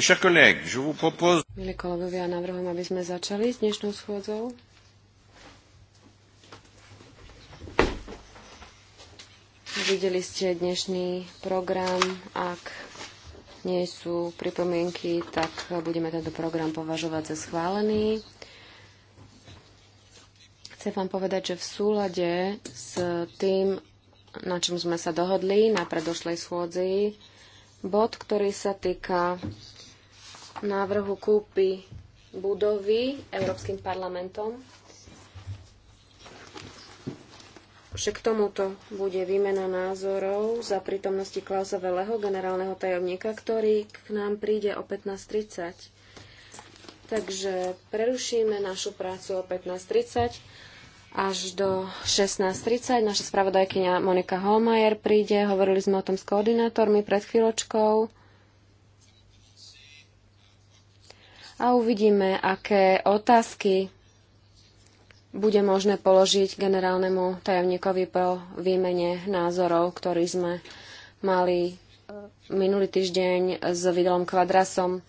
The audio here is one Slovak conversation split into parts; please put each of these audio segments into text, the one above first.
Milí kolegovia, navrhujem, aby sme začali s dnešnou schôdzou. Videli ste dnešný program. Ak nie sú pripomienky, tak budeme tento program považovať za schválený. Chcem vám povedať, že v súlade s tým, na čom sme sa dohodli na predošlej schôdzi, bod, ktorý sa týka návrhu kúpy budovy Európskym parlamentom. Však k tomuto bude výmena názorov za prítomnosti Klausa Veleho, generálneho tajomníka, ktorý k nám príde o 15.30. Takže prerušíme našu prácu o 15.30 až do 16.30. Naša spravodajkynia Monika Holmajer príde. Hovorili sme o tom s koordinátormi pred chvíľočkou. a uvidíme, aké otázky bude možné položiť generálnemu tajomníkovi po výmene názorov, ktorý sme mali e, minulý týždeň s Vidalom Kvadrasom,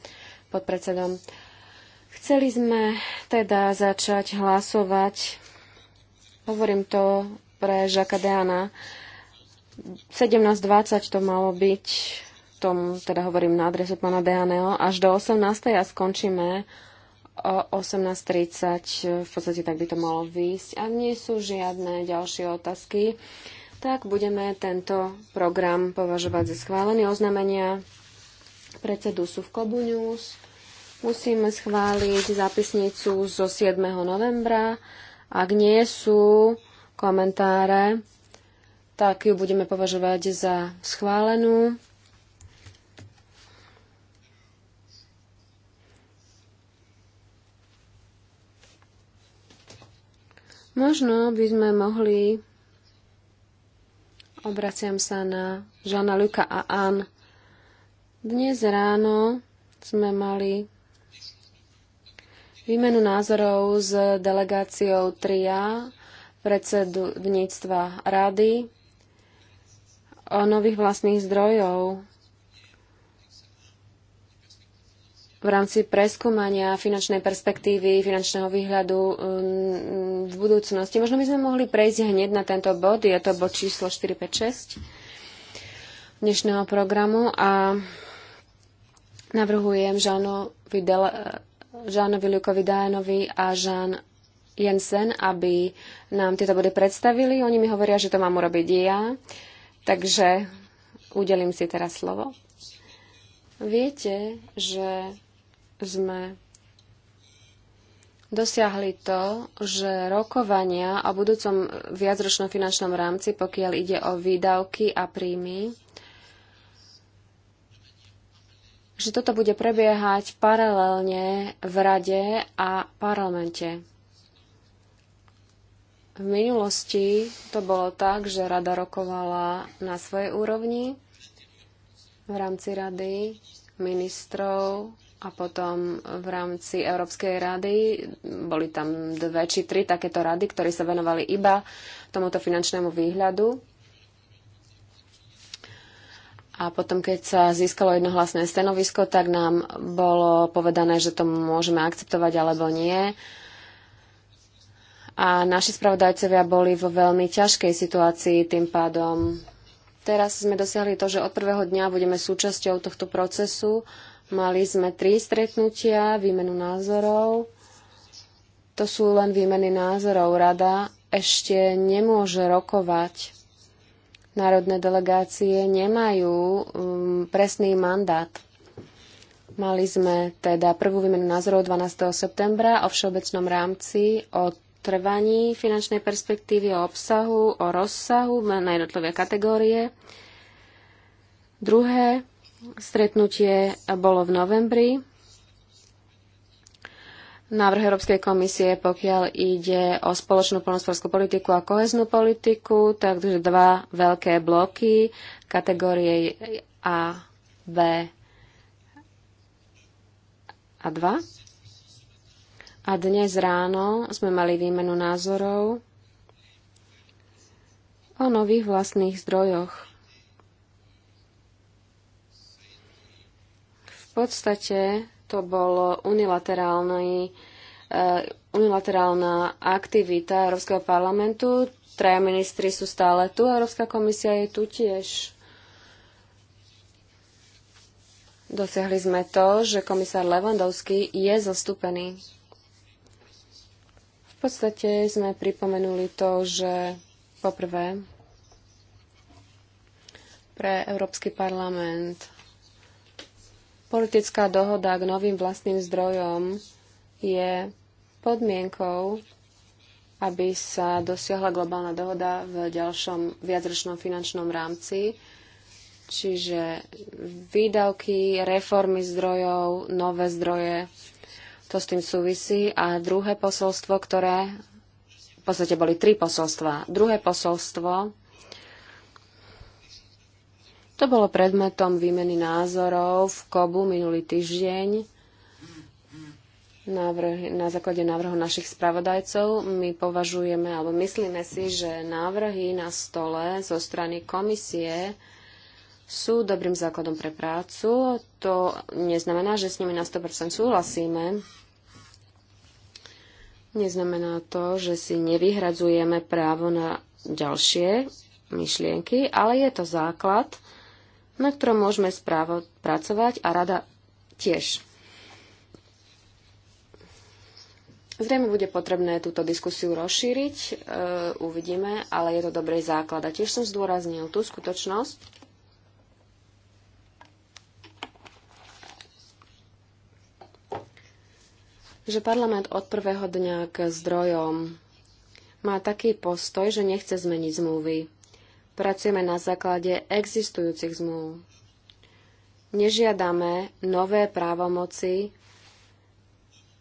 pod predsedom. Chceli sme teda začať hlasovať, hovorím to pre Žaka Deana, 17.20 to malo byť, tom teda hovorím na adresu pána Deaneo, až do 18. a skončíme o 18.30, v podstate tak by to malo výjsť. Ak nie sú žiadne ďalšie otázky, tak budeme tento program považovať za schválený. Oznamenia predsedu sú v Kobuňus. Musíme schváliť zápisnicu zo 7. novembra. Ak nie sú komentáre, tak ju budeme považovať za schválenú. Možno by sme mohli, obraciam sa na Žana Luka a Ann. Dnes ráno sme mali výmenu názorov s delegáciou TRIA, predsedníctva rady, o nových vlastných zdrojov v rámci preskúmania finančnej perspektívy, finančného výhľadu um, v budúcnosti. Možno by sme mohli prejsť hneď na tento bod. Je to bod číslo 456 dnešného programu a navrhujem Žánovi, Dele, Žánovi Lukovi Dajanovi a Žán Jensen, aby nám tieto body predstavili. Oni mi hovoria, že to mám urobiť ja, takže udelím si teraz slovo. Viete, že sme dosiahli to, že rokovania o budúcom viacročnom finančnom rámci, pokiaľ ide o výdavky a príjmy, že toto bude prebiehať paralelne v Rade a parlamente. V minulosti to bolo tak, že Rada rokovala na svojej úrovni v rámci Rady ministrov a potom v rámci Európskej rady boli tam dve či tri takéto rady, ktorí sa venovali iba tomuto finančnému výhľadu. A potom, keď sa získalo jednohlasné stanovisko, tak nám bolo povedané, že to môžeme akceptovať alebo nie. A naši spravodajcovia boli vo veľmi ťažkej situácii tým pádom. Teraz sme dosiahli to, že od prvého dňa budeme súčasťou tohto procesu Mali sme tri stretnutia, výmenu názorov. To sú len výmeny názorov. Rada ešte nemôže rokovať. Národné delegácie nemajú um, presný mandát. Mali sme teda prvú výmenu názorov 12. septembra o všeobecnom rámci, o trvaní finančnej perspektívy, o obsahu, o rozsahu na jednotlivé kategórie. Druhé Stretnutie bolo v novembri. Návrh Európskej komisie, pokiaľ ide o spoločnú polnospodárskú politiku a koheznú politiku, takže dva veľké bloky, kategórie A, B a 2. A dnes ráno sme mali výmenu názorov o nových vlastných zdrojoch V podstate to bolo unilaterálny eh, unilaterálna aktivita Európskeho parlamentu. Traja ministri sú stále tu, Európska komisia je tu tiež. Dosiahli sme to, že komisár Levandovský je zastúpený. V podstate sme pripomenuli to, že poprvé pre Európsky parlament Politická dohoda k novým vlastným zdrojom je podmienkou, aby sa dosiahla globálna dohoda v ďalšom viacročnom finančnom rámci, čiže výdavky, reformy zdrojov, nové zdroje, to s tým súvisí. A druhé posolstvo, ktoré, v podstate boli tri posolstva. Druhé posolstvo to bolo predmetom výmeny názorov v KOBU minulý týždeň. Návrh, na základe návrhu našich spravodajcov my považujeme alebo myslíme si, že návrhy na stole zo strany komisie sú dobrým základom pre prácu. To neznamená, že s nimi na 100% súhlasíme. Neznamená to, že si nevyhradzujeme právo na ďalšie myšlienky, ale je to základ, na ktorom môžeme správo pracovať a rada tiež. Zrejme bude potrebné túto diskusiu rozšíriť, e, uvidíme, ale je to dobrý základ. A tiež som zdôraznil tú skutočnosť, že parlament od prvého dňa k zdrojom má taký postoj, že nechce zmeniť zmluvy Pracujeme na základe existujúcich zmluv. Nežiadame nové právomoci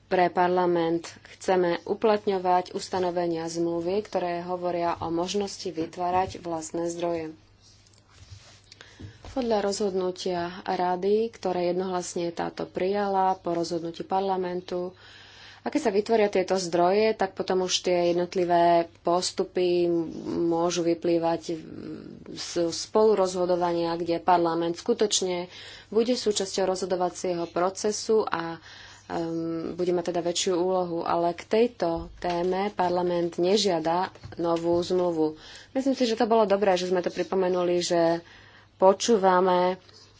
pre parlament. Chceme uplatňovať ustanovenia zmluvy, ktoré hovoria o možnosti vytvárať vlastné zdroje. Podľa rozhodnutia rady, ktoré jednohlasne táto prijala po rozhodnutí parlamentu, a keď sa vytvoria tieto zdroje, tak potom už tie jednotlivé postupy môžu vyplývať z spolurozhodovania, kde parlament skutočne bude súčasťou rozhodovacieho procesu a um, bude mať teda väčšiu úlohu. Ale k tejto téme parlament nežiada novú zmluvu. Myslím si, že to bolo dobré, že sme to pripomenuli, že počúvame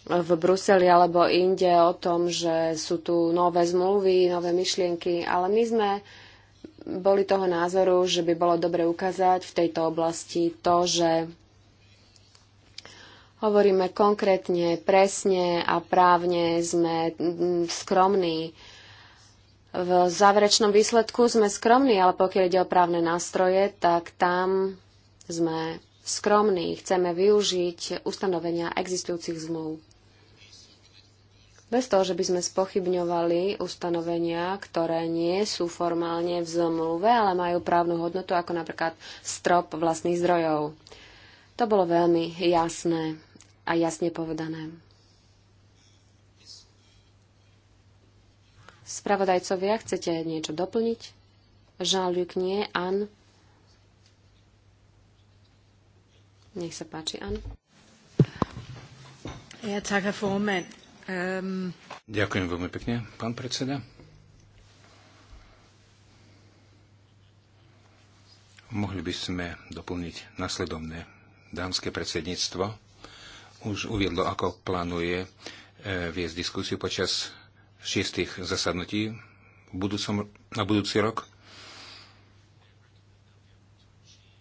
v Bruseli alebo inde o tom, že sú tu nové zmluvy, nové myšlienky, ale my sme boli toho názoru, že by bolo dobre ukázať v tejto oblasti to, že hovoríme konkrétne, presne a právne sme skromní. V záverečnom výsledku sme skromní, ale pokiaľ ide o právne nástroje, tak tam sme skromní. Chceme využiť ustanovenia existujúcich zmluv bez toho, že by sme spochybňovali ustanovenia, ktoré nie sú formálne v zmluve, ale majú právnu hodnotu, ako napríklad strop vlastných zdrojov. To bolo veľmi jasné a jasne povedané. Spravodajcovia, chcete niečo doplniť? Jean-Luc nie, An. Nech sa páči, An. Ja, tak, formand. Um... Ďakujem veľmi pekne, pán predseda. Mohli by sme doplniť nasledovné. Dámske predsedníctvo už uviedlo, ako plánuje e, viesť diskusiu počas šiestých zasadnutí budúcom, na budúci rok.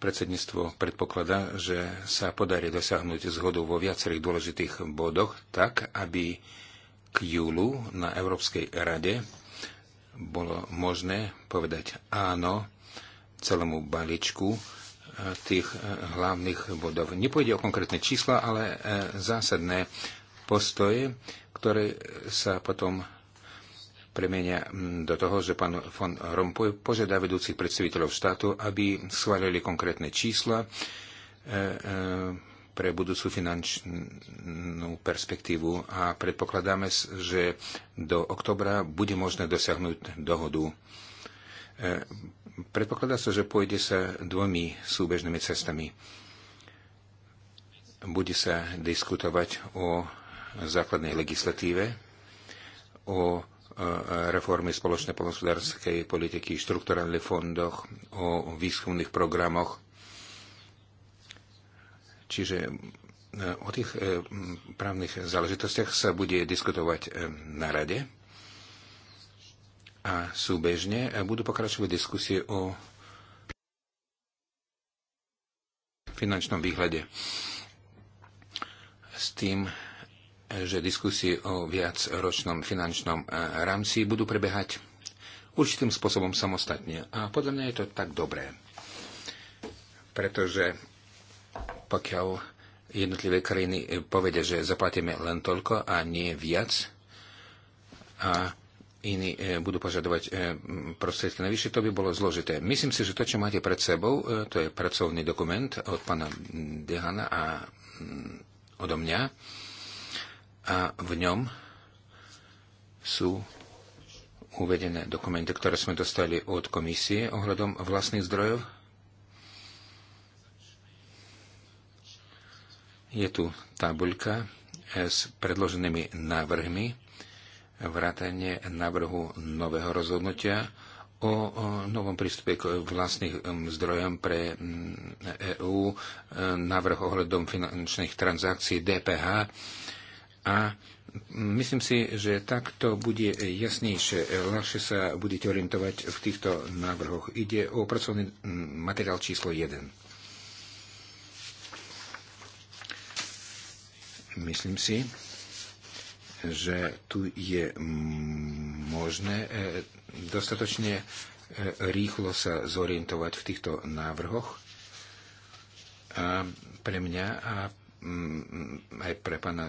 Predsedníctvo predpokladá, že sa podarí dosiahnuť zhodu vo viacerých dôležitých bodoch tak, aby k júlu na Európskej rade bolo možné povedať áno celému balíčku e, tých e, hlavných bodov. Nepôjde o konkrétne čísla, ale e, zásadné postoje, ktoré sa potom premenia mm, do toho, že pán von Rompuy požiada vedúcich predstaviteľov štátu, aby schválili konkrétne čísla e, e, pre budúcu finančnú perspektívu a predpokladáme, že do oktobra bude možné dosiahnuť dohodu. E, predpokladá sa, že pôjde sa dvomi súbežnými cestami. Bude sa diskutovať o základnej legislatíve, o reformy spoločnej polnospodárskej politiky, štrukturálnych fondoch, o výskumných programoch. Čiže e, o tých e, právnych záležitostiach sa bude diskutovať e, na rade a súbežne budú pokračovať diskusie o finančnom výhľade. S tým že diskusie o viacročnom finančnom e, rámci budú prebehať určitým spôsobom samostatne. A podľa mňa je to tak dobré. Pretože pokiaľ jednotlivé krajiny e, povedia, že zaplatíme len toľko a nie viac, a iní e, budú požadovať prostriedky navyše, to by bolo zložité. Myslím si, že to, čo máte pred sebou, to je pracovný dokument od pána Dehana a mm, odo mňa a v ňom sú uvedené dokumenty, ktoré sme dostali od komisie ohľadom vlastných zdrojov. Je tu tabuľka s predloženými návrhmi vrátanie návrhu nového rozhodnutia o, novom prístupe k vlastných zdrojom pre mm, EÚ, e, návrh ohľadom finančných transakcií DPH a myslím si, že takto bude jasnejšie, ľahšie sa budete orientovať v týchto návrhoch. Ide o pracovný mm, materiál číslo 1. Myslím si, že tu je možné e, dostatočne e, rýchlo sa zorientovať v týchto návrhoch. A pre mňa a Mm, aj pre pána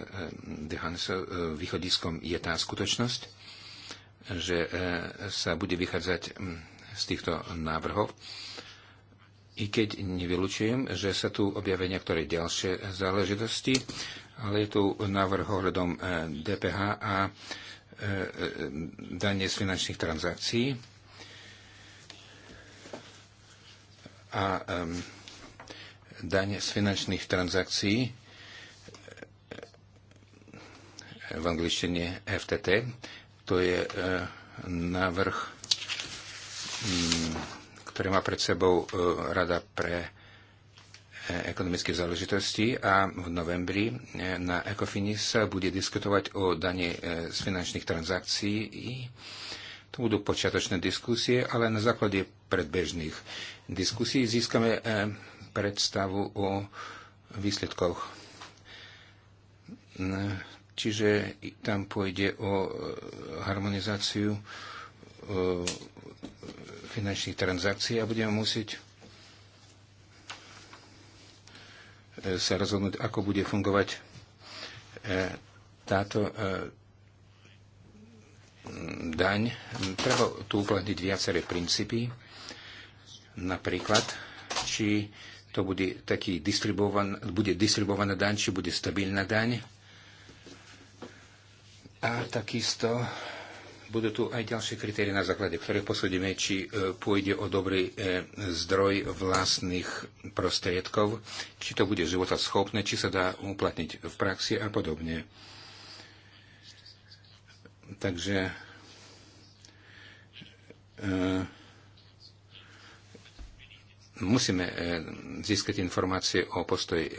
eh, Hansa eh, východiskom je tá skutočnosť, že eh, sa bude vychádzať mm, z týchto návrhov. I keď nevylučujem, že sa tu objavia niektoré ďalšie záležitosti, ale je tu návrh ohľadom DPH a danie z finančných transakcií. A um, dane z finančných transakcií v angličtine FTT. To je e, návrh, mm, ktorý má pred sebou e, Rada pre e, ekonomické záležitosti a v novembri na Ecofini sa bude diskutovať o dane z finančných transakcií. To budú počiatočné diskusie, ale na základe predbežných diskusí získame predstavu o výsledkoch Čiže tam pôjde o e, harmonizáciu e, finančných transakcií a budeme musieť e, sa rozhodnúť, ako bude fungovať táto daň. Treba tu uplatniť viaceré princípy. Napríklad, či to bude, taký distribuovan, bude distribuovaná daň, či bude stabilná daň a takisto budú tu aj ďalšie kritérie, na základe ktorých posúdime, či e, pôjde o dobrý e, zdroj vlastných prostriedkov, či to bude života schopné, či sa dá uplatniť v praxi a podobne. Takže uh, musíme e, získať informácie o postoji e,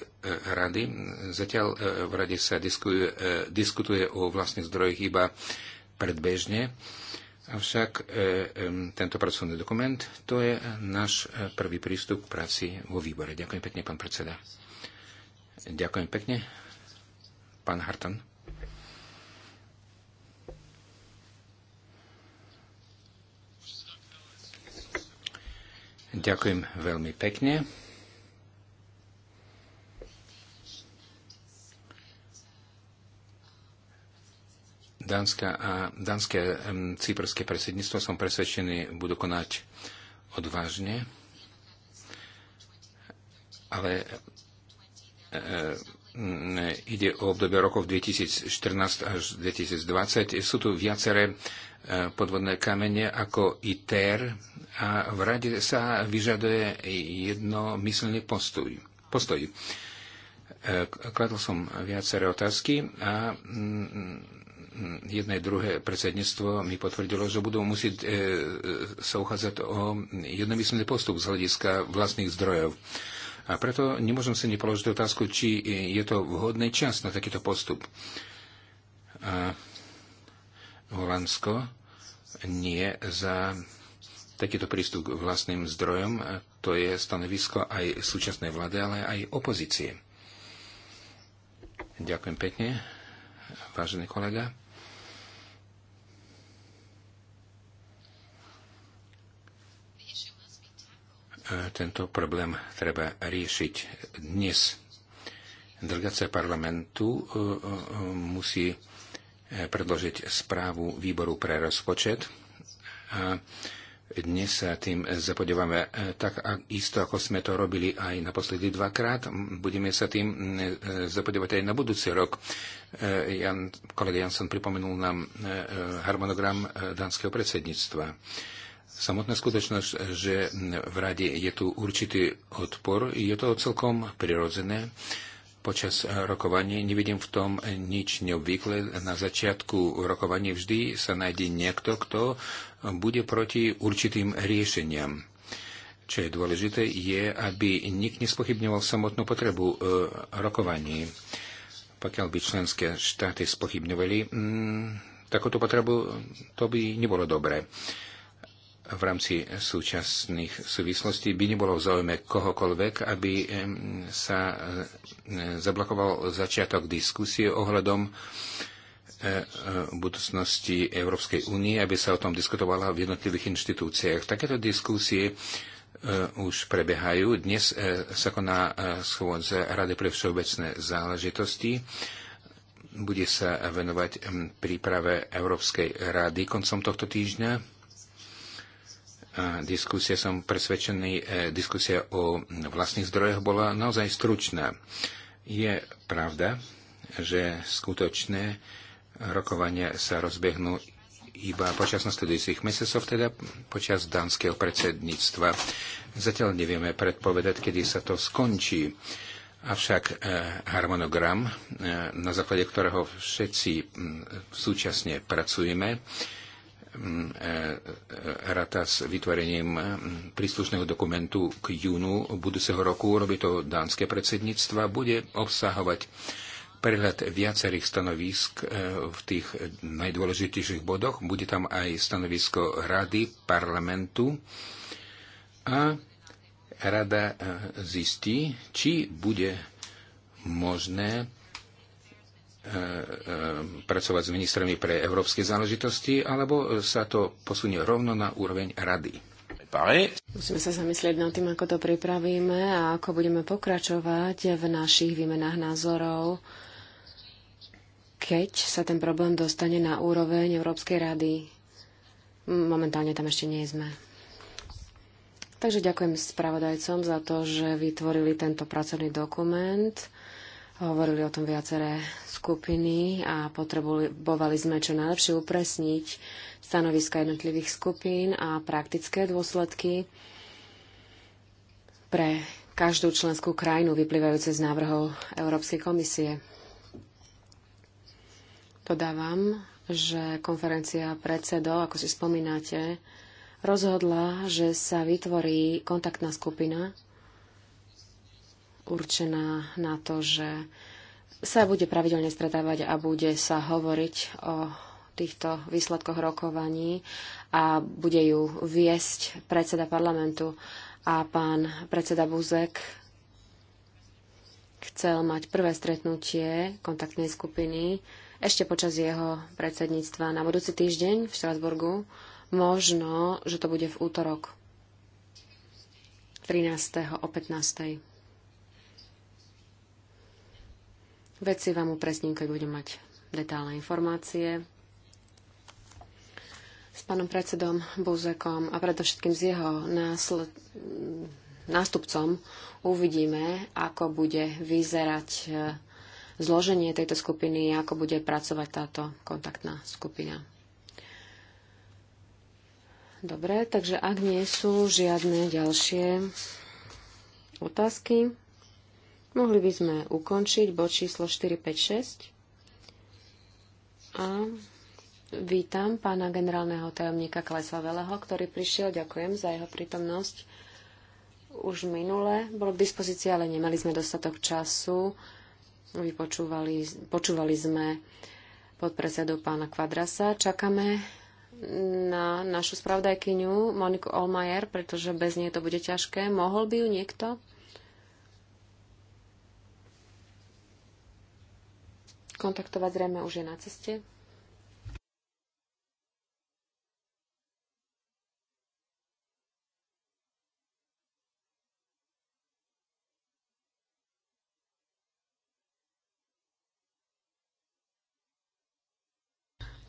rady. Zatiaľ e, v rade sa diskuje, diskutuje o vlastných zdrojoch iba predbežne. Avšak tento pracovný dokument to je náš prvý prístup k práci vo výbore. Ďakujem pekne, pán predseda. Ďakujem pekne, pán Hartan. Ďakujem veľmi pekne. Dánska a dánske cyperské predsedníctvo som presvedčený budú konať odvážne, ale e, ide o obdobie rokov 2014 až 2020. Sú tu viaceré podvodné kamene ako ITER, a v rade sa vyžaduje jednomyslný postoj. postoj. E, kladol som viaceré otázky a mm, jedné druhé predsedníctvo mi potvrdilo, že budú musieť e, sa uchádzať o jednomyslný postup z hľadiska vlastných zdrojov. A preto nemôžem si nepoložiť otázku, či je to vhodný čas na takýto postup. A Holandsko nie za takýto prístup k vlastným zdrojom, to je stanovisko aj súčasnej vlády, ale aj opozície. Ďakujem pekne, vážený kolega. E, tento problém treba riešiť dnes. Delegácia parlamentu e, e, musí predložiť správu výboru pre rozpočet a dnes sa tým zapodievame e, tak isto, ako sme to robili aj naposledy dvakrát. Budeme sa tým e, zapodievať aj na budúci rok. E, Jan, kolega Jansson pripomenul nám harmonogram dánskeho predsedníctva. Samotná skutočnosť, že v rade je tu určitý odpor, je to celkom prirodzené počas rokovania. Nevidím v tom nič neobvykle. Na začiatku rokovania vždy sa nájde niekto, kto bude proti určitým riešeniam. Čo je dôležité, je, aby nik nespochybňoval samotnú potrebu e, rokovaní. Pokiaľ by členské štáty spochybňovali mm, takúto potrebu, to by nebolo dobré. V rámci súčasných súvislostí by nebolo v záujme kohokoľvek, aby sa e, zablokoval začiatok diskusie ohľadom e, E, budúcnosti Európskej únie, aby sa o tom diskutovala v jednotlivých inštitúciách. Takéto diskusie e, už prebiehajú. Dnes e, sa koná schôdze Rady pre všeobecné záležitosti. Bude sa venovať príprave Európskej rady koncom tohto týždňa. Diskusia, som presvedčený, diskusia o vlastných zdrojoch bola naozaj stručná. Je pravda, že skutočné Rokovania sa rozbehnú iba počas nasledujúcich mesiacov, teda počas dánskeho predsedníctva. Zatiaľ nevieme predpovedať, kedy sa to skončí. Avšak eh, harmonogram, eh, na základe ktorého všetci mm, súčasne pracujeme, mm, eh, rata s vytvorením mm, príslušného dokumentu k júnu budúceho roku, robí to dánske predsedníctva, bude obsahovať prehľad viacerých stanovisk e, v tých najdôležitejších bodoch. Bude tam aj stanovisko Rady, parlamentu a Rada e, zistí, či bude možné e, pracovať s ministrami pre európske záležitosti, alebo sa to posunie rovno na úroveň rady. Musíme sa zamyslieť nad tým, ako to pripravíme a ako budeme pokračovať v našich výmenách názorov keď sa ten problém dostane na úroveň Európskej rady. Momentálne tam ešte nie sme. Takže ďakujem spravodajcom za to, že vytvorili tento pracovný dokument. Hovorili o tom viaceré skupiny a potrebovali sme čo najlepšie upresniť stanoviska jednotlivých skupín a praktické dôsledky pre každú členskú krajinu vyplývajúce z návrhov Európskej komisie. Dodávam, že konferencia predsedov, ako si spomínate, rozhodla, že sa vytvorí kontaktná skupina určená na to, že sa bude pravidelne stretávať a bude sa hovoriť o týchto výsledkoch rokovaní a bude ju viesť predseda parlamentu a pán predseda Buzek chcel mať prvé stretnutie kontaktnej skupiny ešte počas jeho predsedníctva na budúci týždeň v Štrasburgu. Možno, že to bude v útorok 13. o 15. Veci vám upresním, keď budem mať detálne informácie s pánom predsedom Buzekom a predovšetkým s jeho násl- nástupcom uvidíme, ako bude vyzerať zloženie tejto skupiny a ako bude pracovať táto kontaktná skupina. Dobre, takže ak nie sú žiadne ďalšie otázky, mohli by sme ukončiť bod číslo 456. A vítam pána generálneho tajomníka Klesa Veleho, ktorý prišiel. Ďakujem za jeho prítomnosť už minule. bol k dispozícii, ale nemali sme dostatok času Vypočúvali, počúvali sme podpredsedu pána Kvadrasa. Čakáme na našu spravodajkyňu Moniku Olmajer, pretože bez nej to bude ťažké. Mohol by ju niekto? Kontaktovať zrejme už je na ceste.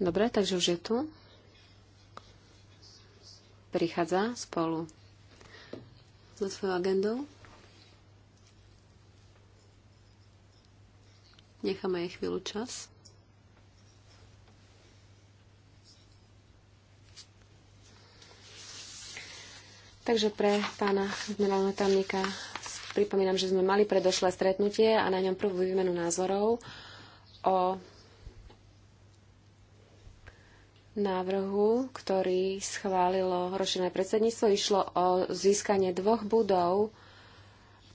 Dobre, takže už je tu. Prichádza spolu so svojou agendou. Necháme jej chvíľu čas. Takže pre pána generálneho tajomníka pripomínam, že sme mali predošlé stretnutie a na ňom prvú výmenu názorov o návrhu, ktorý schválilo ročné predsedníctvo, išlo o získanie dvoch budov,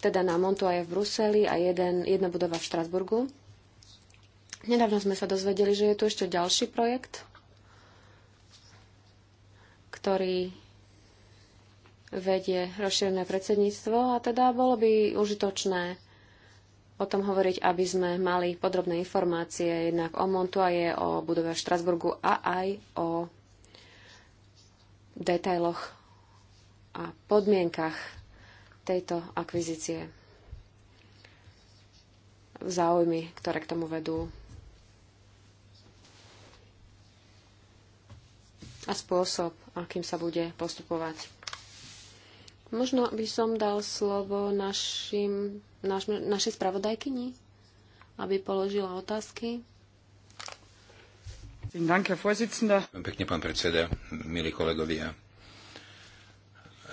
teda na Montu aj v Bruseli a jeden, jedna budova v Štrasburgu. Nedávno sme sa dozvedeli, že je tu ešte ďalší projekt, ktorý vedie rozšírené predsedníctvo a teda bolo by užitočné o tom hovoriť, aby sme mali podrobné informácie jednak o Montuaje, o budove v Štrasburgu a aj o detailoch a podmienkach tejto akvizície. Záujmy, ktoré k tomu vedú. A spôsob, akým sa bude postupovať. Možno by som dal slovo našim naš, našej spravodajkyni, aby položila otázky. Pekne, pán predseda, milí kolegovia.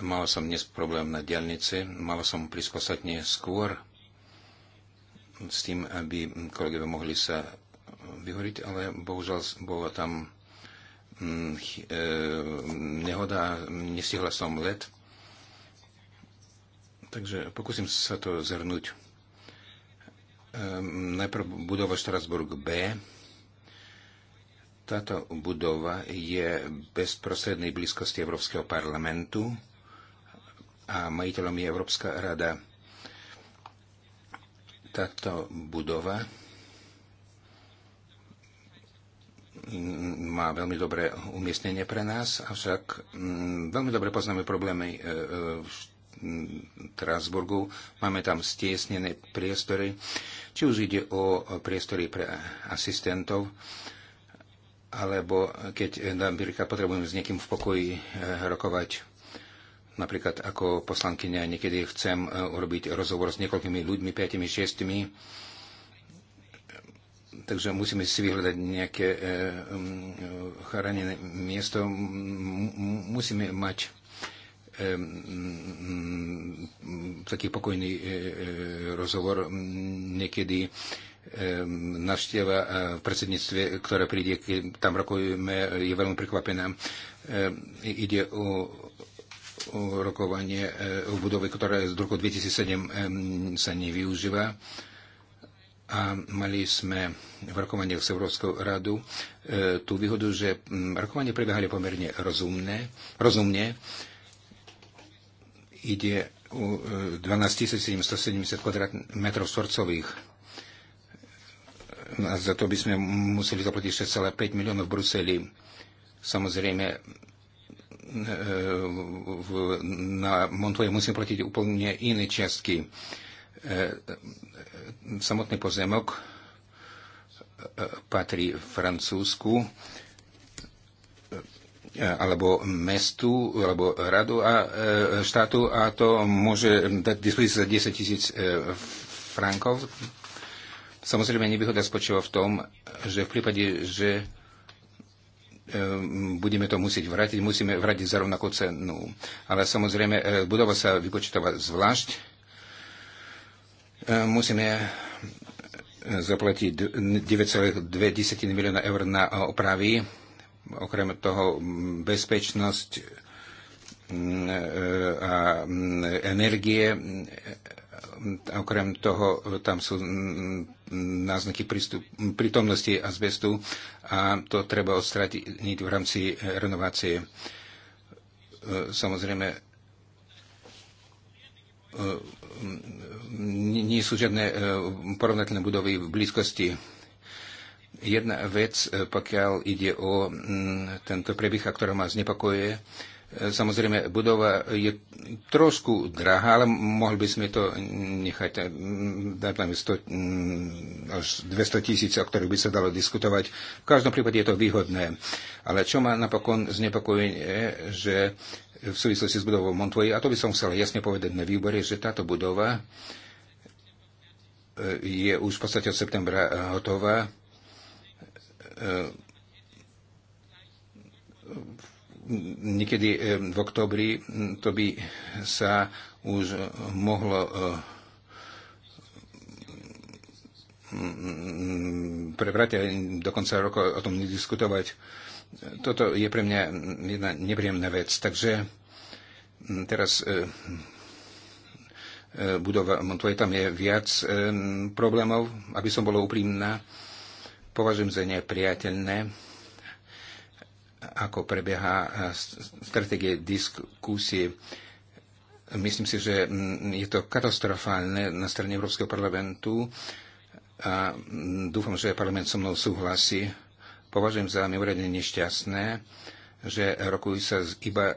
Mala som dnes problém na diálnici, mala som prískosať skôr s tým, aby kolegovia mohli sa vyhoriť, ale bohužiaľ bola tam mm, e, nehoda, nestihla som let Takže pokúsim sa to zhrnúť. Um, najprv budova Štrasburg B. Táto budova je bezprostrednej blízkosti Európskeho parlamentu a majiteľom je Európska rada. Táto budova má veľmi dobré umiestnenie pre nás, avšak mm, veľmi dobre poznáme problémy e, e, v Strasburgu. Máme tam stiesnené priestory, či už ide o priestory pre asistentov, alebo keď eh, napríklad potrebujeme s niekým v pokoji eh, rokovať, napríklad ako poslankyňa niekedy chcem eh, urobiť rozhovor s niekoľkými ľuďmi, 5 6 takže musíme si vyhľadať nejaké chránené miesto. Musíme mať Mm, mm, taký pokojný e, e, rozhovor mm, niekedy navštieva e, v predsedníctve, ktoré príde, keď tam rokujeme, je veľmi prekvapená. Ide o rokovanie v budove, ktorá z roku 2007 sa nevyužíva. A mali sme v rokovaniach s Európskou radu tú výhodu, že rokovanie prebiehali pomerne rozumne, rozumne Ide o 12 770 metrov štvorcových. No a za to by sme museli zaplatiť 6,5 miliónov v Bruseli. Samozrejme, e, na Montoje musíme platiť úplne iné čiastky. E, e, samotný pozemok patrí Francúzsku E, alebo mestu, alebo radu a e, štátu a to môže dať dispozícii za 10 tisíc e, frankov. Samozrejme, nevýhoda spočíva v tom, že v prípade, že budeme to musieť vrátiť, musíme vrátiť za rovnakú cenu. Ale samozrejme, budova sa vypočítava zvlášť. Musíme zaplatiť 9,2 milióna eur na opravy Okrem toho bezpečnosť e, a energie. E, okrem toho tam sú náznaky prítomnosti azbestu a to treba odstraniť v rámci renovácie. E, samozrejme, nie sú žiadne porovnateľné budovy v blízkosti Jedna vec, e, pokiaľ ide o mm, tento prebieh, a ktorá ma znepokojuje, e, Samozrejme, budova je trošku drahá, ale mohli by sme to nechať e, dajme mm, 100, až 200 tisíc, o ktorých by sa dalo diskutovať. V každom prípade je to výhodné. Ale čo ma napokon znepokojuje, že v súvislosti s budovou Montvoji, a to by som chcel jasne povedať na výbore, že táto budova je už v podstate od septembra hotová niekedy eh, v oktobri hm, to by sa už eh, mohlo eh, hm, prebrať a do konca roka o tom nediskutovať. Toto je pre mňa hm, jedna nepríjemná vec. Takže teraz budova tam je viac problémov, aby som bola úprimná Považujem za nepriateľné, ako prebieha e, stratégie diskusie. Myslím si, že mm, je to katastrofálne na strane Európskeho parlamentu a mm, dúfam, že parlament so mnou súhlasí. Považujem za mimoriadne nešťastné, že rokujú sa iba e,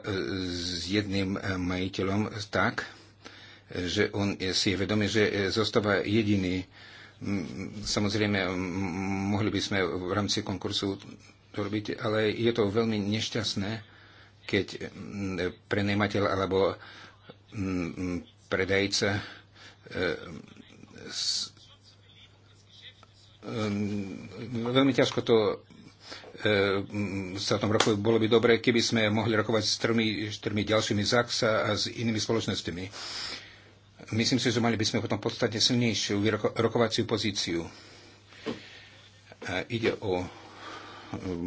s jedným e, majiteľom tak, že on si je vedomý, že zostáva jediný Samozrejme, mohli by sme v rámci konkursu to robiť, ale je to veľmi nešťastné, keď prenajímateľ alebo predajca e, e, veľmi ťažko to e, sa o tom rokuje. Bolo by dobre, keby sme mohli rokovať s tromi, ďalšími ZAXA a s inými spoločnosťami myslím si, že mali by sme potom podstate silnejšiu rokovaciu pozíciu. Ide o e,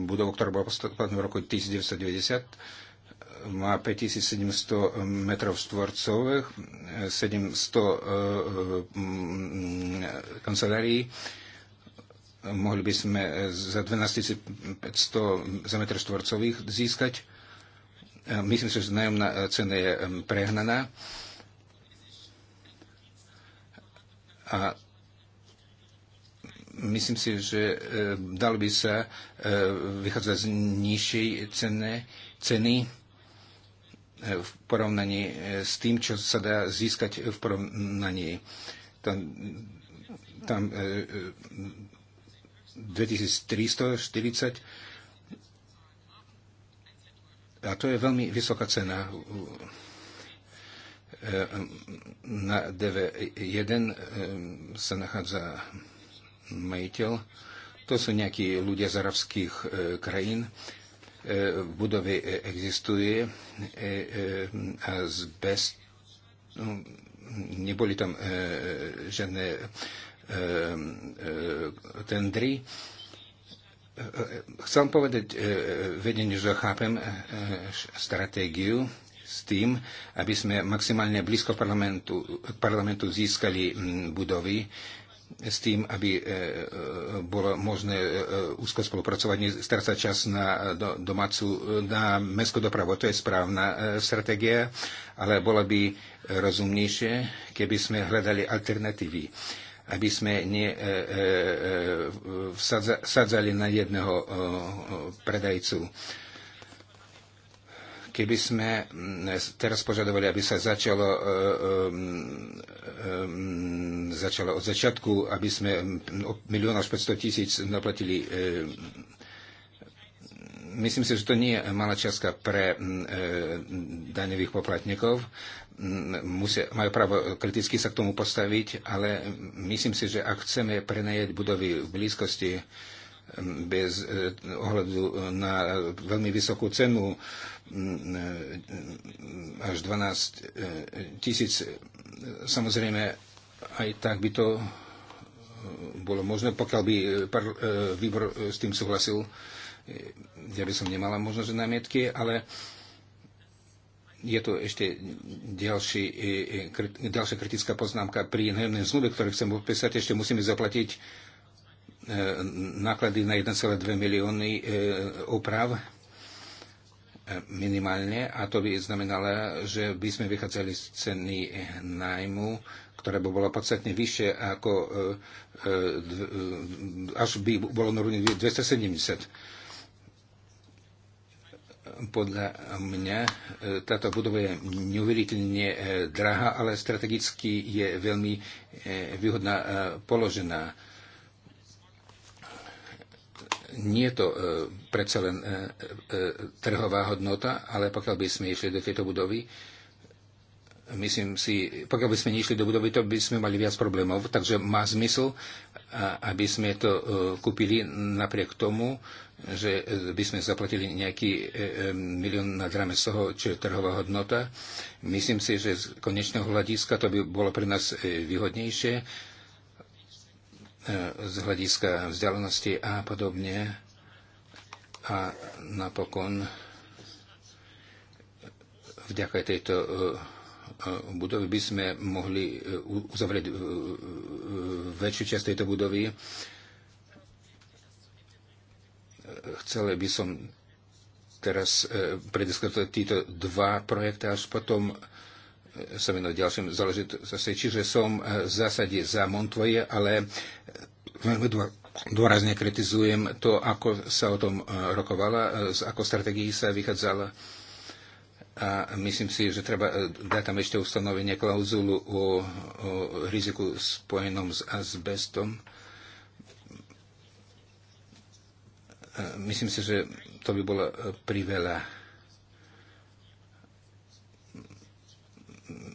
budovu, ktorá bola postavená v roku 1990. Má 5700 metrov štvorcových, 700 e, e, kancelárií. Mohli by sme za 12500 za metr štvorcových získať. Myslím si, že nájomná cena je prehnaná. A myslím si, že e, dal by sa e, vychádzať z nižšej ceny, e, v porovnaní e, s tým, čo sa dá získať v porovnaní. Tam, tam 2340 a to je veľmi vysoká cena Eh, na DV1 eh, sa nachádza majiteľ. To sú nejakí ľudia z arabských eh, krajín. V budove existuje a z bez... No, neboli tam žiadne tendry. Chcem povedať vedeniu, že chápem stratégiu s tým, aby sme maximálne blízko parlamentu, parlamentu získali budovy, s tým, aby bolo možné úzko spolupracovať, nestrácať čas na domácu, na mestskú dopravu. To je správna stratégia, ale bolo by rozumnejšie, keby sme hľadali alternatívy aby sme sadzali na jedného predajcu Keby sme mm, teraz požadovali, aby sa začalo, e, e, e, začalo od začiatku, aby sme milión až 500 tisíc naplatili myslím si, že to nie je malá čiastka pre daňových poplatníkov. Musia, majú právo kriticky sa k tomu postaviť, ale myslím si, že ak chceme prenajať budovy v blízkosti bez ohľadu na veľmi vysokú cenu, Mm, mm, až 12 eh, tisíc. Samozrejme, aj tak by to eh, bolo možné, pokiaľ by eh, výbor s tým súhlasil. Ja by som nemala možnosť námietky, ale je to ešte ďalší, ďalšia kritická poznámka pri nájomnej zmluve, ktoré chcem podpísať. Ešte musíme zaplatiť náklady na 1,2 milióny oprav minimálne a to by znamenalo, že by sme vychádzali z ceny nájmu, ktorá by bola podstatne vyššie ako e, e, až by bolo na úrovni 270. Podľa mňa e, táto budova je neuveriteľne drahá, ale strategicky je veľmi výhodná položená nie je to e, predsa len e, e, trhová hodnota, ale pokiaľ by sme išli do tejto budovy, myslím si, pokiaľ by sme išli do budovy, to by sme mali viac problémov. Takže má zmysl, aby sme to e, kúpili napriek tomu, že e, by sme zaplatili nejaký e, milión na drame z toho, čo je trhová hodnota. Myslím si, že z konečného hľadiska to by bolo pre nás výhodnejšie E, z hľadiska vzdialenosti a podobne. A napokon vďaka tejto e, e, budovy by sme mohli uzavrieť väčšiu časť tejto budovy. Chcel by som teraz prediskutovať títo dva projekty, až potom sa venovať ďalším záležitostiam. Čiže som eh, v zásade za Montvoje, ale eh, veľmi dôrazne kritizujem to, ako sa o tom eh, rokovala, z ako strategii sa vychádzala. A myslím si, že treba dať tam ešte ustanovenie klauzulu o, o riziku spojenom s azbestom. Myslím si, že to by bolo priveľa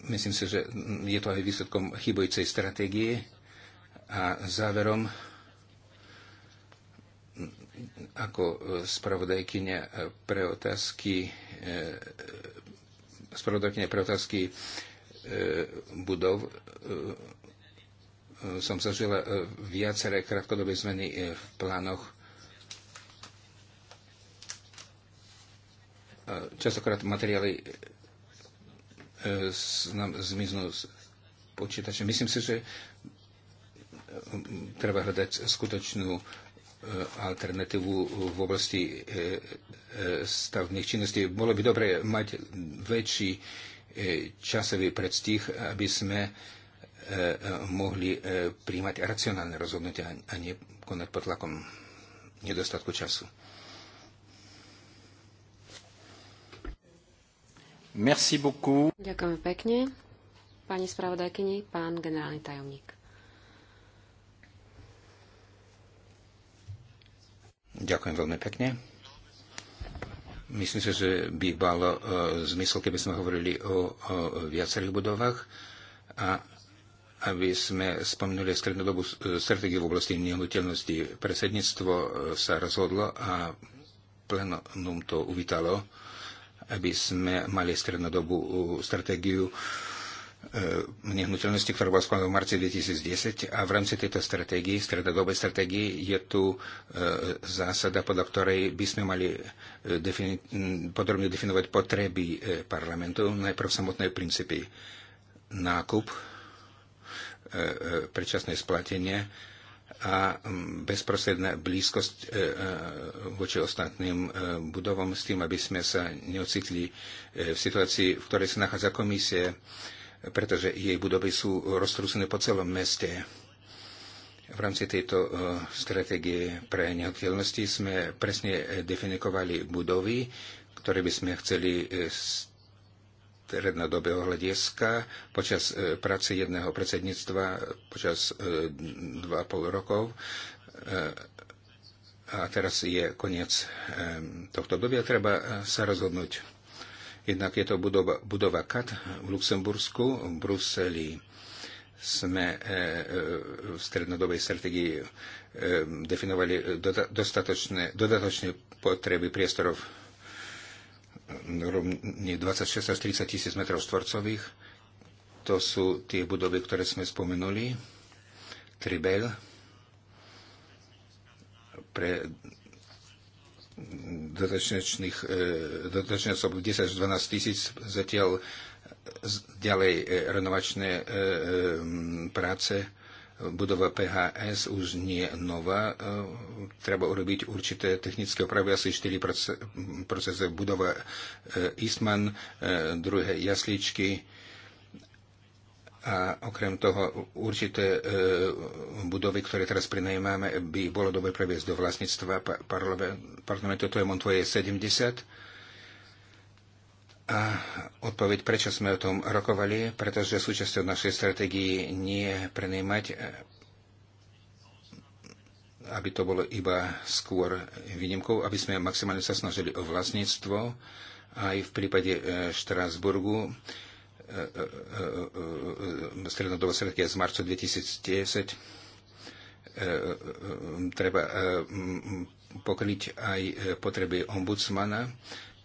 Myslím si, že je to aj výsledkom chybojcej stratégie a záverom ako spravodajkynia pre otázky e, spravodajkynia pre otázky e, budov e, som zažila viaceré krátkodobé zmeny v plánoch. Častokrát materiály E, zmiznú z počítača. Myslím si, že e, treba hľadať skutočnú e, alternatívu v oblasti stavných činností. Bolo by dobre mať väčší časový predstih, aby sme mohli príjmať racionálne rozhodnutia a nie konať pod tlakom nedostatku času. Merci beaucoup. Ďakujem pekne. Pani spravodajkyni, pán generálny tajomník. Ďakujem veľmi pekne. Myslím si, že by malo e, zmysel, keby sme hovorili o, o viacerých budovách a aby sme spomenuli strednodobú e, stratégiu v oblasti nehnuteľnosti. Predsedníctvo e, sa rozhodlo a plenum to uvítalo. E, aby sme mali strednodobú uh, stratégiu uh, nehnuteľnosti, ktorá bola schválená v marci 2010 a v rámci tejto stratégie, stredodobej stratégie, je tu uh, zásada, podľa ktorej by sme mali defini- podrobne definovať potreby parlamentu, najprv samotné princípy nákup, predčasné splatenie, a mm, bezprostredná blízkosť e, e, voči ostatným e, budovom s tým, aby sme sa neocitli v situácii, v ktorej sa nachádza komisie, pretože jej budovy sú roztrúsené po celom meste. V rámci tejto stratégie pre nehnuteľnosti sme presne definikovali budovy, ktoré by sme chceli s strednodobého hľadiska počas e, práce jedného predsedníctva počas e, dva a pol rokov. E, a teraz je koniec tohto obdobia, treba sa rozhodnúť. Jednak je to budova, budova KAT v Luxembursku, v Bruseli sme v strednodobej strategii definovali dostatočné, dodatočné potreby priestorov rovne 26 až 30 tisíc metrov štvorcových. To sú tie budovy, ktoré sme spomenuli. Tribel pre dotačných, e, dotačne osob 10 až 12 tisíc zatiaľ ďalej e, renovačné e, práce budova PHS už nie nová. E, treba urobiť určité technické opravy, asi 4 procese budova e, Eastman, e, druhé jasličky a okrem toho určité budovy, ktoré teraz prinajímame, by bolo dobre previesť do vlastníctva parlamentu, to je Montvoje 70 a odpoveď, prečo sme o tom rokovali, pretože súčasťou našej stratégie nie je prenajmať, e, aby to bolo iba skôr výnimkou, aby sme maximálne sa snažili o vlastníctvo. Aj v prípade e, Štrásburgu e, strednodobá stratégia z marca 2010 treba pokryť aj potreby ombudsmana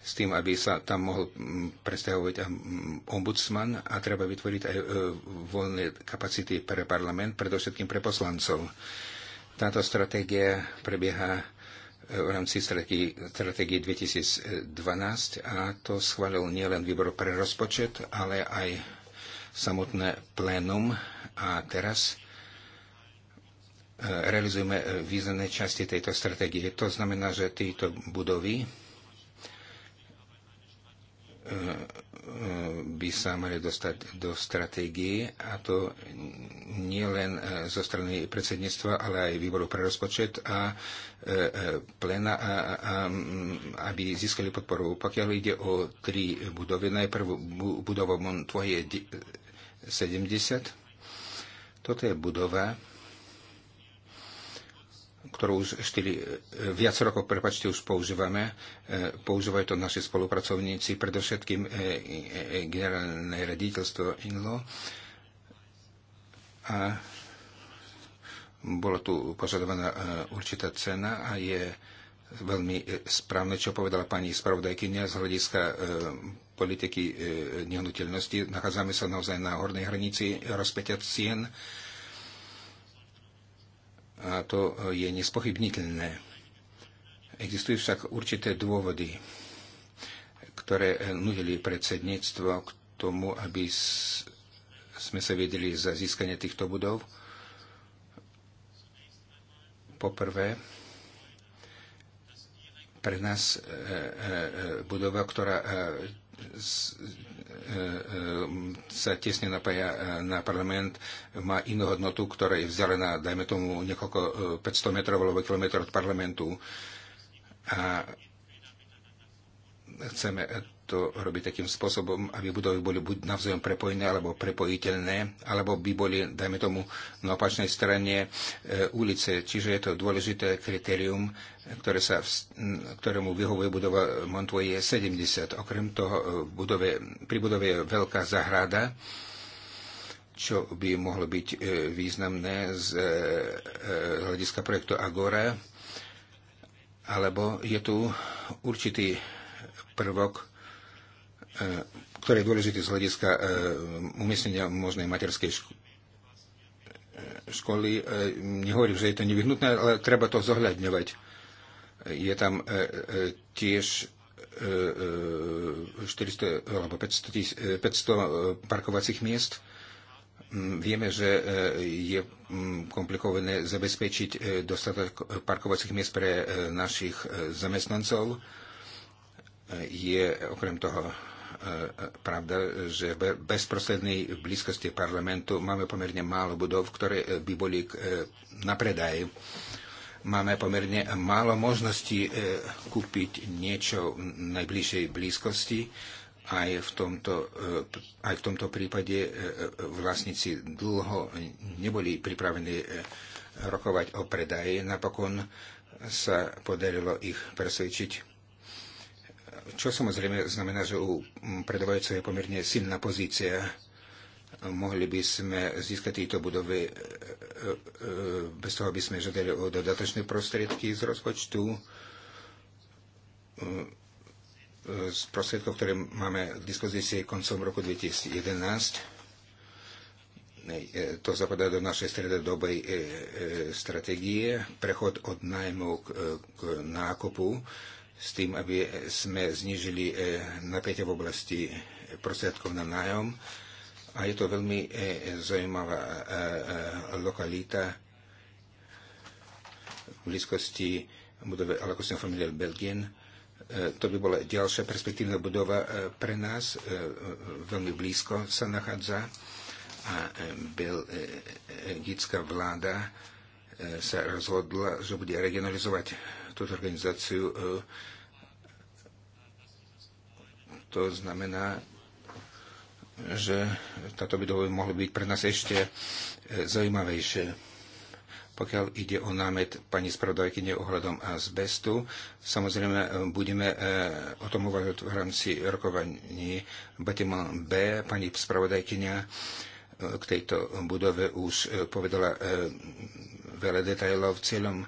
s tým, aby sa tam mohol mm, predstavovať mm, ombudsman a treba vytvoriť aj e, voľné kapacity pre parlament, predovšetkým pre poslancov. Táto stratégia prebieha e, v rámci stratégie 2012 a to schválil nielen výbor pre rozpočet, ale aj samotné plénum a teraz e, realizujeme významné časti tejto stratégie. To znamená, že tieto budovy by sa mali dostať do stratégie a to nie len e, zo strany predsedníctva, ale aj výboru pre rozpočet a e, e, plena, a, a, aby získali podporu. Pokiaľ ide o tri budovy, najprv budova Montvoje 70, toto je budova, ktorú už štyri, e, viac rokov, prepačte, už používame. E, používajú to naši spolupracovníci, predovšetkým e, generálne rediteľstvo INLO. A bolo tu požadovaná určitá cena a je veľmi správne, čo povedala pani spravodajkynia z hľadiska politiky nehnuteľnosti. Nachádzame sa naozaj na hornej hranici rozpeťa cien a to e, je nespochybniteľné. Existujú však určité dôvody, ktoré e, nudili predsedníctvo k tomu, aby sme sa vedeli za získanie týchto budov. Poprvé, pre nás e, budova, ktorá E, e, sa tesne napája e, na parlament, má inú hodnotu, ktorá je vzdialená, dajme tomu, niekoľko 500 metrov alebo kilometrov od parlamentu. A chceme to robiť takým spôsobom, aby budovy boli buď navzájom prepojené alebo prepojiteľné, alebo by boli, dajme tomu, na opačnej strane e, ulice. Čiže je to dôležité kritérium, ktoré sa, ktorému vyhovuje budova Montvoje 70. Okrem toho e, v budove, pri budove je veľká zahrada, čo by mohlo byť e, významné z e, hľadiska projektu Agora, alebo je tu určitý prvok E, ktoré je dôležité z hľadiska e, umiestnenia možnej materskej e, školy. Nehovorím, že je to nevyhnutné, ale treba to zohľadňovať. Je tam tiež 400 alebo 500, 500 parkovacích miest. Mm, vieme, že je mm, komplikované zabezpečiť dostatok parkovacích miest pre našich zamestnancov. Je okrem toho E, e, pravda, že v bezprostrednej blízkosti parlamentu máme pomerne málo budov, ktoré e, by boli na predaj. Máme pomerne málo možností kúpiť niečo v najbližšej blízkosti. Aj v, tomto, aj v tomto prípade vlastníci dlho neboli pripravení rokovať o predaji. Napokon sa podarilo ich presvedčiť čo samozrejme znamená, že u predávajúceho je pomerne silná pozícia. Mohli by sme získať tieto budovy e, e, bez toho, aby sme žiadali o dodatočné prostriedky z rozpočtu e, z prostriedkov, ktoré máme k dispozícii koncom roku 2011. To zapadá do našej stredodobej stratégie, prechod od nájmu k nákupu s tým, aby sme znižili e, napätie v oblasti prostriedkov na nájom. A je to veľmi e, zaujímavá e, lokalita v blízkosti budove Alakosne Familial Belgien. To by bola ďalšia perspektívna budova pre nás. Veľmi blízko sa nachádza a belgická vláda sa rozhodla, že bude regionalizovať túto organizáciu to znamená, že táto by by mohla byť pre nás ešte e, zaujímavejšie. Pokiaľ ide o námet pani spravodajkyne ohľadom azbestu, samozrejme e, budeme e, o tom uvažovať v rámci rokovaní Batman B. Pani spravodajkyňa k tejto budove už povedala veľa detajlov. Cieľom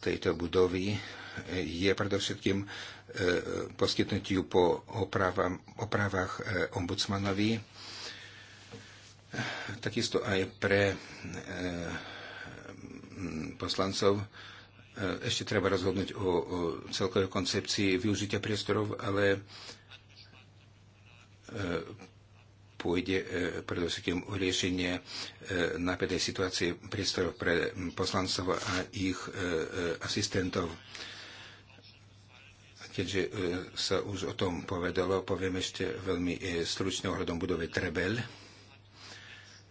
tejto budovy je predovšetkým E, poskytnutiu po opravám, opravách e, ombudsmanovi, takisto aj pre e, poslancov ešte treba rozhodnúť o, celkovej koncepcii využitia priestorov, ale pôjde predovšetkým o riešenie napätej situácie priestorov pre poslancov a ich asistentov keďže e, sa už o tom povedalo, poviem ešte veľmi e, stručne ohľadom budovy Trebel.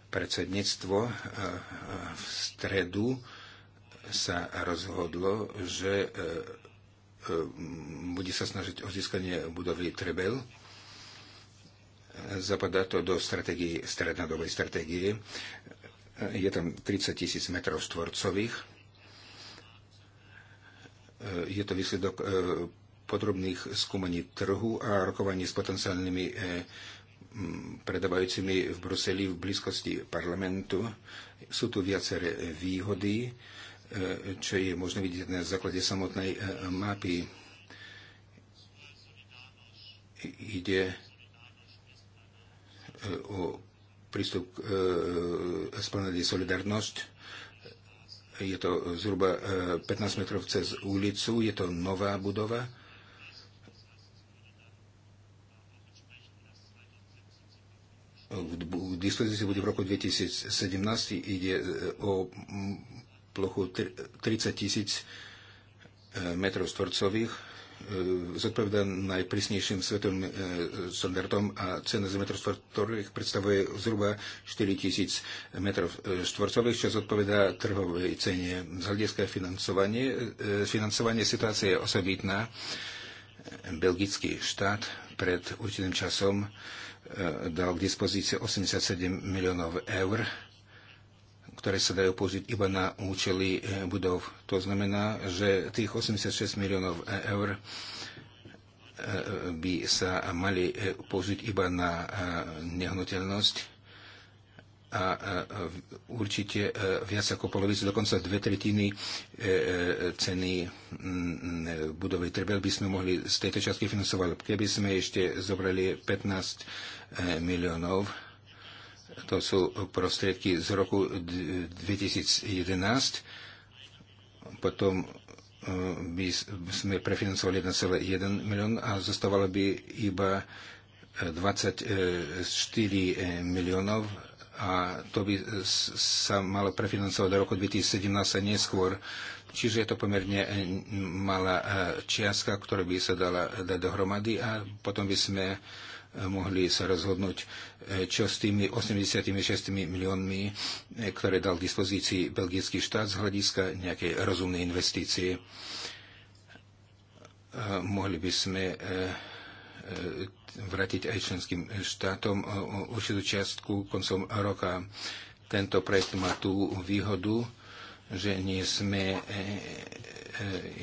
Predsedníctvo e, v stredu sa rozhodlo, že bude sa snažiť o získanie budovy Trebel. Zapadá to do strategii strednodobej stratégie. Je tam 30 tisíc metrov štvorcových. Je to výsledok podrobných skúmaní trhu a rokovaní s potenciálnymi eh, predávajúcimi v Bruseli v blízkosti parlamentu. Sú tu viaceré eh, výhody, eh, čo je možné vidieť na základe samotnej mapy. Ide o prístup k esplanade Solidarnosť. Je to zhruba 15 metrov cez ulicu, je to nová budova k dispozícii bude v roku 2017. Ide e, o plochu 30 tisíc e, metrov stvorcových. E, zodpovedá najprísnejším svetovým standardom a cena za metr stvorcových predstavuje zhruba 4 tisíc metrov štvorcových, čo zodpovedá trhovej cene. Z hľadiska financovanie, financovanie situácie je osobitná. Belgický štát pred určitým časom E, dal k dispozícii 87 miliónov eur, ktoré sa dajú použiť iba na účely e, budov. To znamená, že tých 86 miliónov e, eur by sa mali použiť iba na nehnuteľnosť a určite viac ako polovicu, dokonca dve tretiny ceny budovy Trebel by sme mohli z tejto časti financovať. Keby sme ešte zobrali 15 Eh, miliónov. To sú prostriedky z roku 2011. Potom eh, by sme prefinancovali 1,1 milión a zostávalo by iba 24 eh, miliónov a to by sa malo prefinancovať do roku 2017 a neskôr. Čiže je to pomerne malá čiastka, ktorá by sa dala dať dohromady a potom by sme mohli sa rozhodnúť, eh, čo s tými 86 miliónmi, eh, ktoré dal k dispozícii belgický štát z hľadiska nejakej rozumnej investície. Eh, mohli by sme vrátiť aj členským štátom určitú čiastku koncom roka. Tento projekt má tú výhodu, že nie sme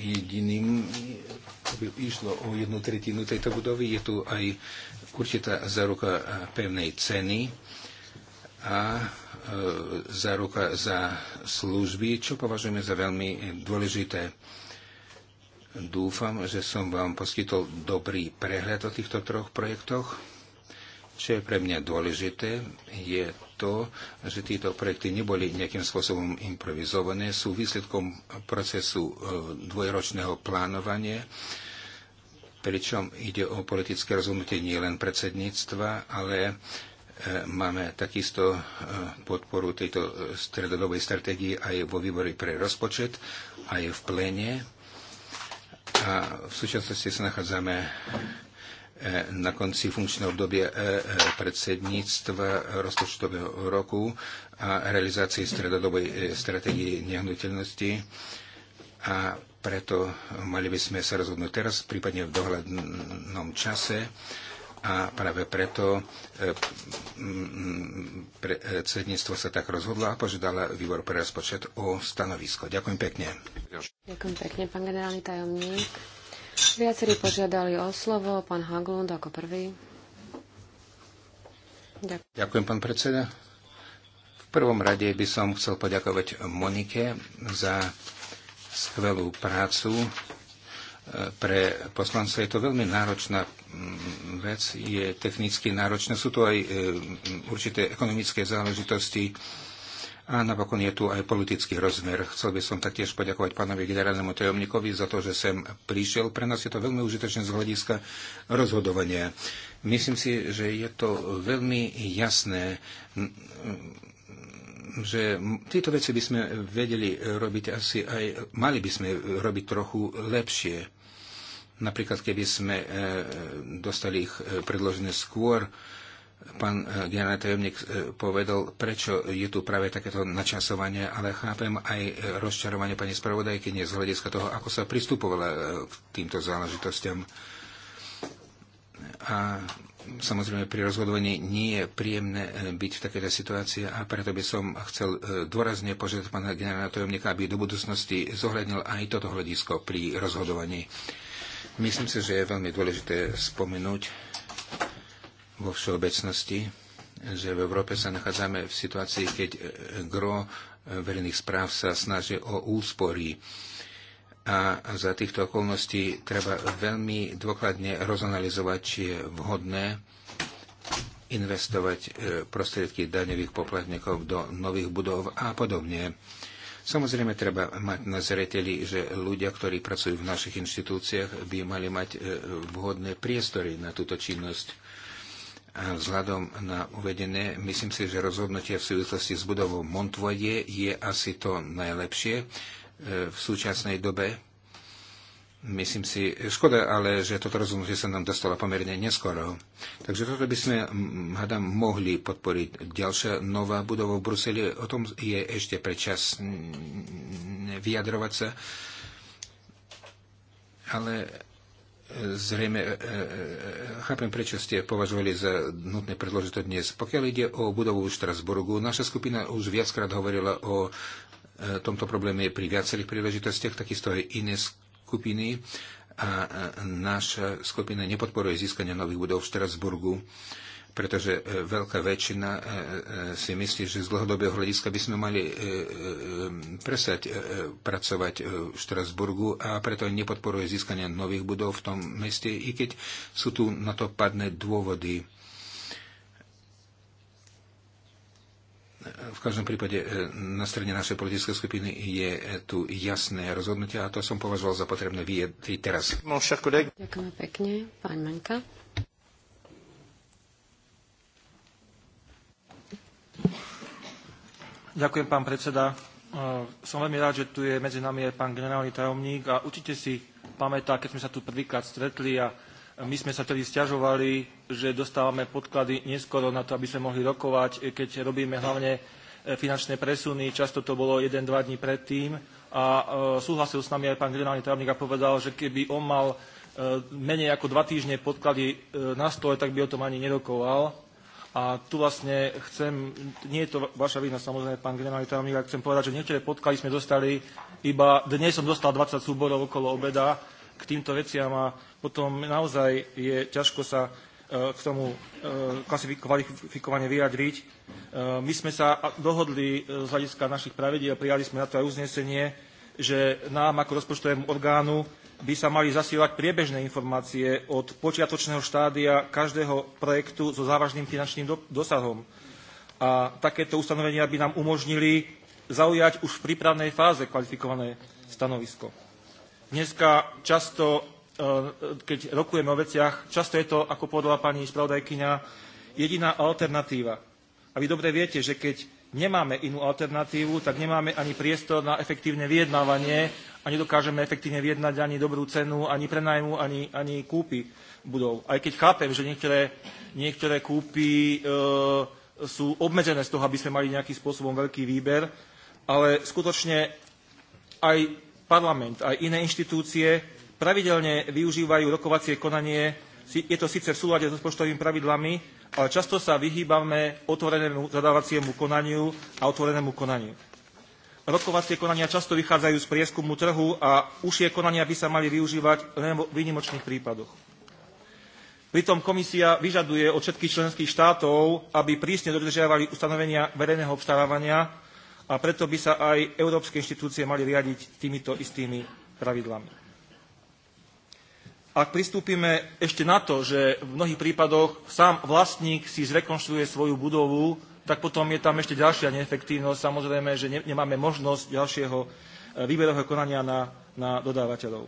jediným, by išlo o jednu tretinu tejto budovy. Je tu aj určitá záruka eh, pevnej ceny a eh, záruka za služby, čo považujeme za veľmi dôležité. Dúfam, že som vám poskytol dobrý prehľad o týchto troch projektoch. Čo je pre mňa dôležité, je to, že títo projekty neboli nejakým spôsobom improvizované, sú výsledkom procesu eh, dvojročného plánovania pričom ide o politické rozhodnutie nielen predsedníctva, ale e, máme takisto e, podporu tejto e, stredodobej stratégie aj vo výbore pre rozpočet, aj v plene. A v súčasnosti sa nachádzame na konci funkčného obdobia predsedníctva rozpočtového roku a realizácii stredodobej stratégie nehnuteľnosti. A preto mali by sme sa rozhodnúť teraz, prípadne v dohľadnom čase. A práve preto e, predsedníctvo sa tak rozhodlo a požiadala výbor pre rozpočet o stanovisko. Ďakujem pekne. Ďakujem pekne, pán generálny tajomník. Viacerí požiadali o slovo, pán Haglund ako prvý. Ďakujem. Ďakujem, pán predseda. V prvom rade by som chcel poďakovať Monike za skvelú prácu. E, pre poslanca je to veľmi náročná mm, vec, je technicky náročná. Sú tu aj e, mm, určité ekonomické záležitosti a napokon je tu aj politický rozmer. Chcel by som taktiež poďakovať pánovi generálnemu tajomníkovi za to, že sem prišiel. Pre nás je to veľmi užitočné z hľadiska rozhodovania. Myslím si, že je to veľmi jasné že tieto veci by sme vedeli robiť asi aj, mali by sme robiť trochu lepšie. Napríklad, keby sme e, dostali ich e, predložené skôr, pán e, generálny tajomník povedal, prečo je tu práve takéto načasovanie, ale chápem aj rozčarovanie pani spravodajky nie z hľadiska toho, ako sa pristupovala k týmto záležitostiam. A samozrejme pri rozhodovaní nie je príjemné eh, byť v takejto situácii a preto by som chcel eh, dôrazne požiadať pána generálna tajomníka, aby do budúcnosti zohľadnil aj toto hľadisko pri rozhodovaní. Myslím si, že je veľmi dôležité spomenúť vo všeobecnosti, že v Európe sa nachádzame v situácii, keď eh, gro verejných správ sa snaží o úspory a za týchto okolností treba veľmi dôkladne rozanalizovať, či je vhodné investovať e, prostriedky daňových poplatníkov do nových budov a podobne. Samozrejme, treba mať na zreteli, že ľudia, ktorí pracujú v našich inštitúciách, by mali mať e, vhodné priestory na túto činnosť. A vzhľadom na uvedené, myslím si, že rozhodnutie v súvislosti s budovou Montvoje je asi to najlepšie, E, v súčasnej dobe. Myslím si, škoda, ale že toto rozhodnutie sa nám dostalo pomerne neskoro. Takže toto by sme, hádam, mohli podporiť. Ďalšia nová budova v Bruseli, o tom je ešte predčas vyjadrovať sa. Ale e, zrejme e, chápem, prečo ste považovali za nutné predložiť to dnes. Pokiaľ ide o budovu v Štrasburgu, naša skupina už viackrát hovorila o E, tomto probléme je pri viacerých príležitostiach, takisto aj iné skupiny a naša skupina nepodporuje získanie nových budov v Štrasburgu, pretože e, veľká väčšina e, si myslí, že z dlhodobého hľadiska by sme mali presať pracovať v Štrasburgu a preto nepodporuje získanie nových budov v tom meste, i keď sú tu na to padné dôvody v každom prípade e, na strane našej politickej skupiny je e, tu jasné rozhodnutie a to som považoval za potrebné vyjadriť teraz. Ďakujem pekne. Pán Manka. Ďakujem, pán predseda. E, som veľmi rád, že tu je medzi nami aj pán generálny tajomník a určite si pamätá, keď sme sa tu prvýkrát stretli a my sme sa tedy stiažovali že dostávame podklady neskoro na to, aby sme mohli rokovať, keď robíme hlavne e, finančné presuny. Často to bolo 1-2 dní predtým. A e, súhlasil s nami aj pán generálny tajomník a povedal, že keby on mal e, menej ako dva týždne podklady na stole, tak by o tom ani nerokoval. A tu vlastne chcem, nie je to vaša vina samozrejme, pán generálny tajomník, chcem povedať, že niektoré podklady sme dostali iba, dnes som dostal 20 súborov okolo obeda k týmto veciam a potom naozaj je ťažko sa E, k tomu e, kvalifikovane vyjadriť. E, my sme sa dohodli z hľadiska našich pravidiel, prijali sme na to aj uznesenie, že nám ako rozpočtovému orgánu by sa mali zasielať priebežné informácie od počiatočného štádia každého projektu so závažným finančným dosahom. A takéto ustanovenia by nám umožnili zaujať už v prípravnej fáze kvalifikované stanovisko. Dneska často Eh, keď rokujeme o veciach, často je to, ako povedala pani spravodajkyňa, jediná alternatíva. A vy dobre viete, že keď nemáme inú alternatívu, tak nemáme ani priestor na efektívne vyjednávanie a nedokážeme efektívne vyjednať ani dobrú cenu, ani prenajmu, ani, ani kúpy budov. Aj keď chápem, že niektoré, niektoré kúpy e, sú obmedzené z toho, aby sme mali nejakým spôsobom veľký výber, ale skutočne aj parlament, aj iné inštitúcie Pravidelne využívajú rokovacie konanie, je to síce v súlade s rozpočtovými pravidlami, ale často sa vyhýbame otvorenému zadávaciemu konaniu a otvorenému konaniu. Rokovacie konania často vychádzajú z prieskumu trhu a užšie konania by sa mali využívať len v výnimočných prípadoch. Pritom komisia vyžaduje od všetkých členských štátov, aby prísne dodržiavali ustanovenia verejného obstarávania a preto by sa aj európske inštitúcie mali riadiť týmito istými pravidlami ak pristúpime ešte na to, že v mnohých prípadoch sám vlastník si zrekonštruuje svoju budovu, tak potom je tam ešte ďalšia neefektívnosť. Samozrejme, že nemáme možnosť ďalšieho e, výberového konania na, na dodávateľov.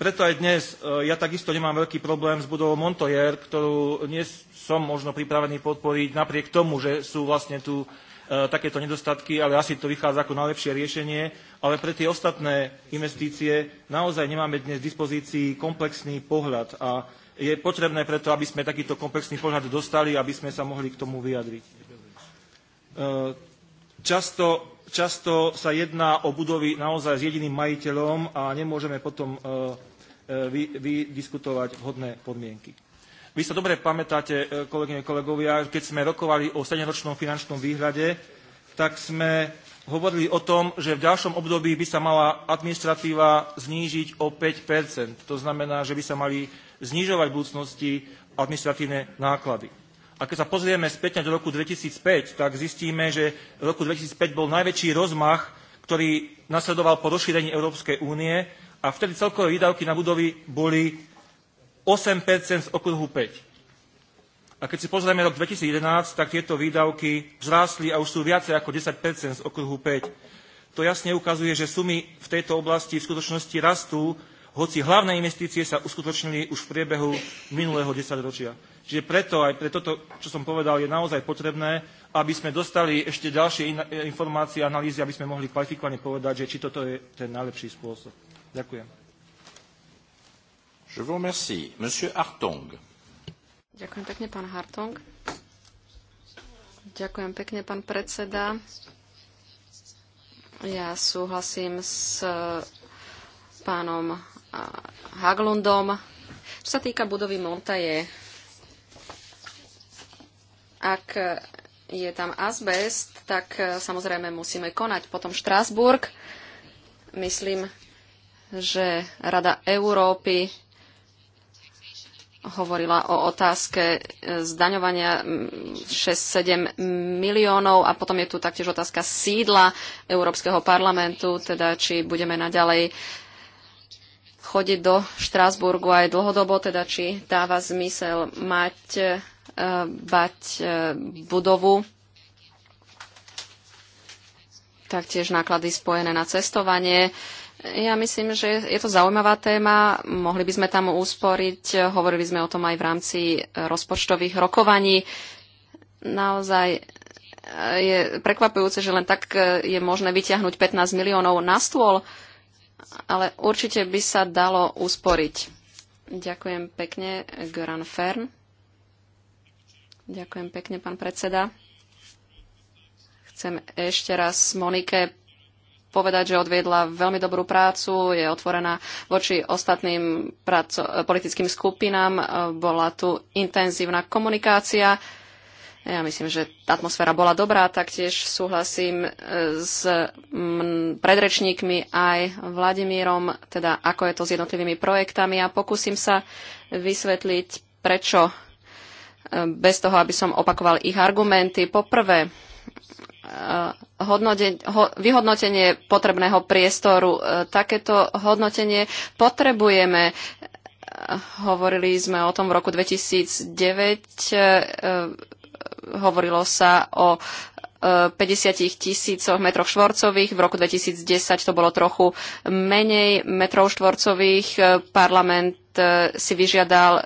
Preto aj dnes e, ja takisto nemám veľký problém s budovou Montoyer, ktorú dnes som možno pripravený podporiť napriek tomu, že sú vlastne tu E, takéto nedostatky, ale asi to vychádza ako najlepšie riešenie. Ale pre tie ostatné investície naozaj nemáme dnes v dispozícii komplexný pohľad a je potrebné preto, aby sme takýto komplexný pohľad dostali, aby sme sa mohli k tomu vyjadriť. E, často, často sa jedná o budovy naozaj s jediným majiteľom a nemôžeme potom e, vydiskutovať vhodné podmienky. Vy sa dobre pamätáte, e, kolegyne, kolegovia, keď sme rokovali o 7-ročnom finančnom výhľade, tak sme hovorili o tom, že v ďalšom období by sa mala administratíva znížiť o 5 To znamená, že by sa mali znižovať v budúcnosti administratívne náklady. A keď sa pozrieme späť do roku 2005, tak zistíme, že v roku 2005 bol najväčší rozmach, ktorý nasledoval po rozšírení Európskej únie a vtedy celkové výdavky na budovy boli 8% z okruhu 5. A keď si pozrieme rok 2011, tak tieto výdavky vzrástli a už sú viacej ako 10% z okruhu 5. To jasne ukazuje, že sumy v tejto oblasti v skutočnosti rastú, hoci hlavné investície sa uskutočnili už v priebehu minulého desaťročia. Čiže preto aj pre toto, čo som povedal, je naozaj potrebné, aby sme dostali ešte ďalšie informácie, analýzy, aby sme mohli kvalifikovane povedať, že či toto je ten najlepší spôsob. Ďakujem. Je vous remercie. Monsieur Hartong. Ďakujem pekne, pán Hartong. Ďakujem pekne, pán predseda. Ja súhlasím s eh, pánom eh, Haglundom. Čo sa týka budovy Montaje, ak je tam azbest, tak eh, samozrejme musíme konať. Potom Štrásburg, myslím, že Rada Európy hovorila o otázke e, zdaňovania 6-7 miliónov a potom je tu taktiež otázka sídla Európskeho parlamentu, teda či budeme naďalej chodiť do Štrásburgu aj dlhodobo, teda či dáva zmysel mať e, bať e, budovu, taktiež náklady spojené na cestovanie ja myslím, že je to zaujímavá téma. Mohli by sme tam úsporiť. Hovorili sme o tom aj v rámci rozpočtových rokovaní. Naozaj e, je prekvapujúce, že len tak e, je možné vyťahnuť 15 miliónov na stôl, ale určite by sa dalo usporiť. Ďakujem pekne, Göran Fern. Ďakujem pekne, pán predseda. Chcem ešte raz Monike povedať, že odviedla veľmi dobrú prácu, je otvorená voči ostatným politickým skupinám, e, bola tu intenzívna komunikácia. Ja myslím, že atmosféra bola dobrá, taktiež súhlasím e, s predrečníkmi aj Vladimírom, teda ako je to s jednotlivými projektami a pokúsim sa vysvetliť, prečo e, bez toho, aby som opakoval ich argumenty. Poprvé, Eh, vyhodnotenie potrebného priestoru. Eh, takéto hodnotenie potrebujeme. Eh, hovorili sme o tom v roku 2009. Hovorilo sa o 50 tisícoch metrov štvorcových. V roku 2010 to bolo trochu menej metrov štvorcových. Parlament si vyžiadal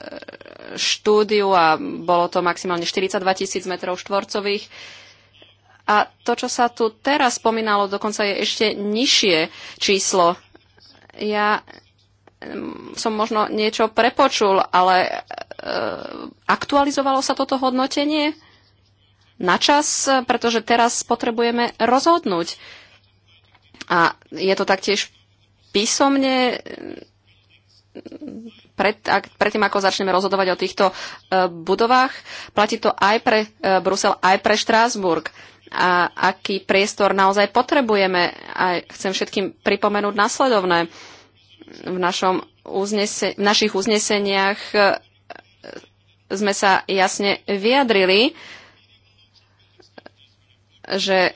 štúdiu a bolo to maximálne 42 tisíc metrov štvorcových a to, čo sa tu teraz spomínalo, dokonca je ešte nižšie číslo. Ja mm, som možno niečo prepočul, ale e, aktualizovalo sa toto hodnotenie na čas, pretože teraz potrebujeme rozhodnúť. A je to taktiež písomne mm, pred, ak, predtým, ako začneme rozhodovať o týchto e, budovách. Platí to aj pre e, Brusel, aj pre Štrásburg. E, a aký priestor naozaj potrebujeme. A chcem všetkým pripomenúť nasledovné. V, našom uznese- v našich uzneseniach e, sme sa jasne vyjadrili, že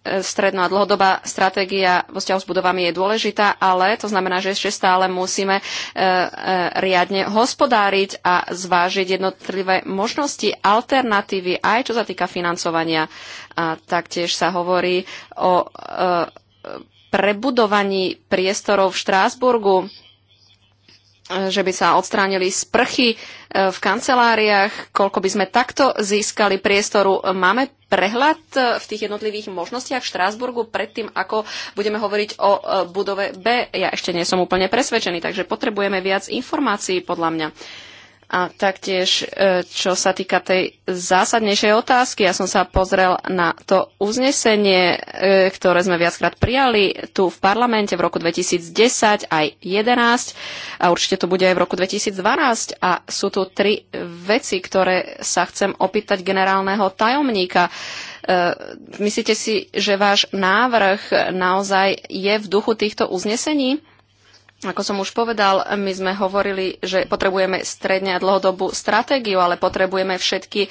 E, stredno- a dlhodobá stratégia vo vzťahu s budovami je dôležitá, ale to znamená, že ešte stále musíme e, e, riadne hospodáriť a zvážiť jednotlivé možnosti, alternatívy, aj čo sa týka financovania. A taktiež sa hovorí o prebudovaní priestorov v Štrásburgu že by sa odstránili sprchy e, v kanceláriách, koľko by sme takto získali priestoru. Máme prehľad e, v tých jednotlivých možnostiach v Štrásburgu predtým, ako budeme hovoriť o e, budove B. Ja ešte nie som úplne presvedčený, takže potrebujeme viac informácií podľa mňa. A taktiež, e, čo sa týka tej zásadnejšej otázky, ja som sa pozrel na to uznesenie, e, ktoré sme viackrát prijali tu v parlamente v roku 2010 aj 2011 a určite to bude aj v roku 2012. A sú tu tri veci, ktoré sa chcem opýtať generálneho tajomníka. E, myslíte si, že váš návrh naozaj je v duchu týchto uznesení? Ako som už povedal, my sme hovorili, že potrebujeme stredne a dlhodobú stratégiu, ale potrebujeme všetky e,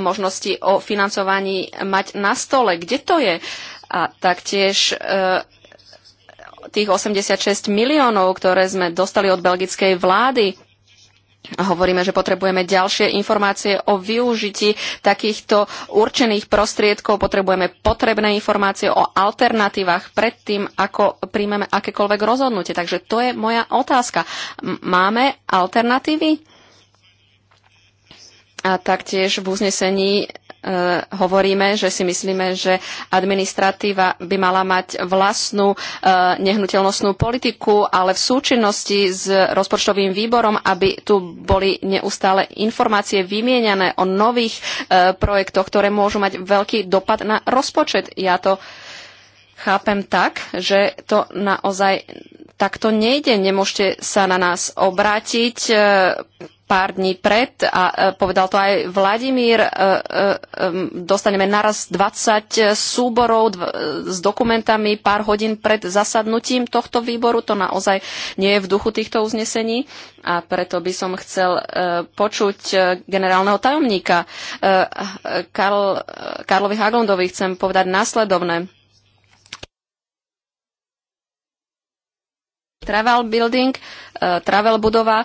možnosti o financovaní mať na stole. Kde to je? A taktiež e, tých 86 miliónov, ktoré sme dostali od belgickej vlády, Hovoríme, že potrebujeme ďalšie informácie o využití takýchto určených prostriedkov, potrebujeme potrebné informácie o alternatívach pred tým, ako príjmeme akékoľvek rozhodnutie. Takže to je moja otázka. Máme alternatívy? A taktiež v uznesení E, hovoríme, že si myslíme, že administratíva by mala mať vlastnú e, nehnuteľnostnú politiku, ale v súčinnosti s rozpočtovým výborom, aby tu boli neustále informácie vymieňané o nových e, projektoch, ktoré môžu mať veľký dopad na rozpočet. Ja to chápem tak, že to naozaj takto nejde. Nemôžete sa na nás obrátiť pár dní pred a e, povedal to aj Vladimír, e, e, dostaneme naraz 20 súborov s dokumentami pár hodín pred zasadnutím tohto výboru. To naozaj nie je v duchu týchto uznesení a preto by som chcel počuť generálneho tajomníka Karl, Karlovi Haglundovi. Chcem povedať následovné. Travel building, travel budova,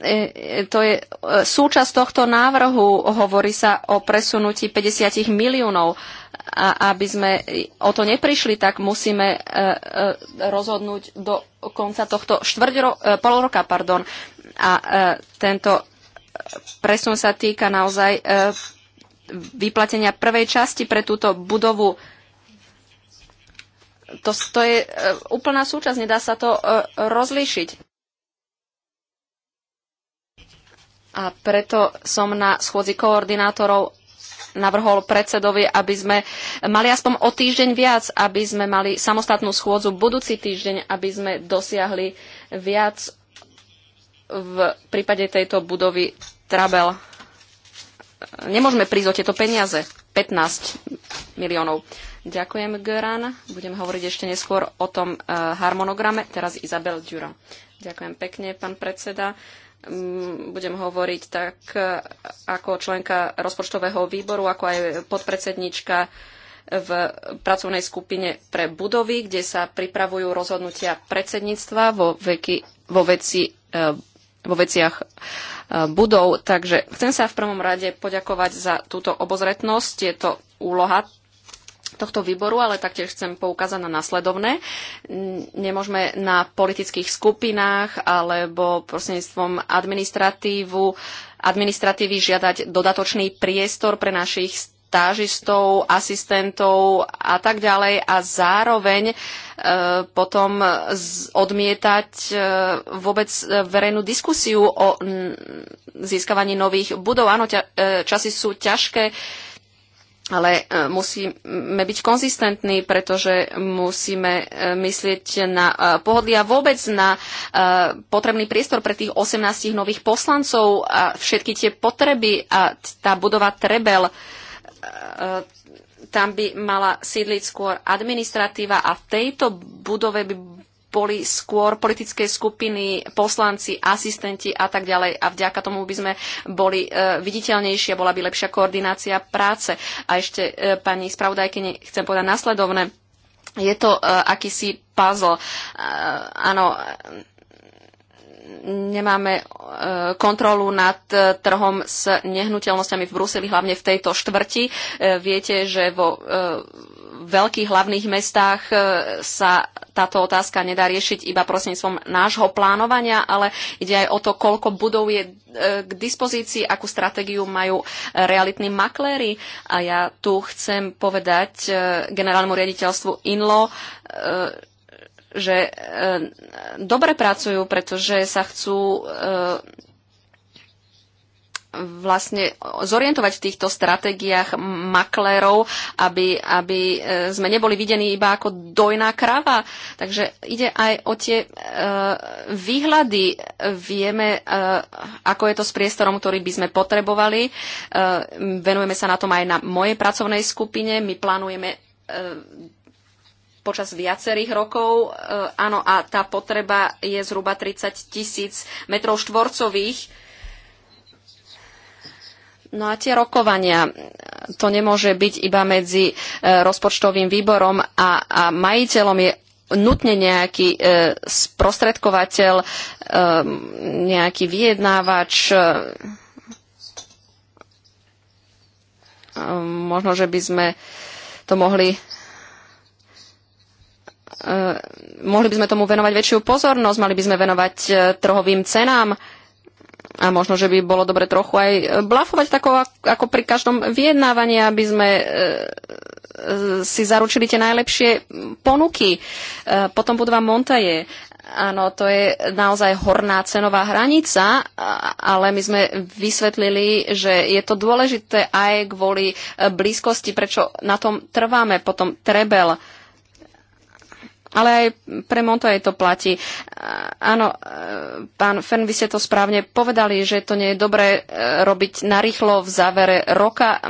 E, e, to je e, súčasť tohto návrhu, hovorí sa o presunutí 50 miliónov. A aby sme o to neprišli, tak musíme rozhodnúť do konca tohto štvrť pol roka. Pardon. A tento presun sa týka naozaj vyplatenia prvej časti pre túto budovu. To, to je úplná súčasť, nedá sa to rozlíšiť. A preto som na schôdzi koordinátorov navrhol predsedovi, aby sme mali aspoň o týždeň viac, aby sme mali samostatnú schôdzu budúci týždeň, aby sme dosiahli viac v prípade tejto budovy Trabel. Nemôžeme prísť o tieto peniaze. 15 miliónov. Ďakujem, Göran. Budem hovoriť ešte neskôr o tom eh, harmonograme. Teraz Izabel Dura. Ďakujem pekne, pán predseda. Mm, budem hovoriť tak ako členka rozpočtového výboru, ako aj podpredsednička v pracovnej skupine pre budovy, kde sa pripravujú rozhodnutia predsedníctva vo, veky, vo, veci, e, vo veciach e, budov. Takže chcem sa v prvom rade poďakovať za túto obozretnosť. Je to úloha tohto výboru, ale taktiež chcem poukázať na nasledovné. Nemôžeme na politických skupinách alebo prostredníctvom administratívu, administratívy žiadať dodatočný priestor pre našich stážistov, asistentov a tak ďalej a zároveň e, potom odmietať e, vôbec e, verejnú diskusiu o n, získavaní nových budov. Áno, ťa, e, časy sú ťažké, ale e, musíme byť konzistentní, pretože musíme e, myslieť na e, pohodlie a vôbec na potrebný priestor pre tých 18 nových poslancov a všetky tie potreby a tá budova Trebel tam by mala sídliť skôr administratíva a v tejto budove by boli skôr politické skupiny, poslanci, asistenti a tak ďalej. A vďaka tomu by sme boli e, viditeľnejšie, bola by lepšia koordinácia práce. A ešte e, pani spravodajke, chcem povedať následovné. Je to e, akýsi puzzle. Áno, nemáme kontrolu nad trhom s nehnuteľnosťami v Bruseli, hlavne v tejto štvrti. Viete, že vo veľkých hlavných mestách e, sa táto otázka nedá riešiť iba prostredníctvom nášho plánovania, ale ide aj o to, koľko budov je e, k dispozícii, akú stratégiu majú realitní makléri. A ja tu chcem povedať e, generálnemu riaditeľstvu INLO, že dobre pracujú, pretože sa chcú vlastne zorientovať v týchto stratégiách maklérov, aby, aby e, sme neboli videní iba ako dojná krava. Takže ide aj o tie e, výhľady. Vieme, e, ako je to s priestorom, ktorý by sme potrebovali. Venujeme sa na tom aj na mojej pracovnej skupine. My plánujeme počas viacerých rokov. Áno, a tá potreba je zhruba 30 tisíc metrov štvorcových No a tie rokovania, to nemôže byť iba medzi e, rozpočtovým výborom a, a majiteľom. Je nutne nejaký e, sprostredkovateľ, e, nejaký vyjednávač. E, možno, že by sme to mohli e, mohli by sme tomu venovať väčšiu pozornosť, mali by sme venovať e, trhovým cenám. E, a možno, že by bolo dobre trochu aj e, blafovať tako, ako pri každom vyjednávaní, aby sme e, e, si zaručili tie najlepšie ponuky. Potom vám Montaje. Áno, to je naozaj horná cenová hranica, ale my sme vysvetlili, že je to dôležité aj kvôli blízkosti, prečo na tom trváme. Potom Trebel ale aj pre aj to platí. Áno, e, pán Fern, vy ste to správne povedali, že to nie je dobré e, robiť narýchlo v závere roka.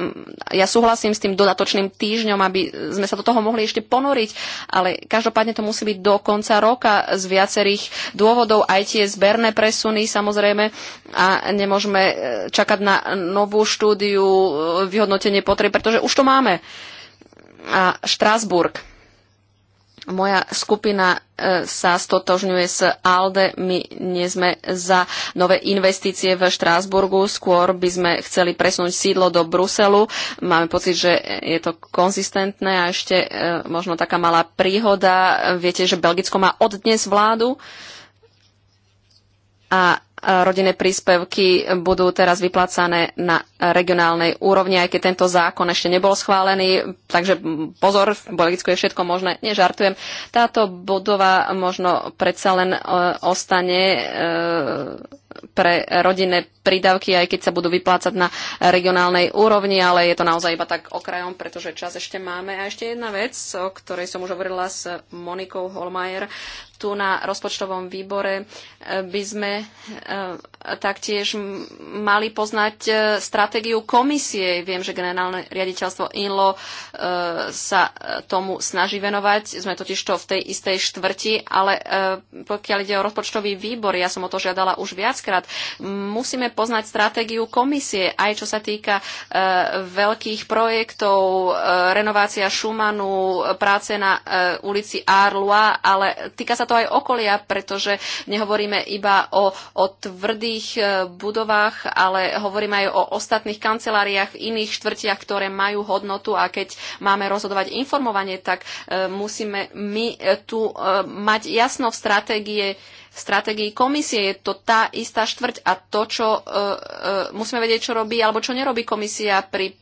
Ja súhlasím s tým dodatočným týždňom, aby sme sa do toho mohli ešte ponoriť, ale každopádne to musí byť do konca roka z viacerých dôvodov, aj tie zberné presuny samozrejme a nemôžeme e, čakať na novú štúdiu, vyhodnotenie potreby, pretože už to máme. A Štrásburg moja skupina e, sa stotožňuje s ALDE. My nie sme za nové investície v Štrásburgu. Skôr by sme chceli presunúť sídlo do Bruselu. Máme pocit, že je to konzistentné a ešte e, možno taká malá príhoda. Viete, že Belgicko má od dnes vládu a rodinné príspevky budú teraz vyplácané na regionálnej úrovni, aj keď tento zákon ešte nebol schválený. Takže pozor, v Belgicku je všetko možné, nežartujem. Táto budova možno predsa len e, ostane e, pre rodinné prídavky, aj keď sa budú vyplácať na regionálnej úrovni, ale je to naozaj iba tak okrajom, pretože čas ešte máme. A ešte jedna vec, o ktorej som už hovorila s Monikou Holmajer, tu na rozpočtovom výbore e, by sme e, taktiež mali poznať e, stratégiu komisie. Viem, že generálne riaditeľstvo INLO sa tomu snaží venovať. Sme totiž to v tej istej štvrti, ale pokiaľ ide o rozpočtový výbor, ja som o to žiadala už viackrát, musíme poznať stratégiu komisie, aj čo sa týka veľkých projektov, renovácia Šumanu, práce na ulici Arlois, ale týka sa sa to aj okolia, pretože nehovoríme iba o, o tvrdých e, budovách, ale hovoríme aj o ostatných kanceláriách v iných štvrtiach, ktoré majú hodnotu a keď máme rozhodovať informovanie, tak e, musíme my e, tu mať jasno v stratégie, v stratégii komisie. Je to tá istá štvrť a to, čo e, e, musíme vedieť, čo robí alebo čo nerobí komisia pri e,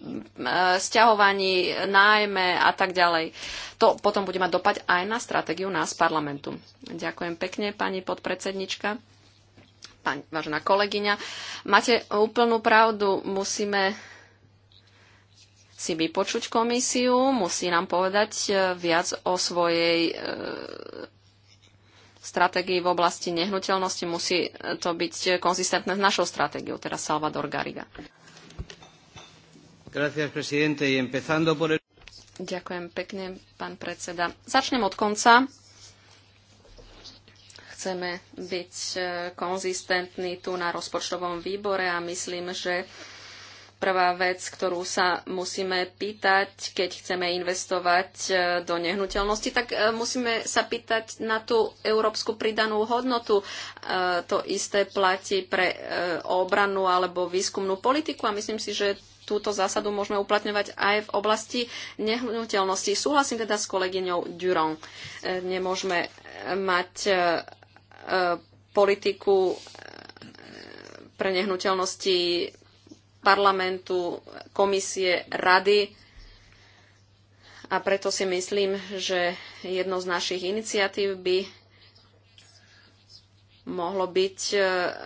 stiahovaní, nájme a tak ďalej. To potom bude mať dopať aj na stratégiu nás parlamentu. Ďakujem pekne, pani podpredsednička. Pani, vážená kolegyňa, máte úplnú pravdu. Musíme si vypočuť komisiu, musí nám povedať e, viac o svojej e, stratégii v oblasti nehnuteľnosti, musí e, to byť konzistentné s našou stratégiou, teda Salvador Gariga. Ďakujem pekne, pán predseda. Začnem od konca. Chceme byť e, konzistentní tu na rozpočtovom výbore a myslím, že prvá vec, ktorú sa musíme pýtať, keď chceme investovať e, do nehnuteľnosti, tak e, musíme sa pýtať na tú európsku pridanú hodnotu. E, to isté platí pre obranu alebo výskumnú politiku a myslím si, že túto zásadu môžeme uplatňovať aj v oblasti nehnuteľnosti. Súhlasím teda s kolegyňou Duron. Nemôžeme mať politiku pre nehnuteľnosti parlamentu, komisie, rady. A preto si myslím, že jednou z našich iniciatív by mohlo byť e,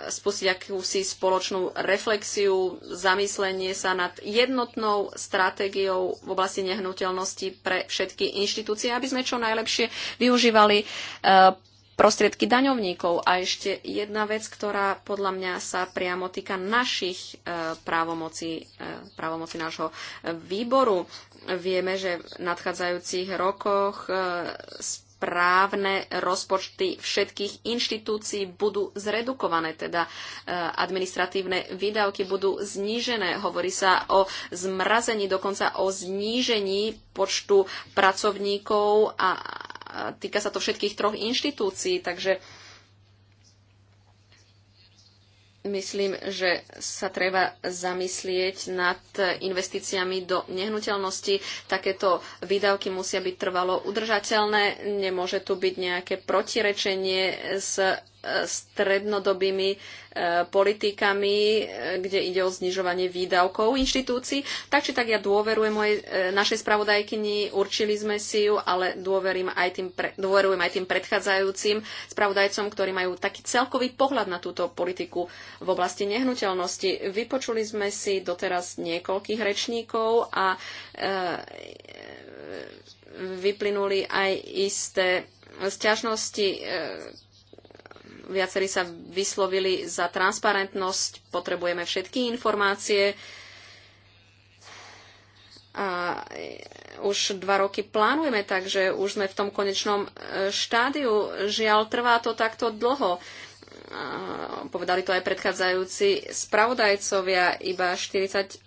spustiť akúsi spoločnú reflexiu, zamyslenie sa nad jednotnou stratégiou v oblasti nehnuteľnosti pre všetky inštitúcie, aby sme čo najlepšie využívali e, prostriedky daňovníkov. A ešte jedna vec, ktorá podľa mňa sa priamo týka našich e, právomocí, e, právomocí nášho výboru. Vieme, že v nadchádzajúcich rokoch e, správne rozpočty všetkých inštitúcií budú zredukované, teda administratívne výdavky budú znížené. Hovorí sa o zmrazení, dokonca o znížení počtu pracovníkov a týka sa to všetkých troch inštitúcií, takže myslím, že sa treba zamyslieť nad investíciami do nehnuteľnosti. Takéto výdavky musia byť trvalo udržateľné. Nemôže tu byť nejaké protirečenie s strednodobými e, politikami, e, kde ide o znižovanie výdavkov inštitúcií. Tak či tak ja dôverujem mojej, e, našej spravodajkyni, určili sme si ju, ale dôverujem aj tým, pre, dôverujem aj tým predchádzajúcim spravodajcom, ktorí majú taký celkový pohľad na túto politiku v oblasti nehnuteľnosti. Vypočuli sme si doteraz niekoľkých rečníkov a e, vyplynuli aj isté sťažnosti, Viacerí sa vyslovili za transparentnosť, potrebujeme všetky informácie. A e, už dva roky plánujeme, takže už sme v tom konečnom e, štádiu. Žiaľ, trvá to takto dlho. Povedali to aj predchádzajúci spravodajcovia. Iba 48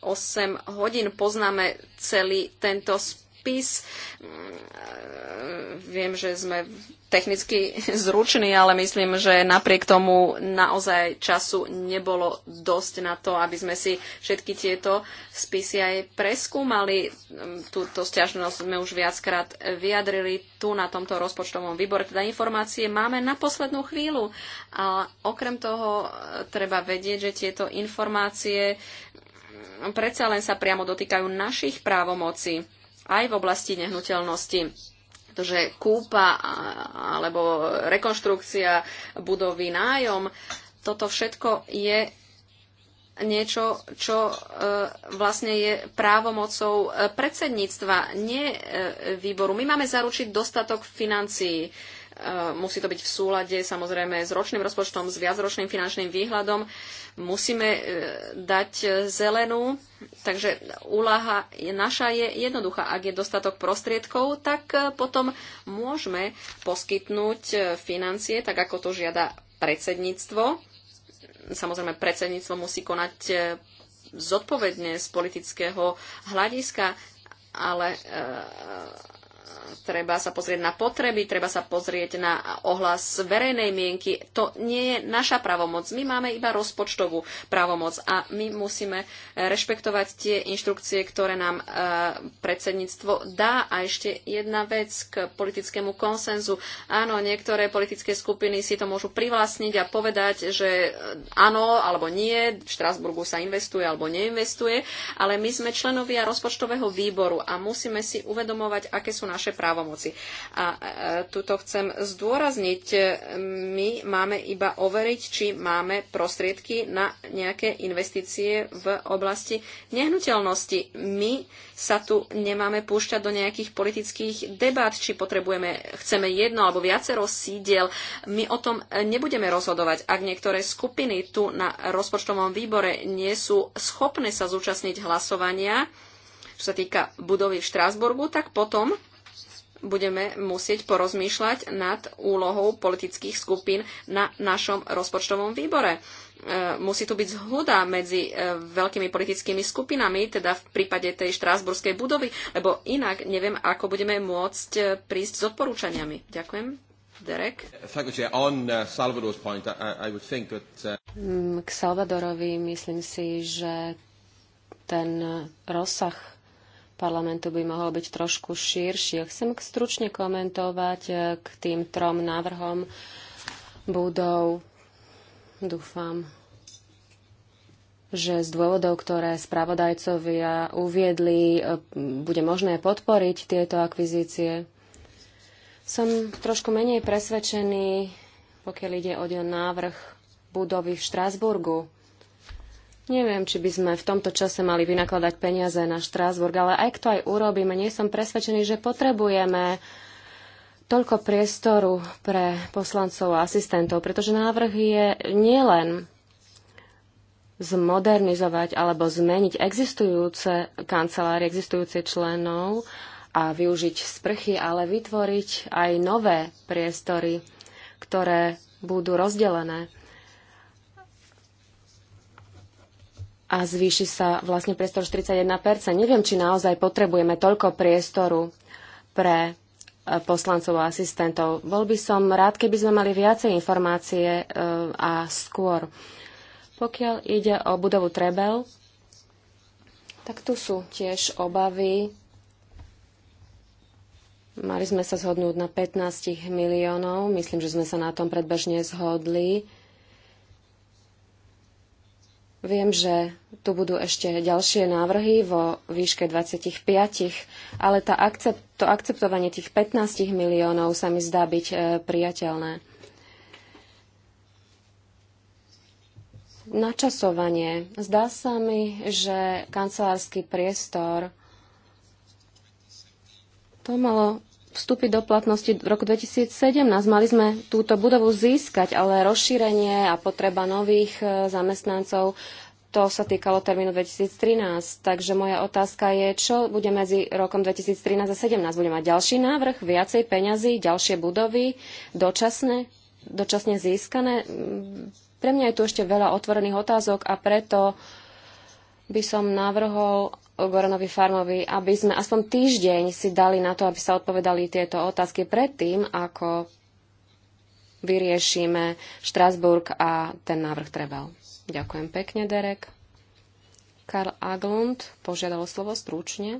hodín poznáme celý tento spôsob spis. Mm, viem, že sme technicky zruční, ale myslím, že napriek tomu naozaj času nebolo dosť na to, aby sme si všetky tieto spisy aj preskúmali. Mm, túto stiažnosť sme už viackrát vyjadrili tu na tomto rozpočtovom výbore. Teda informácie máme na poslednú chvíľu. A okrem toho e, treba vedieť, že tieto informácie mm, predsa len sa priamo dotýkajú našich právomocí aj v oblasti nehnuteľnosti pretože kúpa alebo rekonštrukcia budovy, nájom, toto všetko je niečo, čo e, vlastne je právomocou e, predsedníctva, nie e, výboru. My máme zaručiť dostatok financií. Eh, musí to byť v súlade samozrejme s ročným rozpočtom, s viacročným finančným výhľadom. Musíme eh, dať zelenú, takže úlaha naša je jednoduchá. Ak je dostatok prostriedkov, tak eh, potom môžeme poskytnúť financie, tak ako to žiada predsedníctvo. Samozrejme, predsedníctvo musí konať zodpovedne z politického hľadiska, ale treba sa pozrieť na potreby, treba sa pozrieť na ohlas verejnej mienky. To nie je naša pravomoc. My máme iba rozpočtovú pravomoc a my musíme rešpektovať tie inštrukcie, ktoré nám e, predsedníctvo dá. A ešte jedna vec k politickému konsenzu. Áno, niektoré politické skupiny si to môžu privlastniť a povedať, že e, áno alebo nie, v Štrasburgu sa investuje alebo neinvestuje, ale my sme členovia rozpočtového výboru a musíme si uvedomovať, aké sú naše naše právomoci. A e, tuto chcem zdôrazniť, e, my máme iba overiť, či máme prostriedky na nejaké investície v oblasti nehnuteľnosti. My sa tu nemáme púšťať do nejakých politických debát, či potrebujeme, chceme jedno alebo viacero sídiel. My o tom nebudeme rozhodovať, ak niektoré skupiny tu na rozpočtovom výbore nie sú schopné sa zúčastniť hlasovania, čo sa týka budovy v Štrásburgu, tak potom budeme musieť porozmýšľať nad úlohou politických skupín na našom rozpočtovom výbore. E, musí tu byť zhoda medzi e, veľkými politickými skupinami, teda v prípade tej štrásburskej budovy, lebo inak neviem, ako budeme môcť e, prísť s odporúčaniami. Ďakujem. Derek? K Salvadorovi myslím si, že ten uh, rozsah parlamentu by mohol byť trošku širší. Chcem stručne komentovať e, k tým trom návrhom budov. Dúfam, že z dôvodov, ktoré spravodajcovia uviedli, e, bude možné podporiť tieto akvizície. Som trošku menej presvedčený, pokiaľ ide o návrh budovy v Štrásburgu. Neviem, či by sme v tomto čase mali vynakladať peniaze na Štrásburg, ale aj to aj urobíme, nie som presvedčený, že potrebujeme toľko priestoru pre poslancov a asistentov, pretože návrh je nielen zmodernizovať alebo zmeniť existujúce kancelárie, existujúce členov a využiť sprchy, ale vytvoriť aj nové priestory, ktoré budú rozdelené. a zvýši sa vlastne priestor 41%. Neviem, či naozaj potrebujeme toľko priestoru pre e, poslancov a asistentov. Bol by som rád, keby sme mali viacej informácie e, a skôr. Pokiaľ ide o budovu Trebel, tak tu sú tiež obavy. Mali sme sa zhodnúť na 15 miliónov. Myslím, že sme sa na tom predbežne zhodli Viem, že tu budú ešte ďalšie návrhy vo výške 25, ale tá akcept, to akceptovanie tých 15 miliónov sa mi zdá byť e, priateľné. Načasovanie. Zdá sa mi, že kancelársky priestor to malo vstúpi do platnosti v roku 2017. Mali sme túto budovu získať, ale rozšírenie a potreba nových e, zamestnancov to sa týkalo termínu 2013. Takže moja otázka je, čo bude medzi rokom 2013 a 2017? Bude mať ďalší návrh, viacej peňazí, ďalšie budovy, dočasne, dočasne získané? Pre mňa je tu ešte veľa otvorených otázok a preto by som navrhol, Goranovi Farmovi, aby sme aspoň týždeň si dali na to, aby sa odpovedali tieto otázky predtým, ako vyriešime Štrasburg a ten návrh Trebel. Ďakujem pekne, Derek. Karl Aglund požiadal slovo stručne.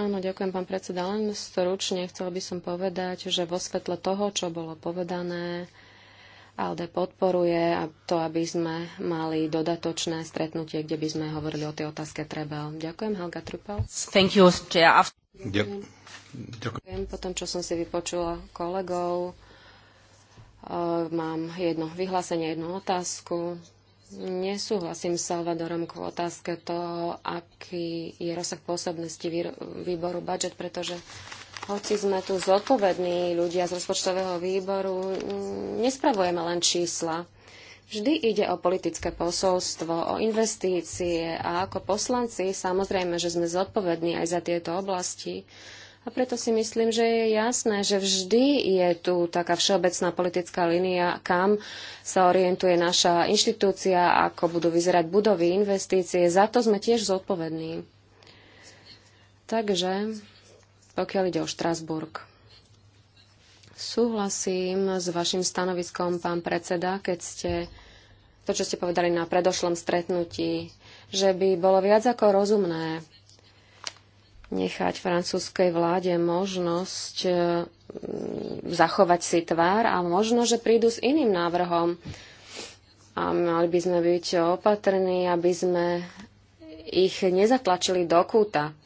Áno, ďakujem, pán predseda. Len stručne chcel by som povedať, že vo svetle toho, čo bolo povedané, ALDE podporuje a to, aby sme mali dodatočné stretnutie, kde by sme hovorili o tej otázke Trebel. Ďakujem, Helga Trupel. Thank you, Ďakujem. Ďakujem. Po tom, čo som si vypočula kolegov, uh, mám jedno vyhlásenie, jednu otázku. Nesúhlasím s Salvadorom k otázke toho, aký je rozsah pôsobnosti výboru budget, pretože hoci sme tu zodpovední ľudia z rozpočtového výboru, mm, nespravujeme len čísla. Vždy ide o politické posolstvo, o investície a ako poslanci samozrejme, že sme zodpovední aj za tieto oblasti. A preto si myslím, že je jasné, že vždy je tu taká všeobecná politická línia, kam sa orientuje naša inštitúcia, ako budú vyzerať budovy, investície. Za to sme tiež zodpovední. Takže pokiaľ ide o Štrasburg, súhlasím s vašim stanoviskom, pán predseda, keď ste to, čo ste povedali na predošlom stretnutí, že by bolo viac ako rozumné nechať francúzskej vláde možnosť e, zachovať si tvár a možno, že prídu s iným návrhom. A mali by sme byť opatrní, aby sme ich nezatlačili do kúta.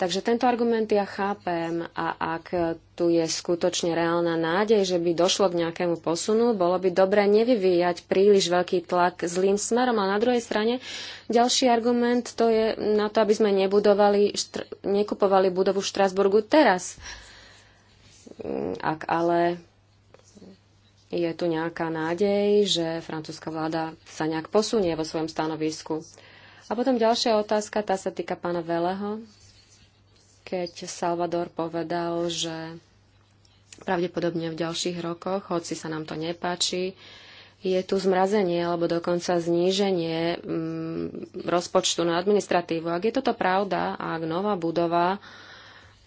Takže tento argument ja chápem a ak tu je skutočne reálna nádej, že by došlo k nejakému posunu, bolo by dobré nevyvíjať príliš veľký tlak zlým smerom. A na druhej strane ďalší argument to je na to, aby sme nebudovali, nekupovali budovu v Štrasburgu teraz. Ak ale je tu nejaká nádej, že francúzska vláda sa nejak posunie vo svojom stanovisku. A potom ďalšia otázka, tá sa týka pána Veleho keď Salvador povedal, že pravdepodobne v ďalších rokoch, hoci sa nám to nepáči, je tu zmrazenie alebo dokonca zníženie mm, rozpočtu na administratívu. Ak je toto pravda a ak nová budova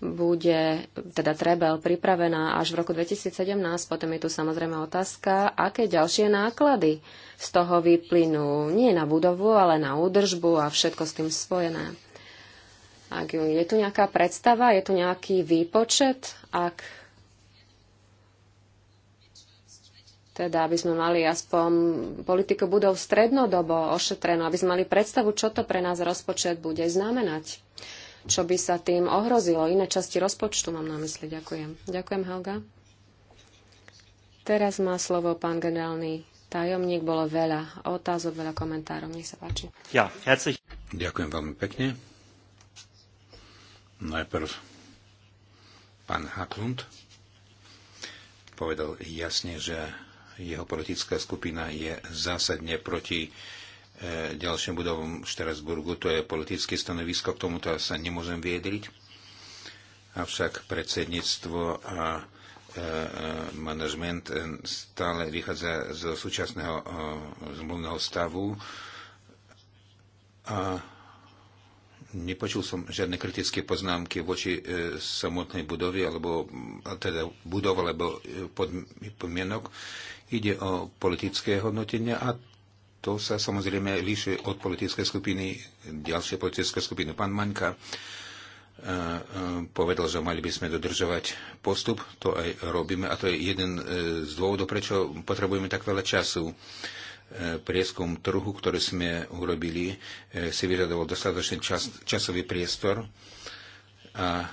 bude, teda Trebel, pripravená až v roku 2017, potom je tu samozrejme otázka, aké ďalšie náklady z toho vyplynú. Nie na budovu, ale na údržbu a všetko s tým spojené. Ak je tu nejaká predstava, je tu nejaký výpočet, ak teda aby sme mali aspoň politiku budov strednodobo ošetrenú, aby sme mali predstavu, čo to pre nás rozpočet bude znamenať. Čo by sa tým ohrozilo? Iné časti rozpočtu mám na mysli. Ďakujem. Ďakujem, Helga. Teraz má slovo pán generálny tajomník. Bolo veľa otázok, veľa komentárov. Nech sa páči. Ja, herzlich. Ďakujem veľmi pekne. Najprv pán Haklund povedal jasne, že jeho politická skupina je zásadne proti e, ďalším budovom Štrasburgu. To je politické stanovisko, k tomuto sa nemôžem viedriť. Avšak predsedníctvo a e, e, manažment stále vychádza zo súčasného zmluvného stavu a Nepočul som žiadne kritické poznámky voči e, samotnej budovy, alebo teda budova, alebo e, pod, podmienok. Ide o politické hodnotenia a to sa samozrejme líši od politickej skupiny, ďalšie politické skupiny. Pán Maňka e, e, povedal, že mali by sme dodržovať postup, to aj robíme a to je jeden e, z dôvodov, prečo potrebujeme tak veľa času. E, E, prieskum trhu, ktorý sme urobili, e, si vyžadoval dostatočný čas, časový priestor a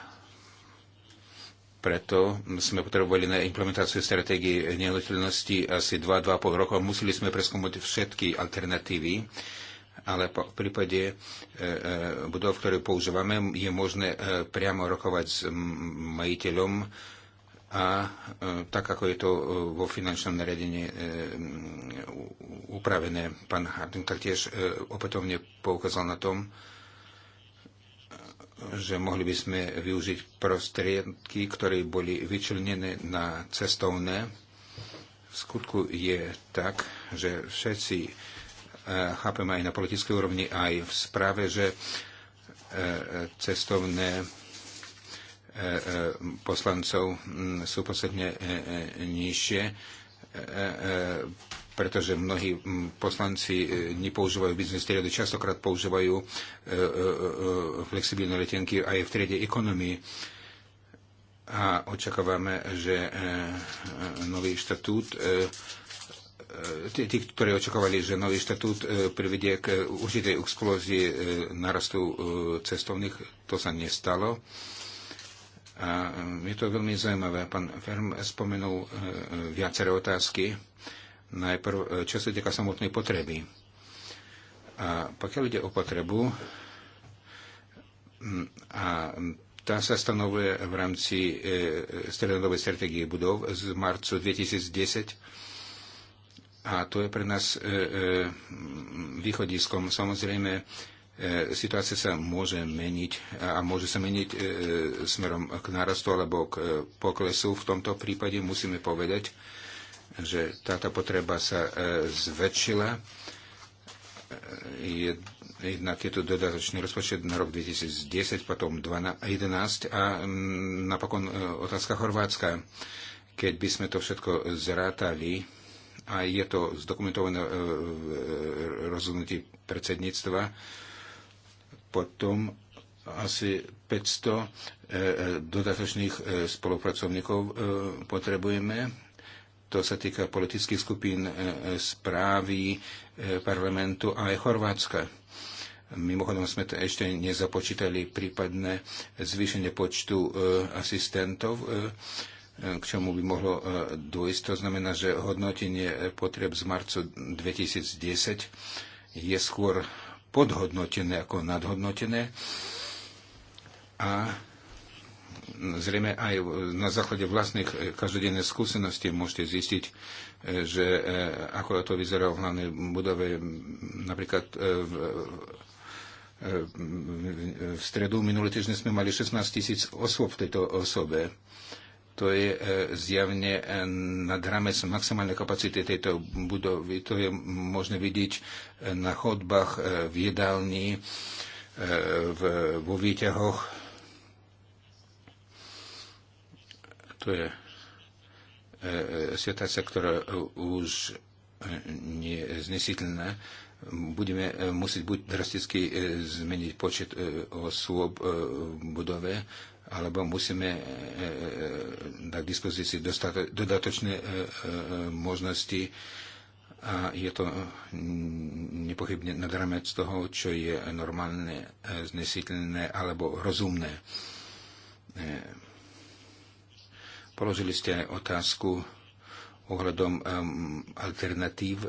preto sme potrebovali na implementáciu stratégie nehnuteľnosti asi 2-2,5 roka. Museli sme preskúmať všetky alternatívy, ale v prípade e, budov, ktoré používame, je možné priamo rokovať s majiteľom a e, tak, ako je to e, vo finančnom nariadení e, upravené, pán Harding taktiež opätovne poukázal na tom, že mohli by sme využiť prostriedky, ktoré boli vyčlenené na cestovné. V skutku je tak, že všetci chápeme aj na politickej úrovni, aj v správe, že cestovné E, e, poslancov sú posledne e, nižšie, pretože mnohí poslanci nepoužívajú biznes triedy, častokrát používajú flexibilné letenky aj v triede ekonomii. A očakávame, že nový štatút tí, ktorí očakovali, že nový štatút privedie k určitej explózii narastu cestovných, to sa nestalo. A e, je to veľmi zaujímavé. Pán Ferm spomenul e, e, viaceré otázky. Najprv, čo sa týka samotnej potreby. A pokiaľ ide o potrebu, a tá sa stanovuje v rámci strednodobej strategie budov z marcu 2010. A to je pre nás východiskom. Samozrejme, E, situácia sa môže meniť a môže sa meniť e, smerom k narastu alebo k e, poklesu. V tomto prípade musíme povedať, že táto potreba sa zväčšila. Jednak je to dodatočný rozpočet na rok 2010, potom 2011 a napokon otázka Chorvátska. Keď by sme to všetko zrátali, a je to zdokumentované v rozhodnutí predsedníctva, potom asi 500 e, e, dodatočných e, spolupracovníkov potrebujeme. To sa týka politických skupín správy parlamentu a aj Chorvátska. Mimochodom sme to ešte nezapočítali prípadné zvýšenie počtu asistentov, k čomu by mohlo dôjsť. To znamená, že hodnotenie potreb z marcu 2010 je skôr podhodnotené ako nadhodnotené a zrejme aj na základe vlastných e, každodenných skúseností môžete zistiť, e, že e, ako to vyzerá v hlavnej budove napríklad v, v stredu minulý týždeň sme mali 16 tisíc osôb v tejto osobe to je e, zjavne e, nad rámec maximálnej kapacity tejto budovy. To je možné vidieť e, na chodbách, v jedálni, vo výťahoch. To je situácia, ktorá už nie je znesiteľná budeme musieť buď drasticky zmeniť počet osôb v budove, alebo musíme e, e, e, dať k dispozícii dodatočné možnosti a je to nepochybne nad rámec toho, čo je normálne, znesiteľné alebo rozumné. Položili ste aj otázku ohľadom alternatív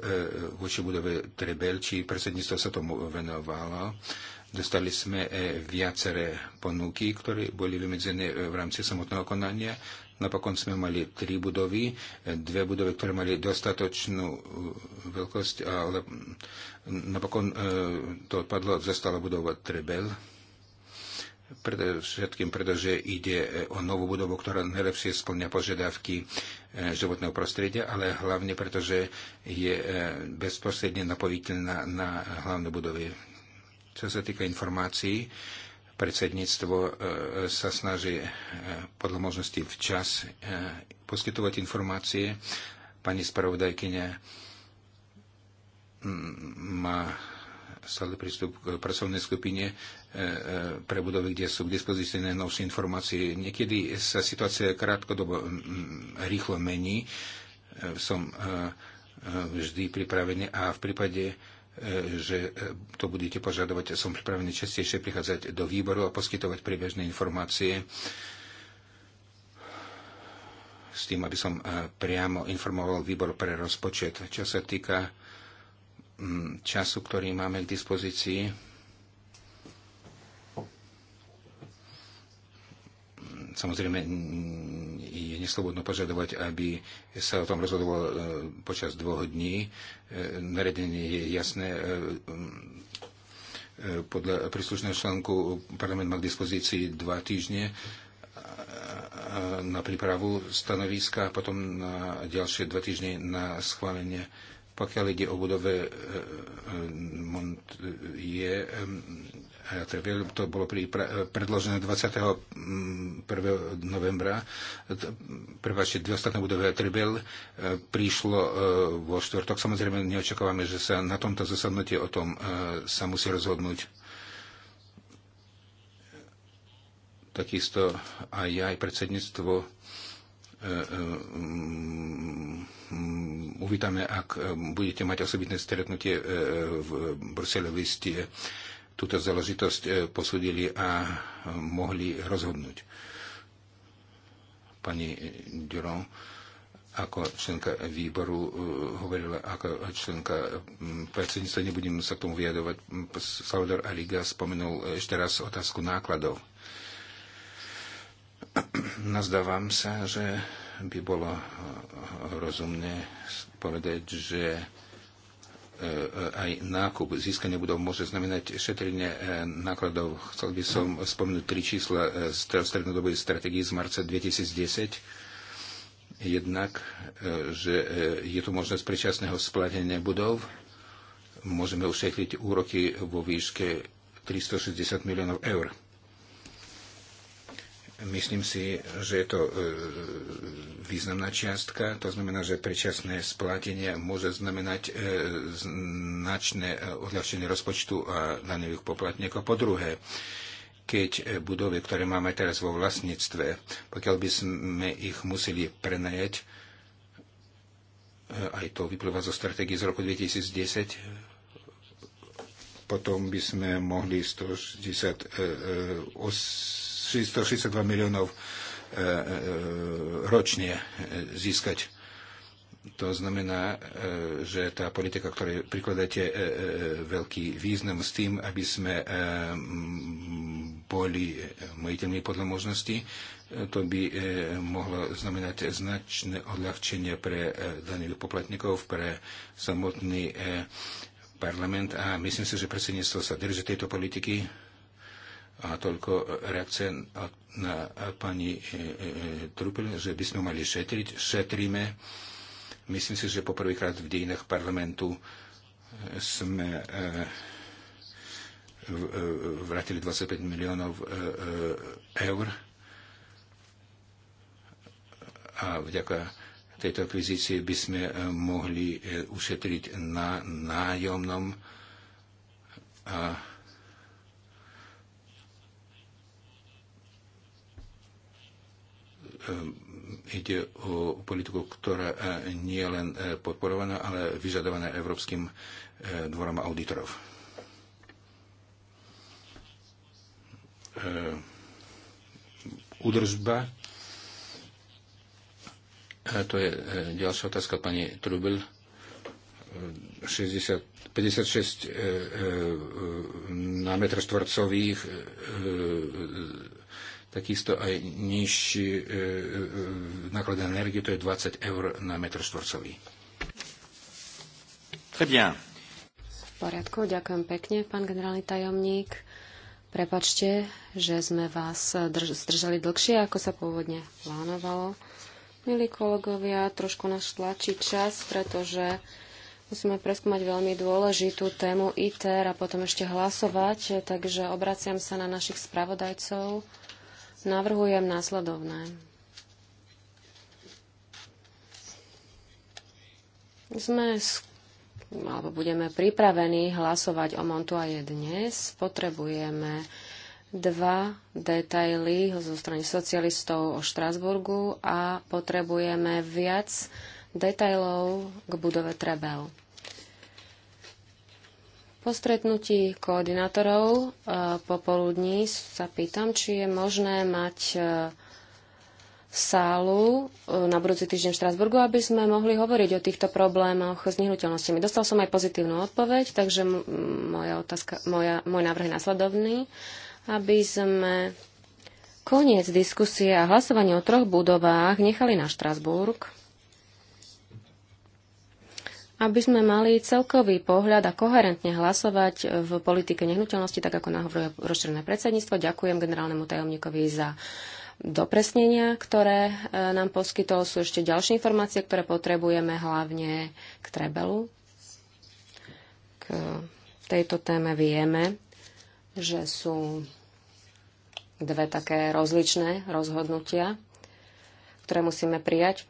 voči budove Trebel, či predsedníctvo sa tomu venovalo. Dostali sme e, viaceré ponuky, ktoré boli vymedzené e, v rámci samotného konania. Napokon sme mali tri budovy, e, dve budovy, ktoré mali dostatočnú veľkosť, ale napokon to odpadlo, zostala budova Trebel. Pred, všetkým, pretože ide o novú budovu, ktorá najlepšie splňa požiadavky životného prostredia, ale hlavne pretože je bezprostredne napoviteľná na hlavné budovy. Čo sa týka informácií, predsedníctvo e, sa snaží e, podľa možnosti včas e, poskytovať informácie. Pani spravodajkyňa má stále prístup k pracovnej skupine pre budovy, kde sú k dispozícii najnovšie informácie. Niekedy sa situácia krátkodobo rýchlo mení. Som vždy pripravený a v prípade E, že e, to budete požadovať. Som pripravený častejšie prichádzať do výboru a poskytovať priebežné informácie s tým, aby som e, priamo informoval výbor pre rozpočet. Čo sa týka mm, času, ktorý máme k dispozícii, mm, samozrejme neslobodno požadovať, aby sa o tom rozhodovalo e, počas dvoch dní. E, Naredenie je jasné. E, podľa príslušného článku parlament má k dispozícii dva týždne na prípravu stanoviska a potom na ďalšie dva týždne na schválenie. Pokiaľ ide o budove, je to bolo pri, predložené 21. Mm, novembra, prepáčte, dve ostatné budovy Tribel e, prišlo e, vo štvrtok. Samozrejme, neočakávame, že sa na tomto zasadnutí o tom e, sa musí rozhodnúť. Takisto aj ja, aj predsedníctvo mm, uvítame, ak budete mať osobitné stretnutie v Bruseli, vy ste túto záležitosť e, posúdili a e, mohli rozhodnúť. Pani Duron ako členka výboru e, hovorila ako členka predsedníctva, nebudem sa k tomu vyjadovať. Salvador Aliga spomenul ešte raz otázku nákladov. Nazdávam sa, že by bolo rozumné povedať, že E, e, aj nákup. Získanie budov môže znamenať šetrenie e, nákladov. Chcel by som spomenúť tri čísla z strednodobej stratégie z marca 2010 jednak, že je tu možnosť predčasného splatenia budov. Môžeme ušetriť úroky vo výške 360 miliónov eur. Myslím si, že je to e, významná čiastka, to znamená, že predčasné splatenie môže znamenať e, značné e, odľahčenie rozpočtu a daňových poplatníkov. Po druhé, keď budovy, ktoré máme teraz vo vlastníctve, pokiaľ by sme ich museli prenajať, aj to vyplýva zo stratégie z roku 2010, potom by sme mohli 168 662 miliónov e, e, e, ročne získať. To znamená, že tá politika, ktorej prikladáte veľký význam s tým, aby sme boli majiteľmi podľa možnosti, to by mohlo znamenať značné odľahčenie pre daných poplatníkov, pre samotný parlament a myslím si, že predsedníctvo sa drží tejto politiky a toľko reakcie na pani e, e, e, Trupel, že by sme mali šetriť. Šetríme. Myslím si, že poprvýkrát v dejinách parlamentu sme vrátili 25 miliónov eur a vďaka tejto akvizícii by sme mohli ušetriť na nájomnom a Ehm, ide o politiku, ktorá e, nie je len e, podporovaná, ale vyžadovaná Európskym e, dvorom auditorov. Udržba. Ehm, to je ďalšia otázka pani Trubel. 60, 56 na metr štvorcových takisto aj nižší e, e, e náklad na energiu, to je 20 eur na metr štvorcový. V poriadku, ďakujem pekne, pán generálny tajomník. Prepačte, že sme vás drž- zdržali dlhšie, ako sa pôvodne plánovalo. Milí kolegovia, trošku nás tlačí čas, pretože musíme preskúmať veľmi dôležitú tému ITER a potom ešte hlasovať, takže obraciam sa na našich spravodajcov navrhujem následovné. Sme alebo budeme pripravení hlasovať o Montuaje dnes. Potrebujeme dva detaily zo strany socialistov o Štrasburgu a potrebujeme viac detailov k budove Trebel. Po stretnutí koordinátorov e, popoludní sa pýtam, či je možné mať e, sálu e, na budúci týždeň v Štrasburgu, aby sme mohli hovoriť o týchto problémoch s nehnuteľnosťami. Dostal som aj pozitívnu odpoveď, takže moja otázka, moja, môj návrh je následovný, aby sme koniec diskusie a hlasovanie o troch budovách nechali na Štrasburg aby sme mali celkový pohľad a koherentne hlasovať v politike nehnuteľnosti, tak ako nahovoruje rozšírené predsedníctvo. Ďakujem generálnemu tajomníkovi za dopresnenia, ktoré e, nám poskytol. Sú ešte ďalšie informácie, ktoré potrebujeme hlavne k Trebelu. K tejto téme vieme, že sú dve také rozličné rozhodnutia, ktoré musíme prijať.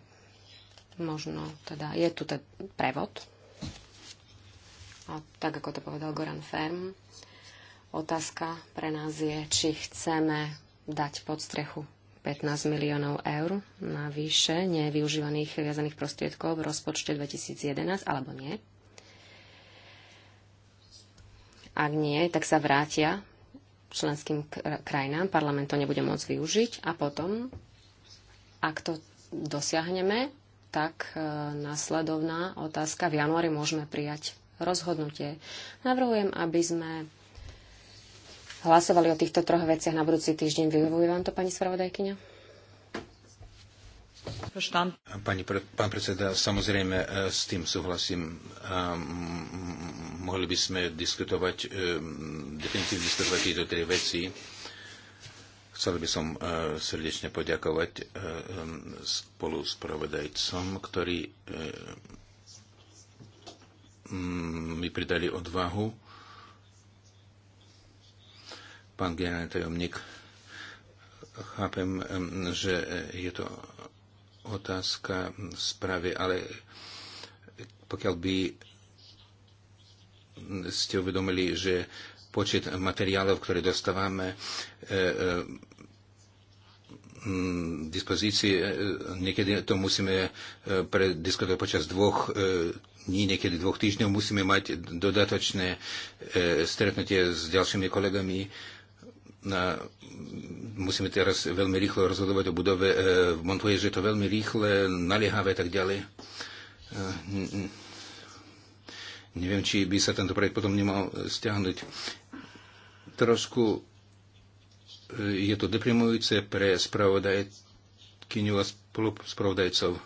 Možno teda je tu ten prevod. A tak ako to povedal Goran Ferm, otázka pre nás je, či chceme dať pod strechu 15 miliónov eur na vyše nevyužívaných viazaných prostriedkov v rozpočte 2011 alebo nie. Ak nie, tak sa vrátia členským krajinám, parlament to nebude môcť využiť a potom, ak to dosiahneme, tak e, následovná otázka. V januári môžeme prijať rozhodnutie. Navrhujem, aby sme hlasovali o týchto troch veciach na budúci týždeň. Vyhovuje vám to, pani spravodajkyňa? Pani, pán predseda, samozrejme e, s tým súhlasím. Mohli by sme diskutovať, e, definitívne diskutovať tieto tri veci Chcel by som e, srdečne poďakovať e, spolu s provedajcom, ktorí e, mi pridali odvahu. Pán generálny tajomník, chápem, že je to otázka správy, ale pokiaľ by ste uvedomili, že počet materiálov, ktoré dostávame, Mm, dispozícii. E, niekedy to musíme e, prediskutovať počas dvoch e, dní, niekedy dvoch týždňov. Musíme mať dodatočné stretnutie s ďalšími kolegami. Mm, musíme teraz veľmi rýchlo rozhodovať o budove v Montvoje, že je to veľmi rýchle, naliehavé a tak ďalej. Neviem, či by sa tento projekt potom nemal stiahnuť. Trošku je to deprimujúce pre spravodajkyňu a spravodajcov.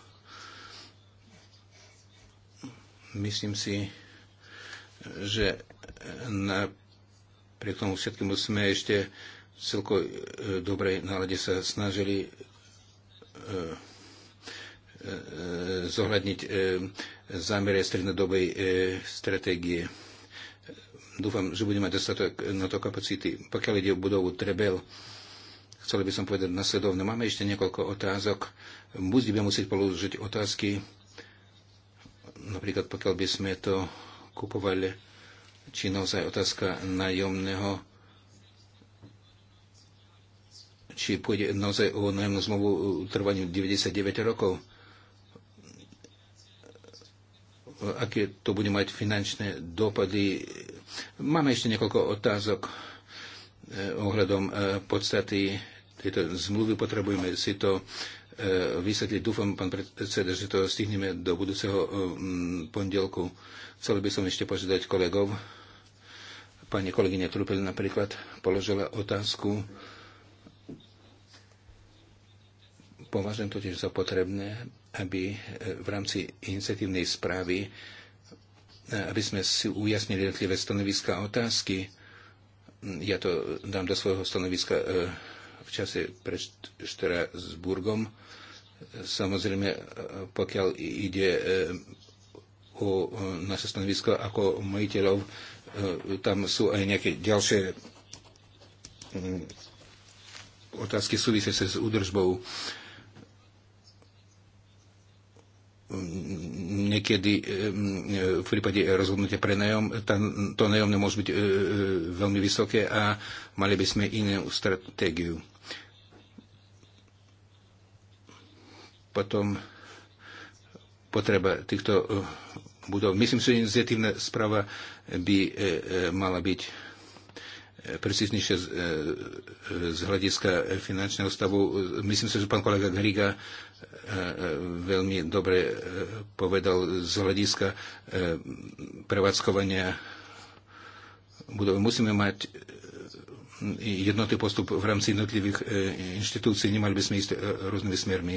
Myslím si, že na pri tomu všetkému sme ešte v celko e, dobrej nálade sa snažili e, e, zohľadniť zámery strednodobej stratégie dúfam, že budeme mať dostatok na to kapacity. Pokiaľ ide o budovu Trebel, chceli by som povedať nasledovne. Máme ešte niekoľko otázok. Budeme musieť položiť otázky, napríklad pokiaľ by sme to kupovali, či naozaj otázka najomného, či pôjde naozaj o najomnú zmluvu trvaniu 99 rokov, aké to bude mať finančné dopady Máme ešte niekoľko otázok eh, ohľadom eh, podstaty tejto zmluvy. Potrebujeme si to eh, vysvetliť. Dúfam, pán predseda, že to stihneme do budúceho pondelku. Chcel by som ešte požiadať kolegov. Pani kolegyňa Trupel napríklad položila otázku. Považujem totiž za potrebné, aby v rámci iniciatívnej správy Eh, aby sme si ujasnili jednotlivé stanoviska a otázky. Ja to dám do svojho stanoviska eh, v čase pred Štrasburgom. Samozrejme, eh, pokiaľ ide o naše stanovisko ako majiteľov, tam sú aj nejaké ďalšie mm, otázky súvisiace s údržbou niekedy e, e, v prípade rozhodnutia pre najom, to najomné môže byť e, veľmi vysoké a mali by sme inú stratégiu. Potom potreba týchto budov. Myslím si, že iniciatívna správa by mala byť precíznejšie z, z hľadiska finančného stavu. Myslím si, že pán kolega Griga veľmi dobre e, povedal z hľadiska e, prevádzkovania budovy. Musíme mať e, jednotný postup v rámci jednotlivých inštitúcií. Nemali by sme ísť rôznymi smermi.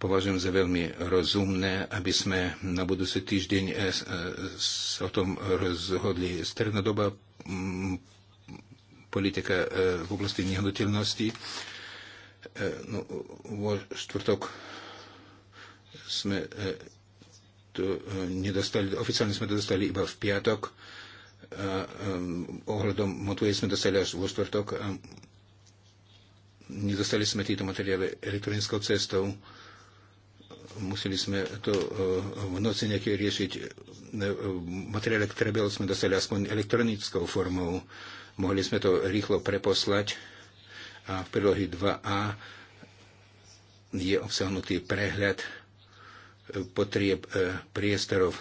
Považujem za veľmi rozumné, aby sme na budúci týždeň o tom rozhodli. Strednodoba politika v oblasti nehnuteľnosti no, vo štvrtok sme e, to e, nedostali, oficiálne sme to dostali iba v piatok, a, e, ohľadom motuje sme dostali až vo štvrtok a nedostali sme tieto materiály elektronickou cestou. Museli sme to v noci nejaké riešiť. Materiály, ktoré bolo, sme dostali aspoň elektronickou formou. Mohli sme to rýchlo preposlať a v prílohy 2a je obsahnutý prehľad potrieb e, priestorov.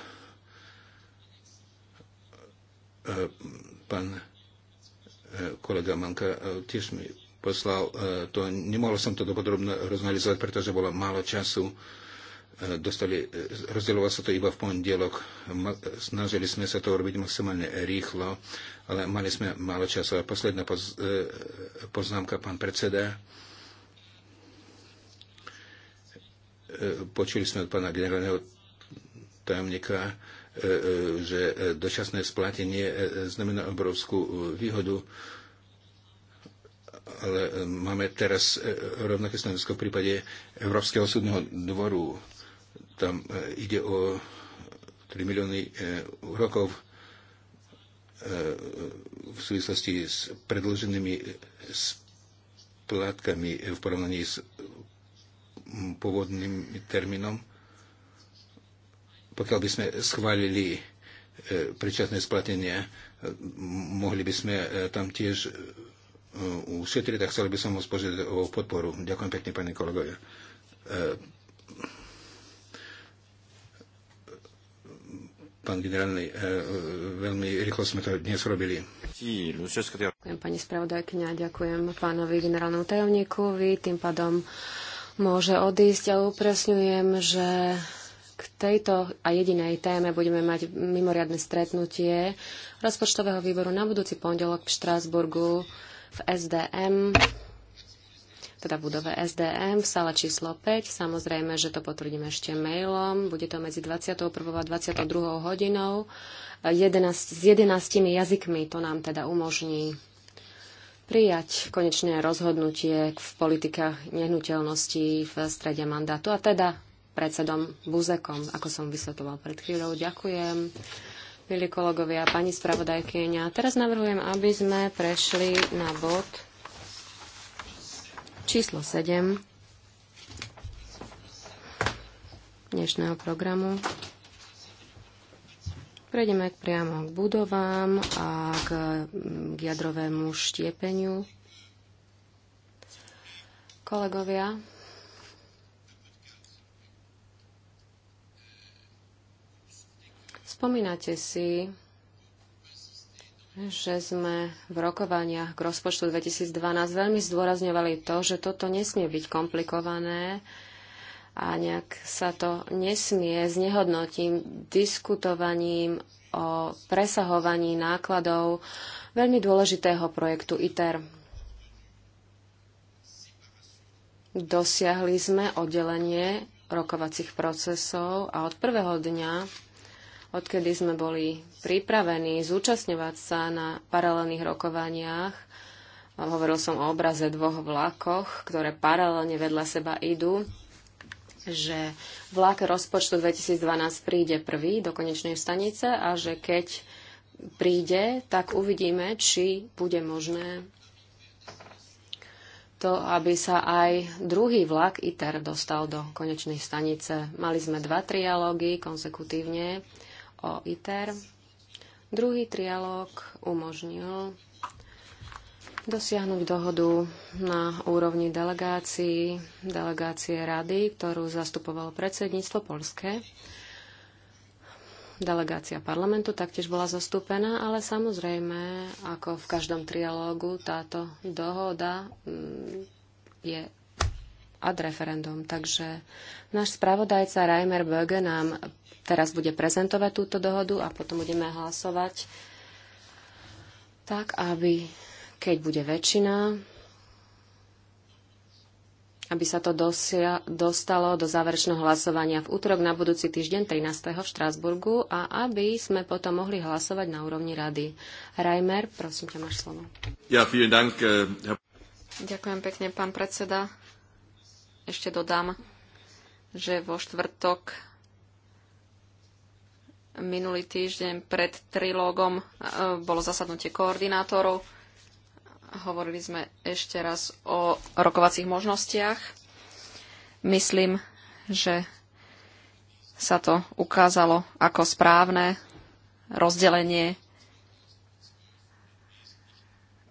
E, pán e, kolega Manka tiež mi poslal to. Nemohol som to dopodrobne rozanalizovať, pretože bolo málo času. Eh, dostali, eh, rozdielovalo sa to iba v pondelok. Eh, snažili sme sa to robiť maximálne rýchlo, ale mali sme málo času. A posledná poz, poznámka, pán predseda. Počuli sme od pána generálneho tajomníka, že dočasné splatenie znamená obrovskú výhodu ale máme teraz rovnaké stanovisko v prípade Európskeho súdneho dvoru. Tam e, ide o 3 e, milióny e, rokov v súvislosti s predloženými splátkami v porovnaní s pôvodným termínom. Pokiaľ by sme schválili predčasné splatenie, mohli by sme tam tiež ušetriť a chcel by som vás požiadať o podporu. Ďakujem pekne, pani kolegovia. Pán generálny, e, e, veľmi rýchlo sme to dnes robili. Ďakujem pani spravodajkňa, ďakujem pánovi generálnemu tajomníkovi. Tým pádom môže odísť a upresňujem, že k tejto a jedinej téme budeme mať mimoriadne stretnutie rozpočtového výboru na budúci pondelok v Štrásburgu v SDM teda budove SDM v sále číslo 5. Samozrejme, že to potvrdím ešte mailom. Bude to medzi 21. a 22. hodinou. 11, s 11 jazykmi to nám teda umožní prijať konečné rozhodnutie v politikách nehnuteľností v strede mandátu a teda predsedom Buzekom, ako som vysvetoval pred chvíľou. Ďakujem, milí kolegovia, pani spravodajkyňa. Teraz navrhujem, aby sme prešli na bod číslo 7 dnešného programu. Prejdeme priamo k budovám a k, k jadrovému štiepeniu. Kolegovia, spomínate si, že sme v rokovaniach k rozpočtu 2012 veľmi zdôrazňovali to, že toto nesmie byť komplikované a nejak sa to nesmie znehodnotím diskutovaním o presahovaní nákladov veľmi dôležitého projektu ITER. Dosiahli sme oddelenie rokovacích procesov a od prvého dňa odkedy sme boli pripravení zúčastňovať sa na paralelných rokovaniach. Hovoril som o obraze dvoch vlakoch, ktoré paralelne vedľa seba idú že vlak rozpočtu 2012 príde prvý do konečnej stanice a že keď príde, tak uvidíme, či bude možné to, aby sa aj druhý vlak ITER dostal do konečnej stanice. Mali sme dva trialógy konsekutívne o ITER. Druhý trialóg umožnil dosiahnuť dohodu na úrovni delegácií, delegácie rady, ktorú zastupovalo predsedníctvo polské. Delegácia parlamentu taktiež bola zastúpená, ale samozrejme, ako v každom trialógu, táto dohoda mm, je ad referendum. Takže náš spravodajca Reimer Böge nám teraz bude prezentovať túto dohodu a potom budeme hlasovať tak, aby keď bude väčšina, aby sa to dosia, dostalo do záverečného hlasovania v útorok na budúci týždeň 13. v Štrásburgu a aby sme potom mohli hlasovať na úrovni rady. Reimer, prosím ťa, máš slovo. Ja, vielen dank. Ja... Eh, Ďakujem pekne, pán predseda. Ešte dodám, že vo štvrtok Minulý týždeň pred trilógom e, bolo zasadnutie koordinátorov. Hovorili sme ešte raz o rokovacích možnostiach. Myslím, že sa to ukázalo ako správne rozdelenie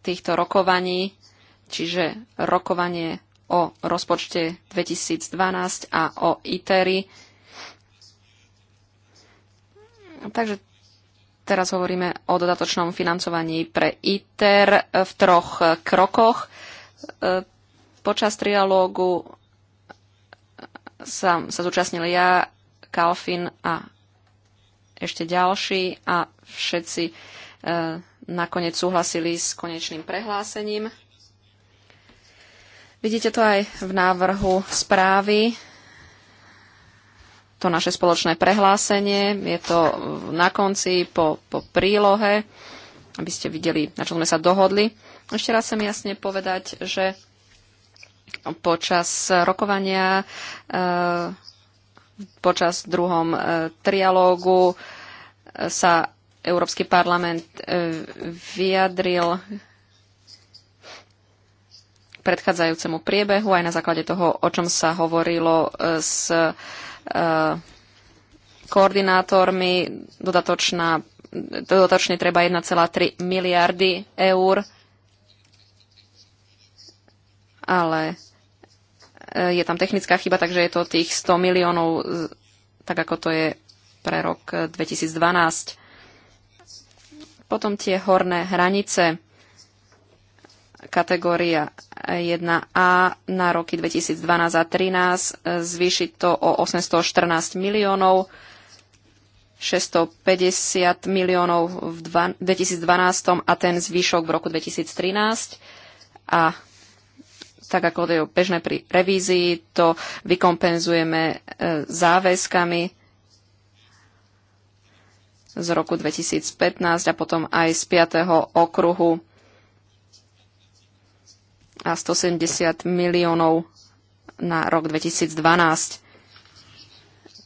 týchto rokovaní, čiže rokovanie o rozpočte 2012 a o ITERI Takže teraz hovoríme o dodatočnom financovaní pre ITER v troch krokoch. E, počas trialógu sa, sa zúčastnili ja, Kalfin a ešte ďalší a všetci e, nakoniec súhlasili s konečným prehlásením. Vidíte to aj v návrhu správy to naše spoločné prehlásenie. Je to na konci po, po prílohe, aby ste videli, na čo sme sa dohodli. Ešte raz chcem jasne povedať, že počas rokovania, e, počas druhom e, trialógu e, sa Európsky parlament vyjadril predchádzajúcemu priebehu aj na základe toho, o čom sa hovorilo s E, koordinátormi. Dodatočná, dodatočne treba 1,3 miliardy eur, ale e, je tam technická chyba, takže je to tých 100 miliónov, tak ako to je pre rok 2012. E, Potom tie horné hranice kategória 1A na roky 2012 a 2013 e, zvýšiť to o 814 miliónov, 650 miliónov v 2012 a ten zvýšok v roku 2013. A tak ako to je bežné pri revízii, to vykompenzujeme e, záväzkami z roku 2015 a potom aj z 5. okruhu a 170 miliónov na rok 2012.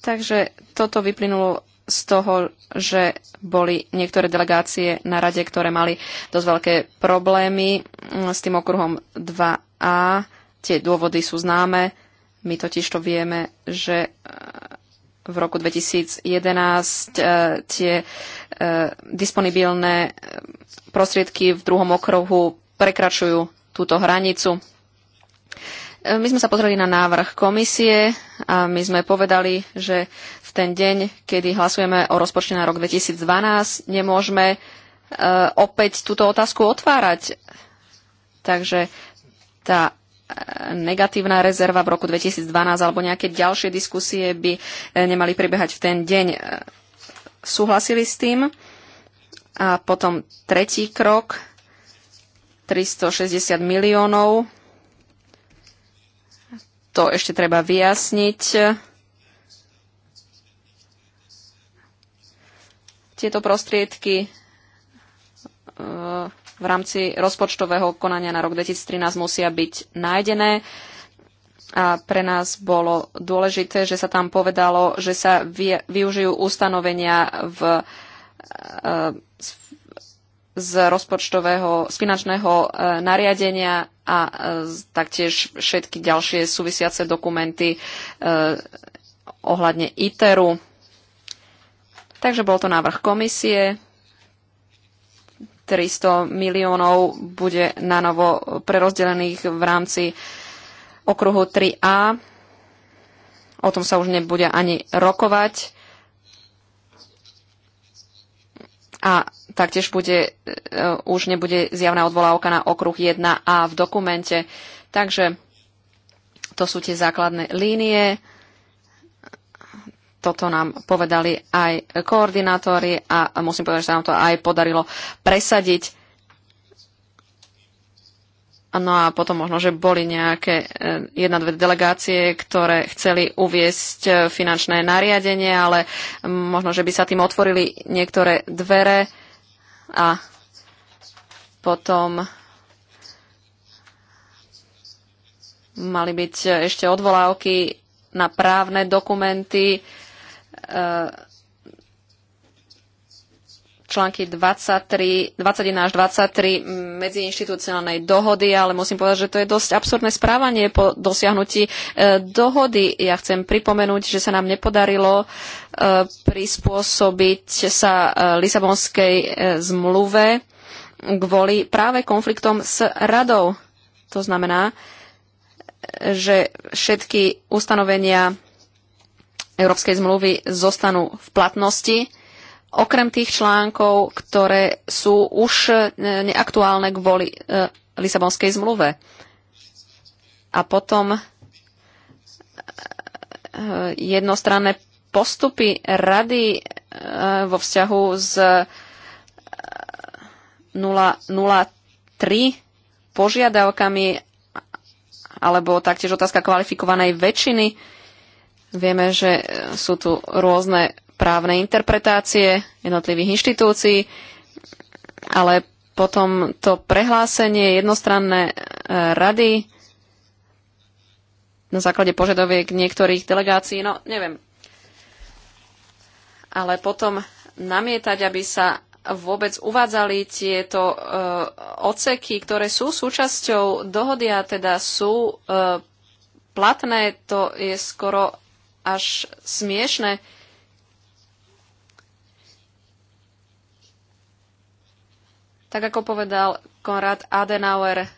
Takže toto vyplynulo z toho, že boli niektoré delegácie na rade, ktoré mali dosť veľké problémy mm, s tým okruhom 2A. Tie dôvody sú známe. My totiž to vieme, že e, v roku 2011 e, tie e, disponibilné prostriedky v druhom okruhu prekračujú túto hranicu. E, my sme sa pozreli na návrh komisie a my sme povedali, že v ten deň, kedy hlasujeme o rozpočte na rok 2012, nemôžeme e, opäť túto otázku otvárať. Takže tá e, negatívna rezerva v roku 2012 alebo nejaké ďalšie diskusie by nemali prebiehať v ten deň. Súhlasili s tým? A potom tretí krok 360 miliónov. To ešte treba vyjasniť. Tieto prostriedky e, v rámci rozpočtového konania na rok 2013 musia byť nájdené. A pre nás bolo dôležité, že sa tam povedalo, že sa využijú ustanovenia v e, z rozpočtového, z finančného e, nariadenia a e, taktiež všetky ďalšie súvisiace dokumenty e, ohľadne ITERu. Takže bol to návrh komisie. 300 miliónov bude na novo prerozdelených v rámci okruhu 3A. O tom sa už nebude ani rokovať. A taktiež bude, e, už nebude zjavná odvolávka na okruh 1a v dokumente. Takže to sú tie základné línie. Toto nám povedali aj koordinátori a musím povedať, že sa nám to aj podarilo presadiť. No a potom možno, že boli nejaké e, jedna, dve delegácie, ktoré chceli uviesť e, finančné nariadenie, ale možno, že by sa tým otvorili niektoré dvere a potom mali byť e, ešte odvolávky na právne dokumenty, články 23, 21 až 23 medziinštitucionálnej dohody, ale musím povedať, že to je dosť absurdné správanie po dosiahnutí e, dohody. Ja chcem pripomenúť, že sa nám nepodarilo e, prispôsobiť sa e, Lisabonskej zmluve kvôli práve konfliktom s radou. To znamená, že všetky ustanovenia Európskej zmluvy zostanú v platnosti okrem tých článkov, ktoré sú už e, neaktuálne kvôli e, Lisabonskej zmluve. A potom e, jednostranné postupy rady vo vzťahu z 0,03 požiadavkami alebo taktiež otázka kvalifikovanej väčšiny. Vieme, že sú tu rôzne právne interpretácie jednotlivých inštitúcií, ale potom to prehlásenie jednostranné e, rady na základe požadoviek niektorých delegácií, no neviem. Ale potom namietať, aby sa vôbec uvádzali tieto e, oceky, ktoré sú súčasťou dohody a teda sú e, platné, to je skoro až smiešne. E, Tak ako povedal Konrad Adenauer,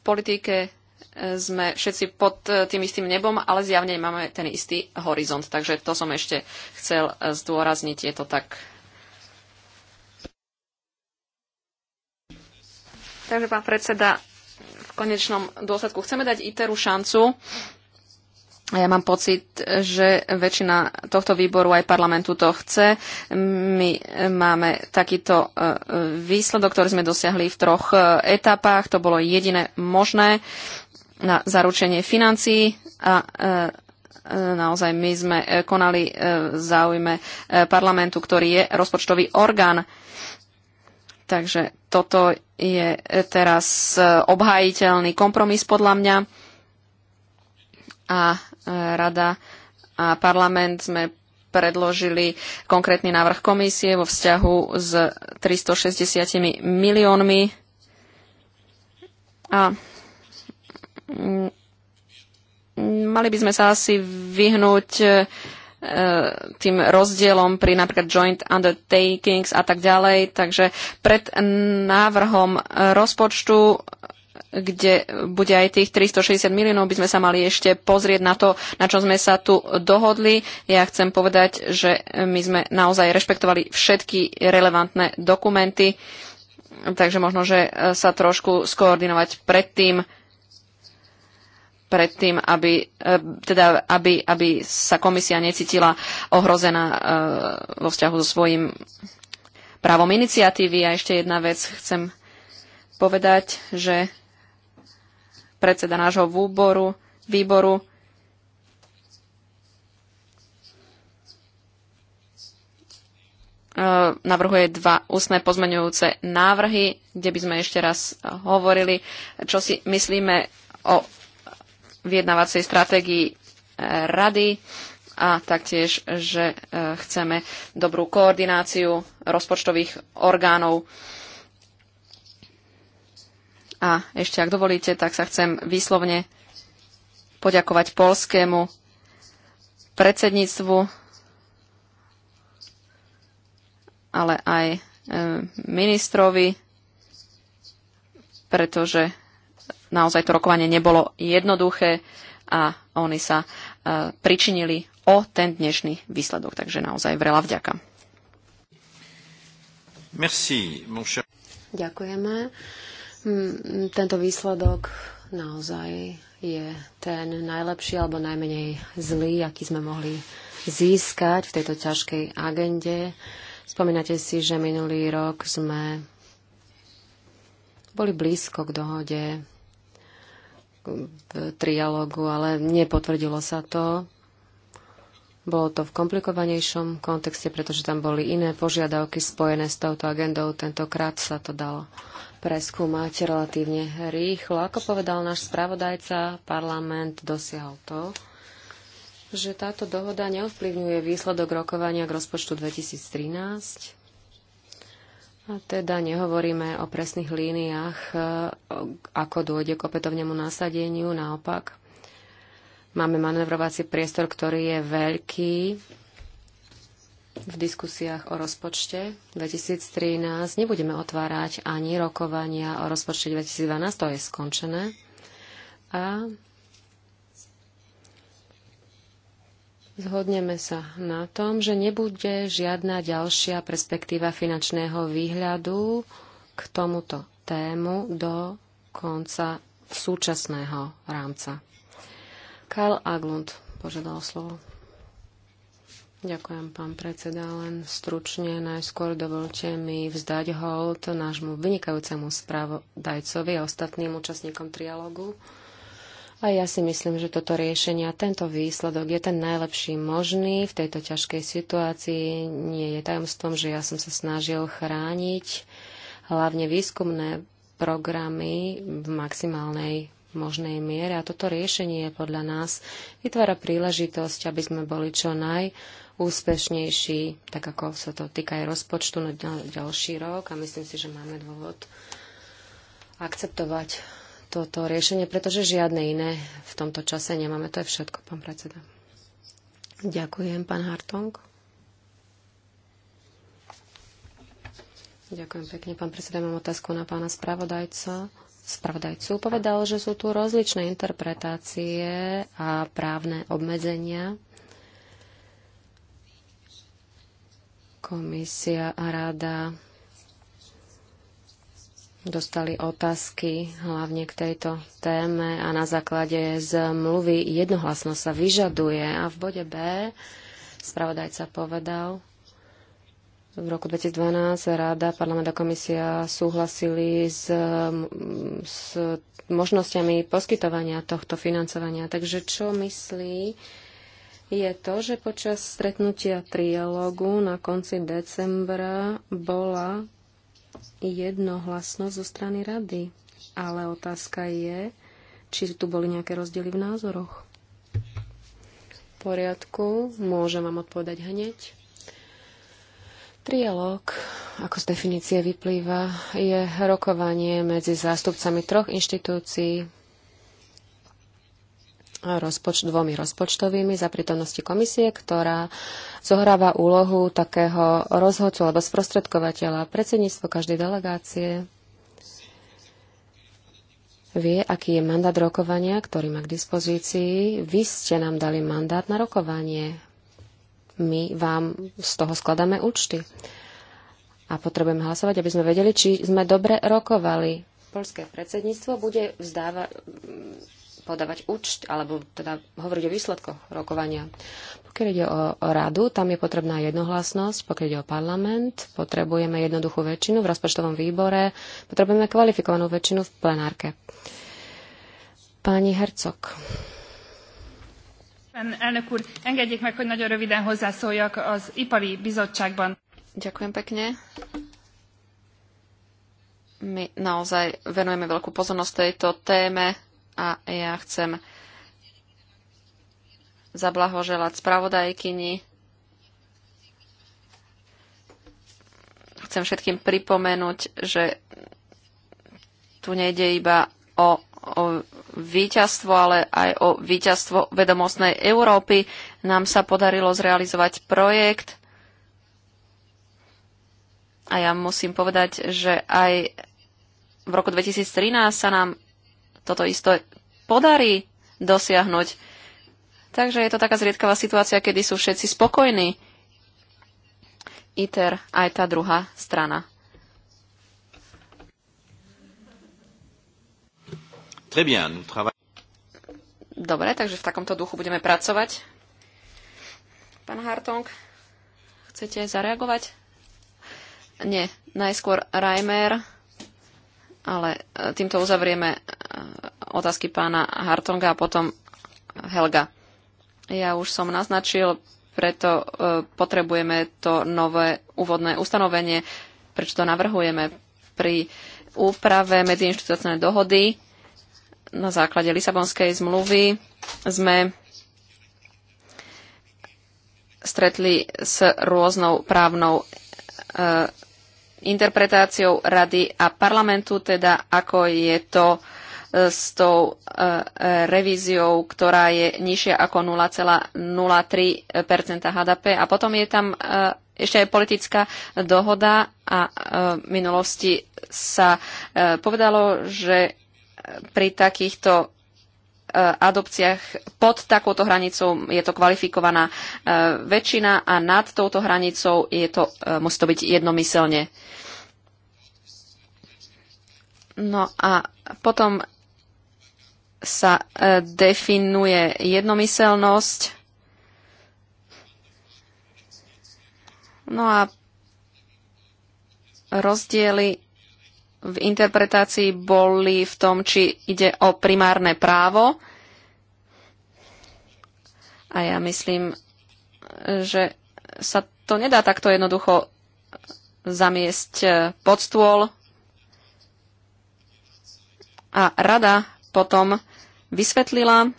v politike e, sme všetci pod e, tým istým nebom, ale zjavne máme ten istý horizont. Takže to som ešte chcel e, zdôrazniť. Je to tak. Takže pán predseda, v konečnom dôsledku chceme dať ITERu šancu. A ja mám pocit, že väčšina tohto výboru aj parlamentu to chce. My máme takýto e, výsledok, ktorý sme dosiahli v troch e, etapách. To bolo jediné možné na zaručenie financií a e, naozaj my sme konali v záujme parlamentu, ktorý je rozpočtový orgán. Takže toto je teraz obhajiteľný kompromis podľa mňa. A E, rada a parlament sme predložili konkrétny návrh komisie vo vzťahu s 360 miliónmi a mm, mali by sme sa asi vyhnúť e, tým rozdielom pri napríklad joint undertakings a tak ďalej. Takže pred návrhom rozpočtu kde bude aj tých 360 miliónov, by sme sa mali ešte pozrieť na to, na čo sme sa tu dohodli. Ja chcem povedať, že my sme naozaj rešpektovali všetky relevantné dokumenty, takže možno, že e, sa trošku skoordinovať predtým, predtým, aby, e, teda, aby, aby sa komisia necítila ohrozená e, vo vzťahu so svojím právom iniciatívy. A ešte jedna vec chcem povedať, že predseda nášho výboru, výboru e, navrhuje dva ústne pozmeňujúce návrhy, kde by sme ešte raz e, hovorili, čo si myslíme o vyjednávacej stratégii e, rady a taktiež, že chceme dobrú koordináciu rozpočtových orgánov a ešte, ak dovolíte, tak sa chcem výslovne poďakovať polskému predsedníctvu, ale aj e, ministrovi, pretože naozaj to rokovanie nebolo jednoduché a oni sa e, pričinili o ten dnešný výsledok. Takže naozaj veľa vďaka. Merci, mon cher. Ďakujeme. Mm, tento výsledok naozaj je ten najlepší alebo najmenej zlý, aký sme mohli získať v tejto ťažkej agende. Spomínate si, že minulý rok sme boli blízko k dohode v trialogu, ale nepotvrdilo sa to. Bolo to v komplikovanejšom kontexte, pretože tam boli iné požiadavky spojené s touto agendou. Tentokrát sa to dalo preskúmať relatívne rýchlo. Ako povedal náš spravodajca, parlament dosiahol to, že táto dohoda neovplyvňuje výsledok rokovania k rozpočtu 2013. A teda nehovoríme o presných líniách, ako dôjde k opätovnému nasadeniu, naopak. Máme manevrovací priestor, ktorý je veľký v diskusiách o rozpočte 2013. Nebudeme otvárať ani rokovania o rozpočte 2012, to je skončené. A Zhodneme sa na tom, že nebude žiadna ďalšia perspektíva finančného výhľadu k tomuto tému do konca súčasného rámca. Karl Aglund požiadal slovo. Ďakujem, pán predseda. Len stručne najskôr dovolte mi vzdať hold nášmu vynikajúcemu spravodajcovi a ostatným účastníkom trialógu. A ja si myslím, že toto riešenie a tento výsledok je ten najlepší možný v tejto ťažkej situácii. Nie je tajomstvom, že ja som sa snažil chrániť hlavne výskumné programy v maximálnej možnej miere. A toto riešenie podľa nás vytvára príležitosť, aby sme boli čo najúspešnejší, tak ako sa to týka aj rozpočtu na ďalší rok. A myslím si, že máme dôvod akceptovať toto riešenie, pretože žiadne iné v tomto čase nemáme. To je všetko, pán predseda. Ďakujem, pán Hartong. Ďakujem pekne, pán predseda. Mám otázku na pána spravodajca spravodajcu, povedal, že sú tu rozličné interpretácie a právne obmedzenia. Komisia a rada dostali otázky hlavne k tejto téme a na základe zmluvy jednohlasno sa vyžaduje. A v bode B spravodajca povedal, v roku 2012 Rada, Parlament a Komisia súhlasili s, s možnosťami poskytovania tohto financovania. Takže čo myslí, je to, že počas stretnutia trialógu na konci decembra bola jednohlasnosť zo strany Rady. Ale otázka je, či tu boli nejaké rozdiely v názoroch. V poriadku, môžem vám odpovedať hneď. Trialóg, ako z definície vyplýva, je rokovanie medzi zástupcami troch inštitúcií rozpoč- dvomi rozpočtovými za prítomnosti komisie, ktorá zohráva úlohu takého rozhodcu alebo sprostredkovateľa predsedníctvo každej delegácie vie, aký je mandát rokovania, ktorý má k dispozícii. Vy ste nám dali mandát na rokovanie my vám z toho skladáme účty. A potrebujeme hlasovať, aby sme vedeli, či sme dobre rokovali. Polské predsedníctvo bude vzdáva, podávať účty, alebo teda hovoriť o výsledkoch rokovania. Pokiaľ ide o, o radu, tam je potrebná jednohlasnosť, pokiaľ ide o parlament, potrebujeme jednoduchú väčšinu v rozpočtovom výbore, potrebujeme kvalifikovanú väčšinu v plenárke. Pani Hercog. Elnök úr, engedjék meg, hogy nagyon röviden hozzászóljak az ipari bizottságban. Ďakujem pekne. My naozaj venujeme veľkú pozornosť tejto téme a ja chcem zablahoželať spravodajkyni. Chcem všetkým pripomenúť, že tu nejde iba o, o víťazstvo, ale aj o víťazstvo vedomostnej Európy. Nám sa podarilo zrealizovať projekt a ja musím povedať, že aj v roku 2013 sa nám toto isto podarí dosiahnuť. Takže je to taká zriedkavá situácia, kedy sú všetci spokojní. ITER aj tá druhá strana Très bien, nous travaillons. Dobre, takže v takomto duchu budeme pracovať. Pán Hartong, chcete zareagovať? Nie, najskôr Reimer, ale e, týmto uzavrieme e, otázky pána Hartonga a potom Helga. Ja už som naznačil, preto e, potrebujeme to nové úvodné ustanovenie, prečo to navrhujeme pri úprave medziinstitucionálnej dohody na základe Lisabonskej zmluvy sme stretli s rôznou právnou e, interpretáciou rady a parlamentu, teda ako je to e, s tou e, revíziou, ktorá je nižšia ako 0,03 HDP. A potom je tam e, ešte aj politická dohoda a e, v minulosti sa e, povedalo, že pri takýchto e, adopciách pod takouto hranicou je to kvalifikovaná e, väčšina a nad touto hranicou je to, e, musí to byť jednomyselne. No a potom sa definuje jednomyselnosť. No a rozdiely v interpretácii boli v tom, či ide o primárne právo. A ja myslím, že sa to nedá takto jednoducho zamiesť e, pod stôl. A rada potom vysvetlila,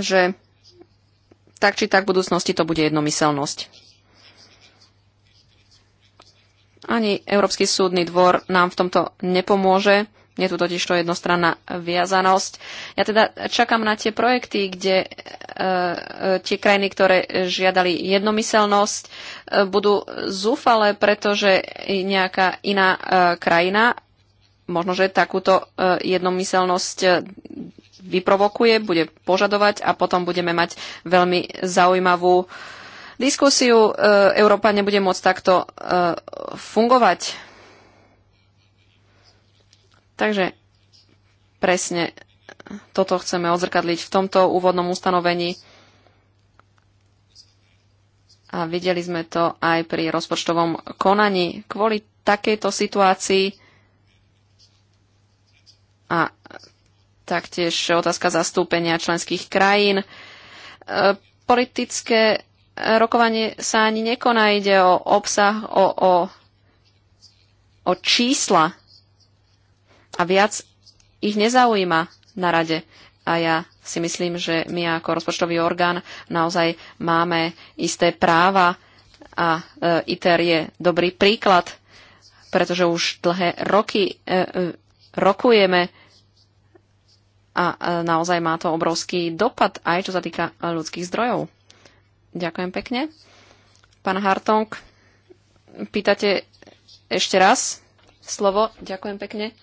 že tak či tak v budúcnosti to bude jednomyselnosť. Ani Európsky súdny dvor nám v tomto nepomôže. Je tu totiž to jednostranná viazanosť. Ja teda čakám na tie projekty, kde e, e tie krajiny, ktoré žiadali jednomyselnosť, e, budú zúfale, pretože nejaká iná e, krajina možno, že takúto e, jednomyselnosť e, vyprovokuje, bude požadovať a potom budeme mať veľmi zaujímavú diskusiu, e, Európa nebude môcť takto e, fungovať. Takže presne toto chceme odzrkadliť v tomto úvodnom ustanovení. A videli sme to aj pri rozpočtovom konaní. Kvôli takejto situácii a taktiež otázka zastúpenia členských krajín. E, politické rokovanie sa ani nekoná, ide o obsah, o, o, o čísla a viac ich nezaujíma na rade. A ja si myslím, že my ako rozpočtový orgán naozaj máme isté práva a e, ITER je dobrý príklad, pretože už dlhé roky e, e, rokujeme a e, naozaj má to obrovský dopad aj čo sa týka ľudských zdrojov. Ďakujem pekne. Pán Hartong, pýtate ešte raz slovo. Ďakujem pekne.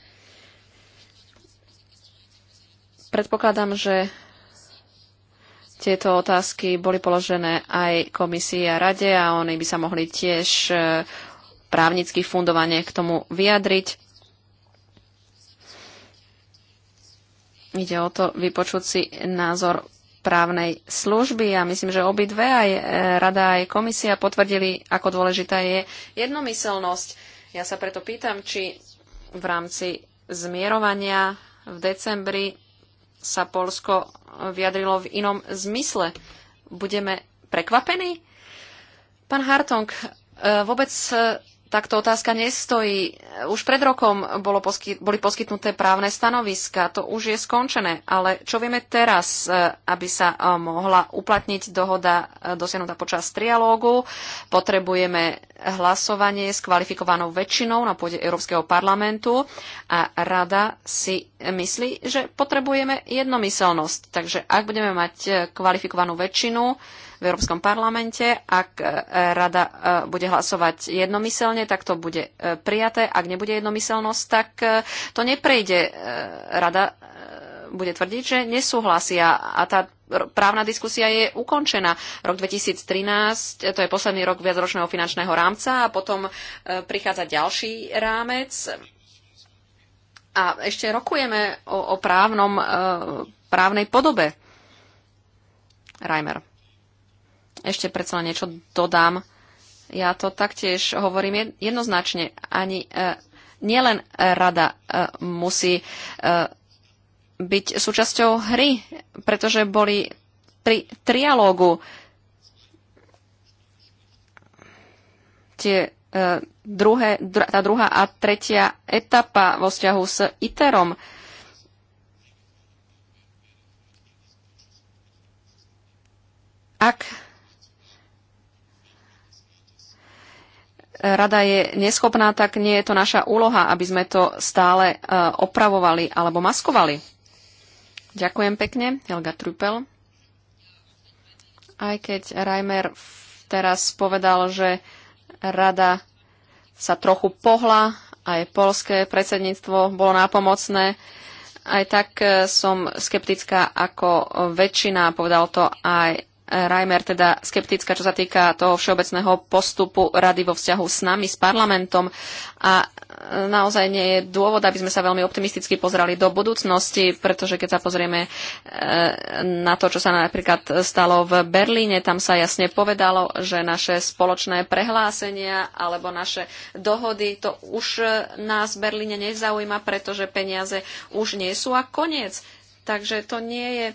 Predpokladám, že tieto otázky boli položené aj komisii a rade a oni by sa mohli tiež e, právnicky fundovanie k tomu vyjadriť. Ide o to vypočuť si názor právnej služby a myslím, že obidve aj e, rada, aj komisia potvrdili, ako dôležitá je jednomyselnosť. Ja sa preto pýtam, či v rámci zmierovania v decembri sa Polsko vyjadrilo v inom zmysle. Budeme prekvapení? Pán Hartong, e, vôbec e, takto otázka nestojí. Už pred rokom bolo posky, boli poskytnuté právne stanoviska, to už je skončené, ale čo vieme teraz, e, aby sa e, mohla uplatniť dohoda e, dosiahnutá počas trialógu? Potrebujeme hlasovanie s kvalifikovanou väčšinou na pôde Európskeho parlamentu a rada si myslí, že potrebujeme jednomyselnosť. Takže ak budeme mať kvalifikovanú väčšinu, v Európskom parlamente. Ak e, rada e, bude hlasovať jednomyselne, tak to bude e, prijaté. Ak nebude jednomyselnosť, tak to neprejde. Rada bude tvrdiť, že nesúhlasia a tá právna diskusia je ukončená. Rok 2013, to je posledný rok viacročného finančného rámca a potom prichádza ďalší rámec a ešte rokujeme o, o právnom, právnej podobe. Reimer. Ešte predsa niečo dodám. Ja to taktiež hovorím jednoznačne. Ani e, nielen rada e, musí e, byť súčasťou hry, pretože boli pri trialógu tie e, druhé, dr- tá druhá a tretia etapa vo vzťahu s ITERom. Ak rada je neschopná, tak nie je to naša úloha, aby sme to stále e, opravovali alebo maskovali. Ďakujem pekne, Helga Trupel. Aj keď Reimer teraz povedal, že rada sa trochu pohla, aj polské predsedníctvo bolo nápomocné, aj tak e, som skeptická ako väčšina, povedal to aj Reimer teda skeptická, čo sa týka toho všeobecného postupu rady vo vzťahu s nami, s parlamentom. A e, naozaj nie je dôvod, aby sme sa veľmi optimisticky pozrali do budúcnosti, pretože keď sa pozrieme e, na to, čo sa napríklad stalo v Berlíne, tam sa jasne povedalo, že naše spoločné prehlásenia alebo naše dohody, to už e, nás v Berlíne nezaujíma, pretože peniaze už nie sú a koniec. Takže to nie je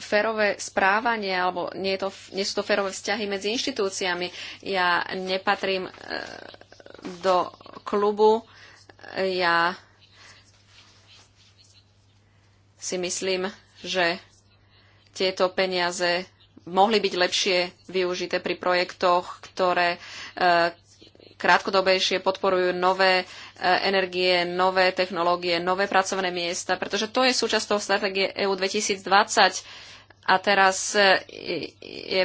férové správanie, alebo nie, je to, nie sú to férové vzťahy medzi inštitúciami. Ja nepatrím e, do klubu, ja si myslím, že tieto peniaze mohli byť lepšie využité pri projektoch, ktoré e, krátkodobejšie podporujú nové e, energie, nové technológie, nové pracovné miesta, pretože to je súčasťou strategie stratégie EU 2020 a teraz e, je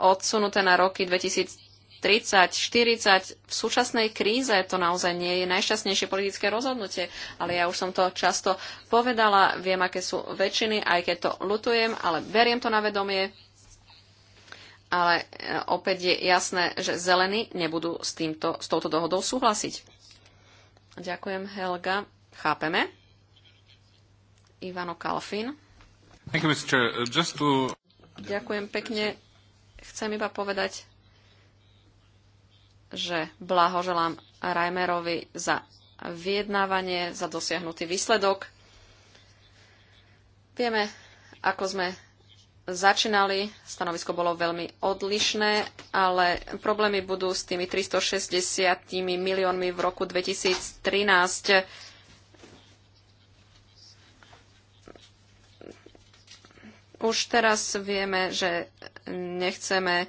odsunuté na roky 2030, 40. V súčasnej kríze to naozaj nie je najšťastnejšie politické rozhodnutie, ale ja už som to často povedala, viem, aké sú väčšiny, aj keď to lutujem, ale beriem to na vedomie ale e, opäť je jasné, že zelení nebudú s, týmto, s touto dohodou súhlasiť. Ďakujem, Helga. Chápeme. Ivano Kalfin. You, uh, to... Ďakujem pekne. Chcem iba povedať, že blahoželám Reimerovi za vyjednávanie, za dosiahnutý výsledok. Vieme, ako sme začínali, stanovisko bolo veľmi odlišné, ale problémy budú s tými 360 miliónmi v roku 2013. Už teraz vieme, že nechceme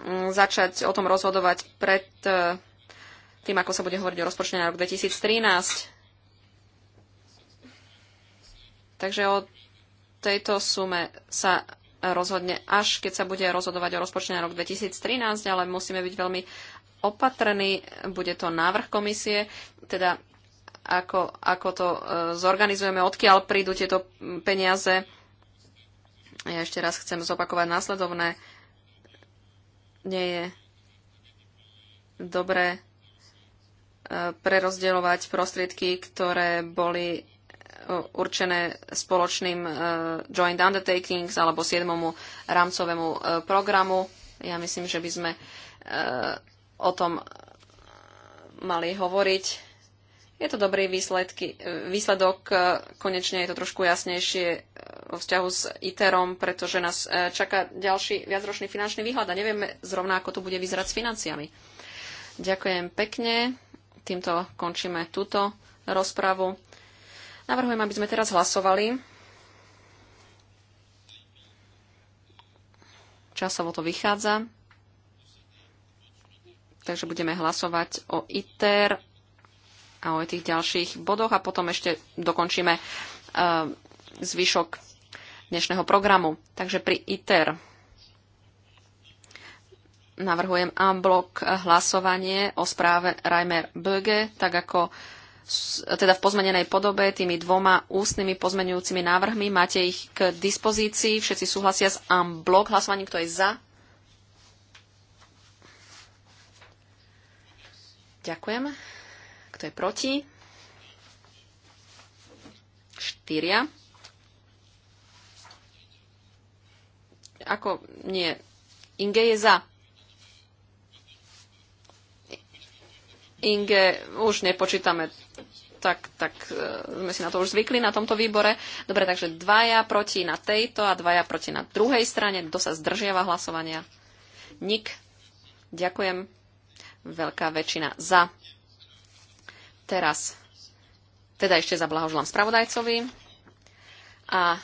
mm, začať o tom rozhodovať pred e, tým, ako sa bude hovoriť o rozpočte na rok 2013. Takže od tejto sume sa rozhodne až, keď sa bude rozhodovať o rozpočte na rok 2013, ale musíme byť veľmi opatrní. Bude to návrh komisie, teda ako, ako to e, zorganizujeme, odkiaľ prídu tieto peniaze. Ja ešte raz chcem zopakovať následovné. Nie je dobré e, prerozdeľovať prostriedky, ktoré boli určené spoločným e, joint undertakings alebo siedmomu rámcovému e, programu. Ja myslím, že by sme e, o tom mali hovoriť. Je to dobrý výsledky, výsledok, konečne je to trošku jasnejšie vo vzťahu s ITERom, pretože nás čaká ďalší viacročný finančný výhľad a nevieme zrovna, ako to bude vyzerať s financiami. Ďakujem pekne. Týmto končíme túto rozpravu. Navrhujem, aby sme teraz hlasovali. Časovo to vychádza. Takže budeme hlasovať o ITER a o tých ďalších bodoch a potom ešte dokončíme e, zvyšok dnešného programu. Takže pri ITER navrhujem unblock hlasovanie o správe Reimer Böge, tak ako teda v pozmenenej podobe tými dvoma ústnymi pozmenujúcimi návrhmi. Máte ich k dispozícii. Všetci súhlasia s unblock hlasovaním. Kto je za? Ďakujem. Kto je proti? Štyria. Ako nie. Inge je za. Inge, už nepočítame tak, tak e, sme si na to už zvykli na tomto výbore. Dobre, takže dvaja proti na tejto a dvaja proti na druhej strane. Kto sa zdržiava hlasovania? Nik. Ďakujem. Veľká väčšina za. Teraz. Teda ešte blahoželám spravodajcovi. A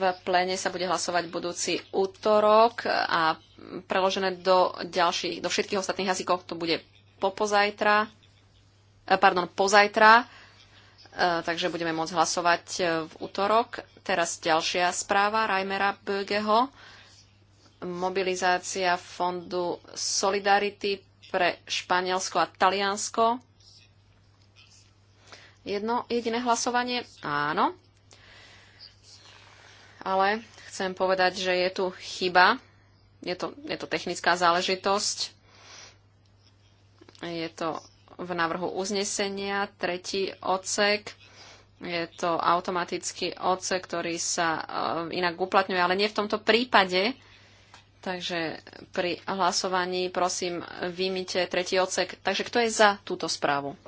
v pléne sa bude hlasovať budúci útorok a preložené do, ďalších, do všetkých ostatných jazykov to bude popozajtra e, pardon, pozajtra E, takže budeme môcť hlasovať e, v útorok. Teraz ďalšia správa Reimera Bögeho. Mobilizácia fondu Solidarity pre Španielsko a Taliansko. Jedno jediné hlasovanie? Áno. Ale chcem povedať, že je tu chyba. Je to, je to technická záležitosť. Je to v návrhu uznesenia, tretí odsek. Je to automatický odsek, ktorý sa e, inak uplatňuje, ale nie v tomto prípade. Takže pri hlasovaní prosím vymite tretí odsek. Takže kto je za túto správu?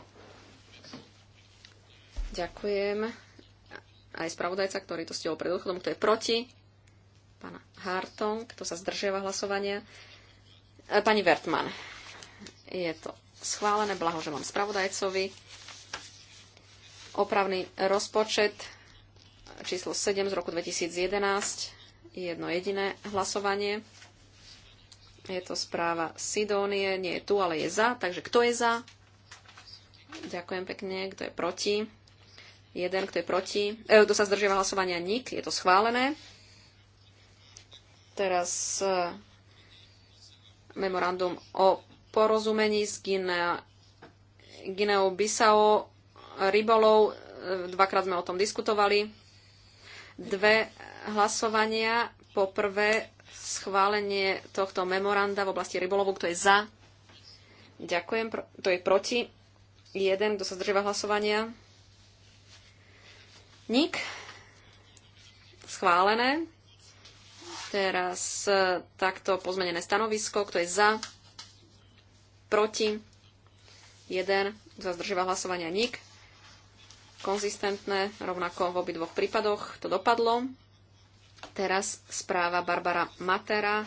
Ďakujem aj spravodajca, ktorý to stiel pred odchodom, kto je proti, pána Hartong, kto sa zdržiava hlasovania, e, pani Vertman. Je to schválené, blahoželám spravodajcovi. Opravný rozpočet číslo 7 z roku 2011, Je jedno jediné hlasovanie. Je to správa Sidónie, nie je tu, ale je za, takže kto je za? Ďakujem pekne, kto je proti? Jeden, kto je proti? E, kto sa zdržiava hlasovania? Nik, je to schválené. Teraz e, memorandum o porozumení s Gineou Bissau rybolov. Dvakrát sme o tom diskutovali. Dve hlasovania. Poprvé schválenie tohto memoranda v oblasti rybolovu, kto je za. Ďakujem. Kto je proti? Jeden, kto sa zdržíva hlasovania. Nik. Schválené. Teraz e, takto pozmenené stanovisko. Kto je za? proti, 1 za hlasovania nik. Konzistentné, rovnako v obidvoch prípadoch to dopadlo. Teraz správa Barbara Matera,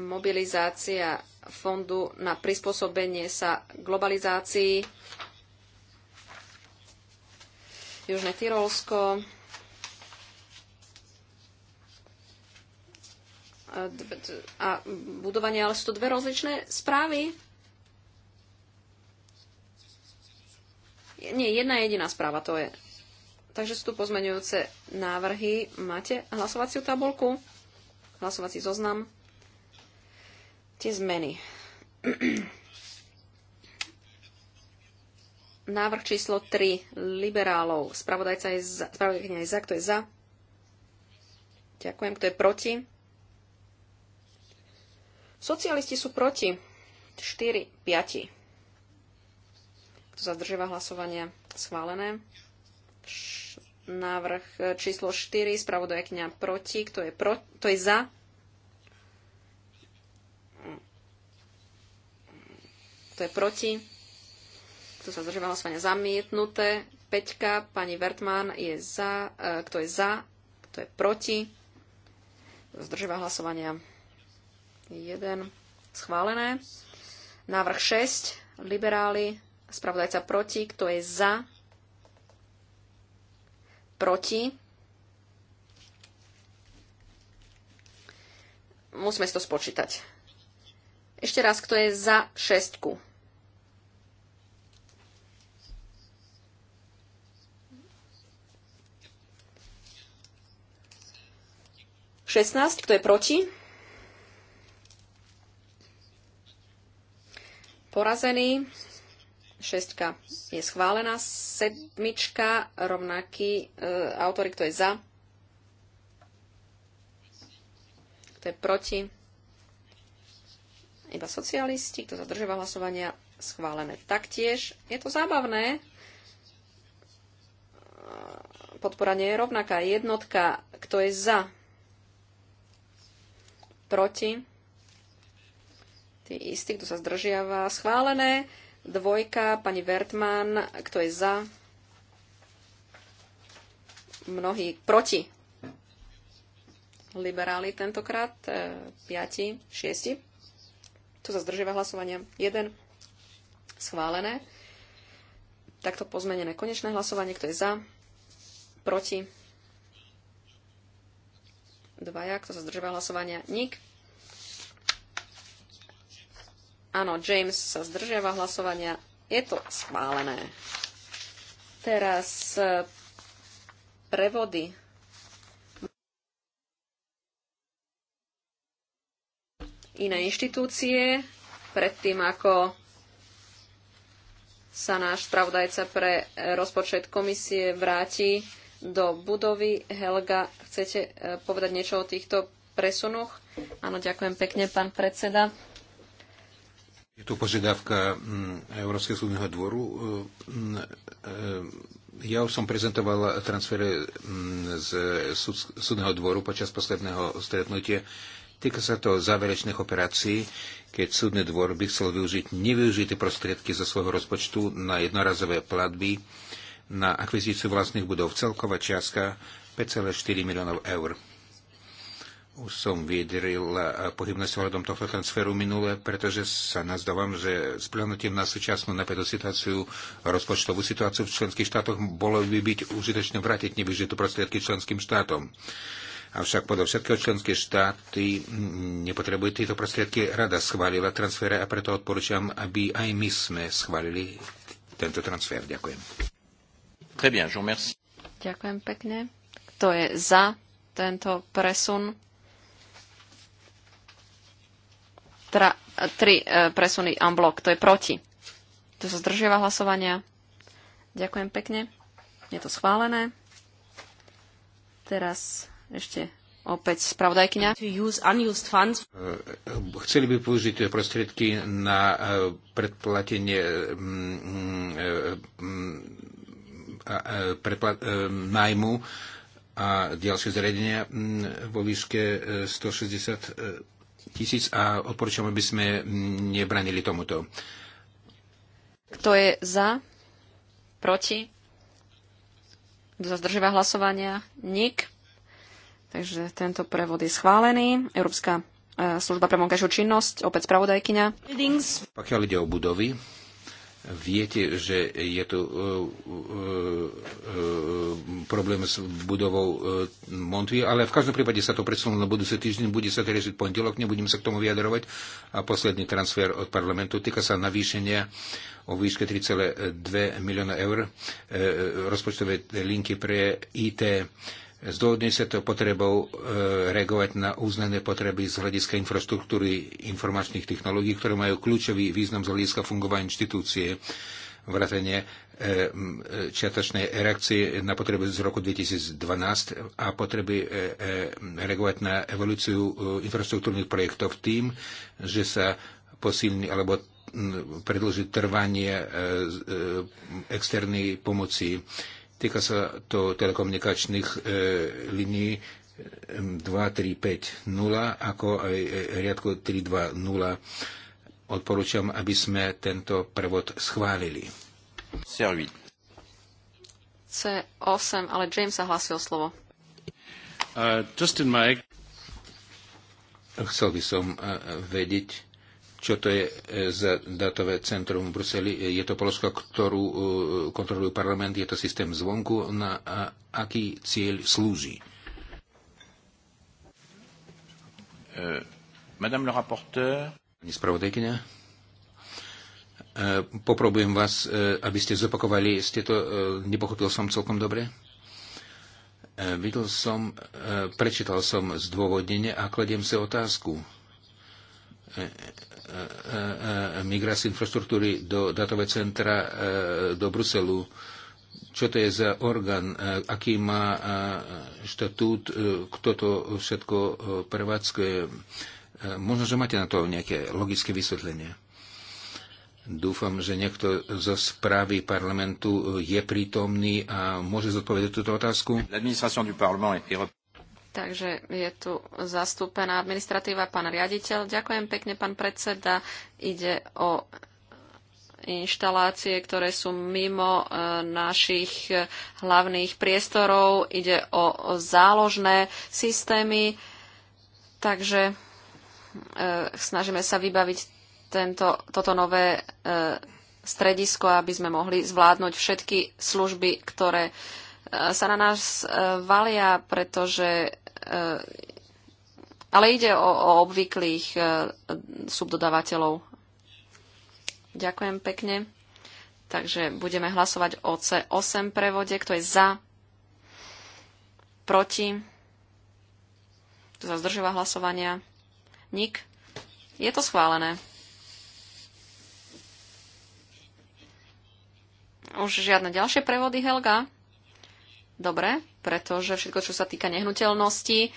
mobilizácia fondu na prispôsobenie sa globalizácii. Južné Tyrolsko, a budovanie, ale sú to dve rozličné správy. Nie, jedna jediná správa to je. Takže sú tu pozmeňujúce návrhy. Máte hlasovaciu tabulku, hlasovací zoznam, tie zmeny. Návrh číslo 3 liberálov. Spravodajca je za, spravodajca je za, kto je za. Ďakujem, kto je proti. Socialisti sú proti. 4, 5. Kto sa hlasovanie hlasovania? Schválené. Návrh e, číslo 4, spravodajkňa proti. Kto je, pro, kto je za? Kto je proti? Kto sa zdržiava hlasovania? Zamietnuté. Peťka, pani Vertman je za. E, kto je za? Kto je proti? Kto zdržiava hlasovania? 1 schválené. Návrh 6, liberáli, spravodajca proti, kto je za, proti. Musíme si to spočítať. Ešte raz, kto je za šestku? Šestnáct, kto je proti? porazený. Šestka je schválená. Sedmička, rovnaký e, autory, kto je za. Kto je proti. Iba socialisti, kto zadržíva hlasovania, schválené taktiež. Je to zábavné. E, podpora nie je rovnaká. Jednotka, kto je za. Proti Tí istí, kto sa zdržiava. Schválené. Dvojka, pani Vertman, kto je za? Mnohí proti. Liberáli tentokrát, e, piati, šiesti. Kto sa zdržiava hlasovania. Jeden. Schválené. Takto pozmenené konečné hlasovanie, kto je za? Proti. Dvaja, kto sa zdržiava hlasovania? Nik. Áno, James sa zdržiava hlasovania. Je to schválené. Teraz e, prevody. Iné inštitúcie, predtým ako sa náš spravodajca pre e, rozpočet komisie vráti do budovy. Helga, chcete e, povedať niečo o týchto presunoch? Áno, ďakujem pekne, pán predseda. Je tu požiadavka mm, Európskeho súdneho dvoru. Mm, e, e, ja už som prezentoval transfery mm, z súdneho dvoru počas posledného stretnutia. Týka sa to záverečných operácií, keď súdny dvor by chcel využiť nevyužité prostriedky zo svojho rozpočtu na jednorazové platby na akvizíciu vlastných budov. Celková čiastka 5,4 miliónov eur už som vyjadril pohybnosť ohľadom tohto transferu minule, pretože sa nazdávam, že s na súčasnú napätú situáciu, rozpočtovú situáciu v členských štátoch bolo by byť užitočné vrátiť nevyžitú prostriedky členským štátom. Avšak podľa všetkého členské štáty mm, nepotrebujú tieto prostriedky. Rada schválila transfere a preto odporúčam, aby aj my sme schválili tento transfer. Ďakujem. Très bien, Ďakujem pekne. Kto je za tento presun? Teda tri e, presuny unblock, to je proti. To sa zdržiava hlasovania. Ďakujem pekne. Je to schválené. Teraz ešte opäť spravodajkyňa. E, chceli by použiť prostriedky na e, predplatenie mm, e, mm, predplat, nájmu a ďalšie zariadenia mm, vo výške 160 tisíc a odporúčam, aby sme mm, nebranili tomuto. Kto je za? Proti? Kto sa zdržíva hlasovania? Nik. Takže tento prevod je schválený. Európska e, služba pre vonkajšiu činnosť, opäť spravodajkyňa. Pokiaľ ide o budovy, Viete, že je tu e, e, e, problém s budovou Montvy, ale v každom prípade sa to predsunulo na budúci týždeň, bude sa to riešiť pondelok, nebudem sa k tomu vyjadrovať. A posledný transfer od parlamentu týka sa navýšenia o výške 3,2 milióna eur rozpočtové linky pre IT Zdôvodne sa to potrebou e, reagovať na uznané potreby z hľadiska infraštruktúry informačných technológií, ktoré majú kľúčový význam z hľadiska fungovania inštitúcie vrátane e, e, čiatočnej reakcie na potreby z roku 2012 a potreby reagovať na evolúciu infraštruktúrnych projektov tým, že sa posilní alebo predlží trvanie externej pomoci Týka sa to telekomunikačných e, linií 2350 e, ako aj e, riadku 320. Odporúčam, aby sme tento prevod schválili. C8, ale James sa hlasil slovo. Uh, Justin Mike. Chcel by som uh, vedieť, čo to je e, za datové centrum v Bruseli. E, je to položka, ktorú e, kontroluje parlament, je to systém zvonku, na aký cieľ slúži. Madame le rapporteur. Pani spravodajkynia. Poprobujem vás, aby ste zopakovali, ste to, nepochopil som celkom dobre. Videl som, prečítal som zdôvodnenie a kladiem si otázku E, e, e, migrácie infraštruktúry do datové centra do Bruselu. Čo to je za orgán, aký má štatút, kto to všetko prevádzkuje. Možno, že máte na to nejaké logické vysvetlenie. Dúfam, že niekto zo správy parlamentu je prítomný a môže zodpovedať túto otázku. Takže je tu zastúpená administratíva, pán riaditeľ. Ďakujem pekne, pán predseda. Ide o inštalácie, ktoré sú mimo e, našich e, hlavných priestorov. Ide o, záložné systémy. Takže e, snažíme sa vybaviť tento, toto nové stredisko, aby sme mohli zvládnuť všetky služby, ktoré sa na nás valia, pretože Eh, ale ide o, o obvyklých eh, subdodávateľov. Ďakujem pekne. Takže budeme hlasovať o C8 prevode. Kto je za? Proti? Kto sa zdržíva hlasovania? Nik? Je to schválené. Už žiadne ďalšie prevody, Helga? Dobre, pretože všetko, čo sa týka nehnuteľnosti,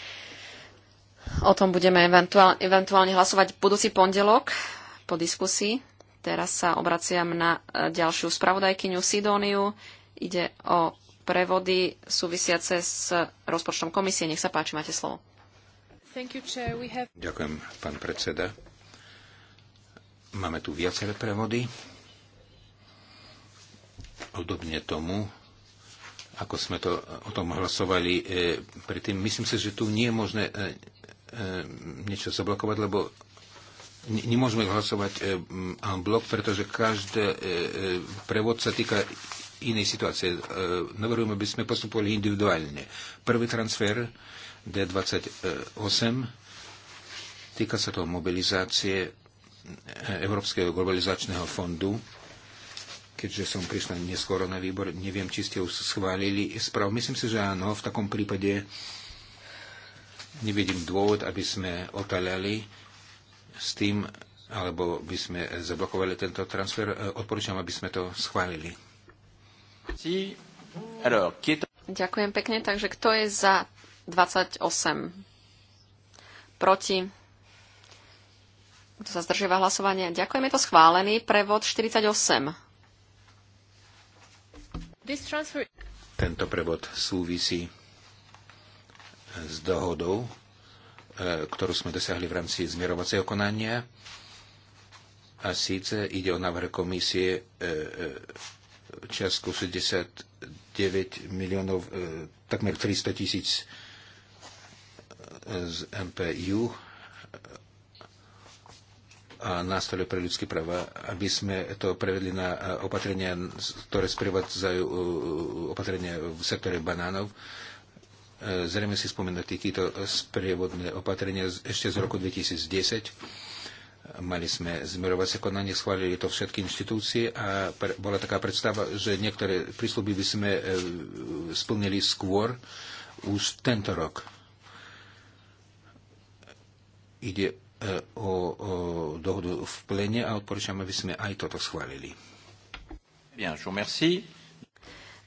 o tom budeme eventuál, eventuálne hlasovať budúci pondelok po diskusii. Teraz sa obraciam na e, ďalšiu spravodajkyňu Sidóniu. Ide o prevody súvisiace s rozpočtom komisie. Nech sa páči, máte slovo. You, have... Ďakujem, pán predseda. Máme tu viaceré prevody. Podobne tomu ako sme to, e, o tom hlasovali e, predtým. Myslím si, že tu nie je možné e, e, niečo zablokovať, lebo nemôžeme hlasovať e, en blok, pretože každý e, e, prevod sa týka inej situácie. E, Navrhujeme, aby sme postupovali individuálne. Prvý transfer D28 týka sa toho mobilizácie e, Európskeho globalizačného fondu keďže som prišla neskoro na výbor, neviem, či ste už schválili správu. Myslím si, že áno, v takom prípade nevidím dôvod, aby sme otáľali s tým, alebo by sme zablokovali tento transfer. E, odporúčam, aby sme to schválili. Ďakujem pekne. Takže kto je za 28? Proti? Kto sa zdržíva hlasovanie? Ďakujem, je to schválený. Prevod 48. Tento prevod súvisí s dohodou, e, ktorú sme dosiahli v rámci zmierovacieho konania. A síce ide o návrh komisie e, e, čiastku 69 miliónov, takmer 300 tisíc z MPU a stole pre ľudské práva, aby sme to prevedli na e, opatrenia, ktoré sprevádzajú e, e, opatrenia v sektore banánov. Zrejme si spomínate tieto sprievodné opatrenia ešte z roku 2010. Mali sme zmierovacie konanie, schválili to všetky inštitúcie a bola taká predstava, že niektoré prísluby by sme splnili skôr už tento rok. Ide E, o, o dohodu v plene a odporúčam, aby sme aj toto schválili. Bien, je merci.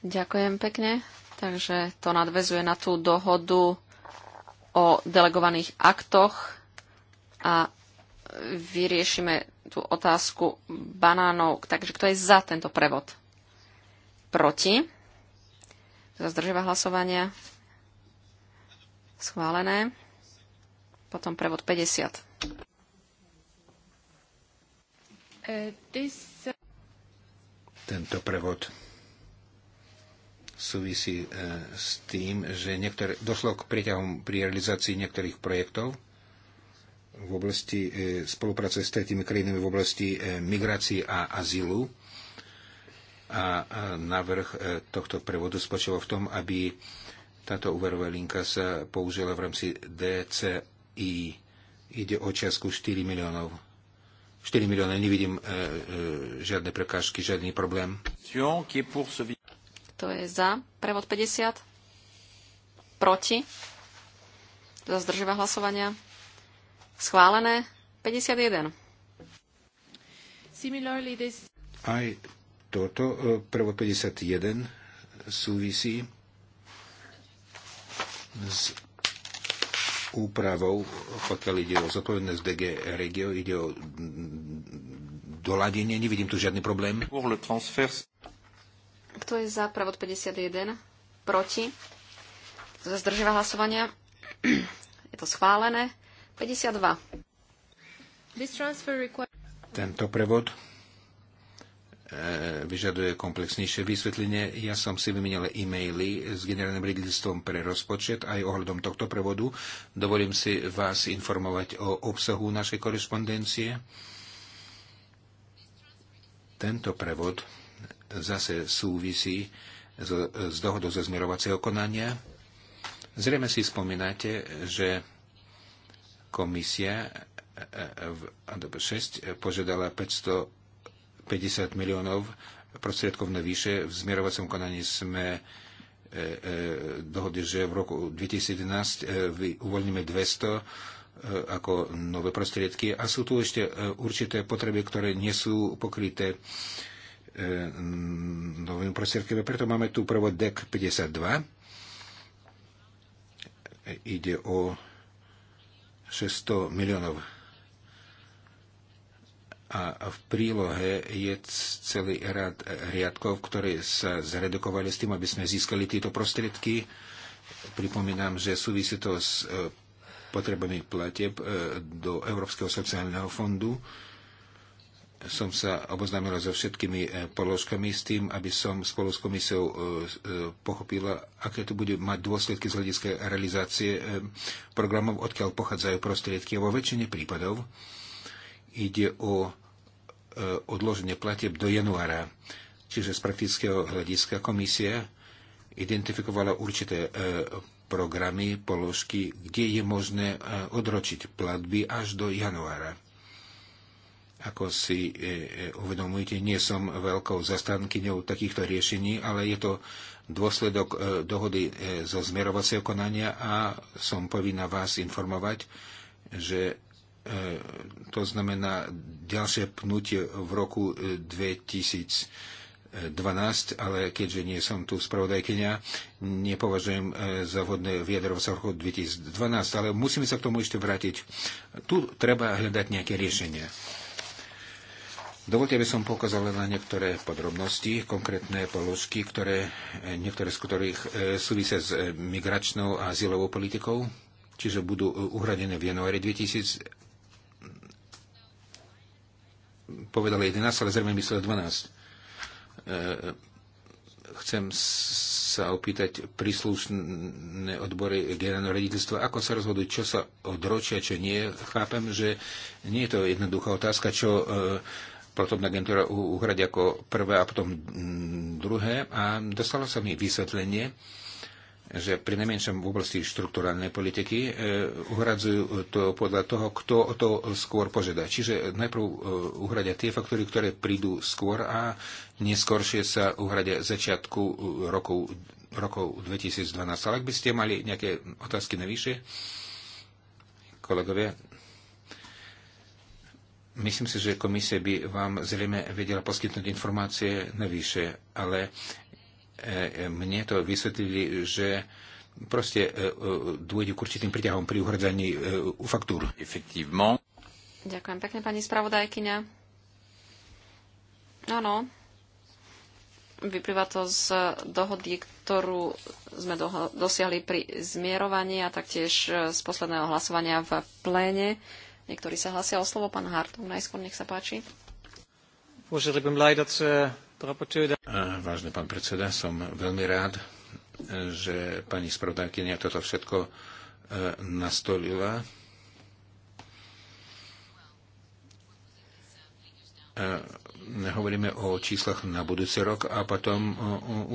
Ďakujem pekne. Takže to nadvezuje na tú dohodu o delegovaných aktoch a vyriešime tú otázku banánov. Takže kto je za tento prevod? Proti? Kto zdržíva hlasovania? Schválené. Potom prevod 50. E, Tento prevod súvisí e, s tým, že niektoré, došlo k priťahom pri realizácii niektorých projektov v oblasti e, spolupráce s tretími krajinami v oblasti migrácie a azylu. A návrh tohto prevodu spočíval v tom, aby táto úverová linka sa použila v rámci DCI Ide o čiastku 4 miliónov. 4 milióny, nevidím e, e, žiadne prekážky, žiadny problém. To je za prevod 50. Proti. Za zdržíva hlasovania. Schválené 51. Aj toto, e, prevod 51, súvisí s úpravou, pokiaľ ide o zodpovednosť DG Regio, ide o doladenie, nevidím tu žiadny problém. Kto je za pravod 51? Proti? Kto sa zdržíva hlasovania? Je to schválené. 52. Tento prevod E, vyžaduje komplexnejšie vysvetlenie. Ja som si vymenil e-maily s generálnym riaditeľstvom pre rozpočet aj ohľadom tohto prevodu. Dovolím si vás informovať o obsahu našej korespondencie. Tento prevod zase súvisí s, s dohodou zo zmierovacieho konania. Zrejme si spomínate, že komisia e, e, v 6 požiadala 500 50 miliónov prostriedkov navyše. V zmierovacom konaní sme e, e, dohodli, že v roku 2011 e, uvoľníme 200 ako nové prostriedky a sú tu ešte určité potreby, ktoré nie sú pokryté novými prostriedkami. Preto máme tu prvo DEC 52. Ide o 600 miliónov a v prílohe je celý rad riadkov, ktoré sa zredukovali s tým, aby sme získali tieto prostriedky. Pripomínam, že súvisí to s e, potrebami plateb e, do Európskeho sociálneho fondu som sa oboznámila so všetkými e, položkami s tým, aby som spolu s komisiou pochopila, aké to bude mať dôsledky z hľadiska realizácie programov, odkiaľ pochádzajú prostriedky. Vo väčšine prípadov ide o E, odloženie platieb do januára. Čiže z praktického hľadiska komisia identifikovala určité e, programy, položky, kde je možné e, odročiť platby až do januára. Ako si uvedomujete, nie som veľkou zastankyňou takýchto riešení, ale je to dôsledok dohody zo zmerovacieho konania a som povinná vás informovať, že E, to znamená ďalšie pnutie v roku 12, e, ale keďže nie som tu spravodajkynia, nepovažujem e, za vhodné vyjadrovať sa v roku 2012, ale musíme sa k tomu ešte vrátiť. Tu treba hľadať nejaké riešenie. Dovolte, aby som pokazal na niektoré podrobnosti, konkrétne položky, ktoré, niektoré z ktorých súvisia s migračnou a azylovou politikou, čiže budú uhradené v januári 2000, povedal 11, ale zrejme myslel 12 e, chcem sa opýtať príslušné odbory generálneho rediteľstva, ako sa rozhodujú, čo sa odročia, čo nie. Chápem, že nie je to jednoduchá otázka, čo e, platobná agentúra uhradí ako prvé a potom mm, druhé. A dostalo sa mi vysvetlenie, že pri najmenšom v oblasti štruktúralnej politiky e, uhradzujú to podľa toho, kto to skôr požiada. Čiže najprv e, uhradia tie faktory, ktoré prídu skôr a neskôršie sa uhradia začiatku e, rokov, rokov 2012. Ale ak by ste mali nejaké otázky navyše, kolegovia, Myslím si, že komisia by vám zrejme vedela poskytnúť informácie navyše, ale E, e, mne to vysvetlili, že proste e, dôjde k určitým priťahom pri uhradzaní u faktúr. Efektívno. Ďakujem pekne, pani spravodajkyňa. Áno. Vyplýva to z dohody, ktorú sme doho- dosiahli pri zmierovaní a taktiež z posledného hlasovania v pléne. Niektorí sa hlasia o slovo. Pán Hartung, najskôr nech sa páči. Voorzitter, ik ben blij dat uh, Vážne pán predseda, som veľmi rád, že pani spravodajkynia toto všetko eh, nastolila. Eh, hovoríme o číslach na budúci rok a potom eh,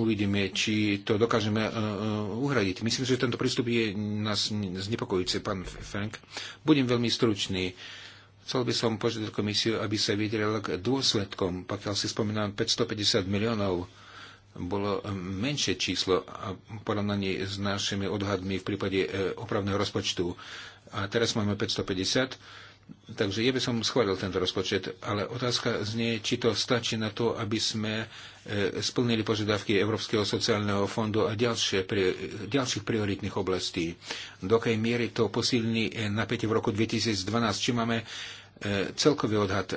uvidíme, či to dokážeme uhradiť. Myslím, že tento prístup je nás znepokojúci, pán Frank. Budem veľmi stručný. Chcel by som požiadať komisiu, aby sa vyjadrila k dôsledkom. Pokiaľ si spomínam, 550 miliónov bolo menšie číslo a porovnaní s našimi odhadmi v prípade e, opravného rozpočtu. A teraz máme 550, takže ja by som schválil tento rozpočet, ale otázka znie, či to stačí na to, aby sme e, splnili požiadavky Európskeho sociálneho fondu a ďalšie, ďalších prioritných oblastí. Do akej miery to posilní e, napätie v roku 2012? Či máme E, celkový odhad e,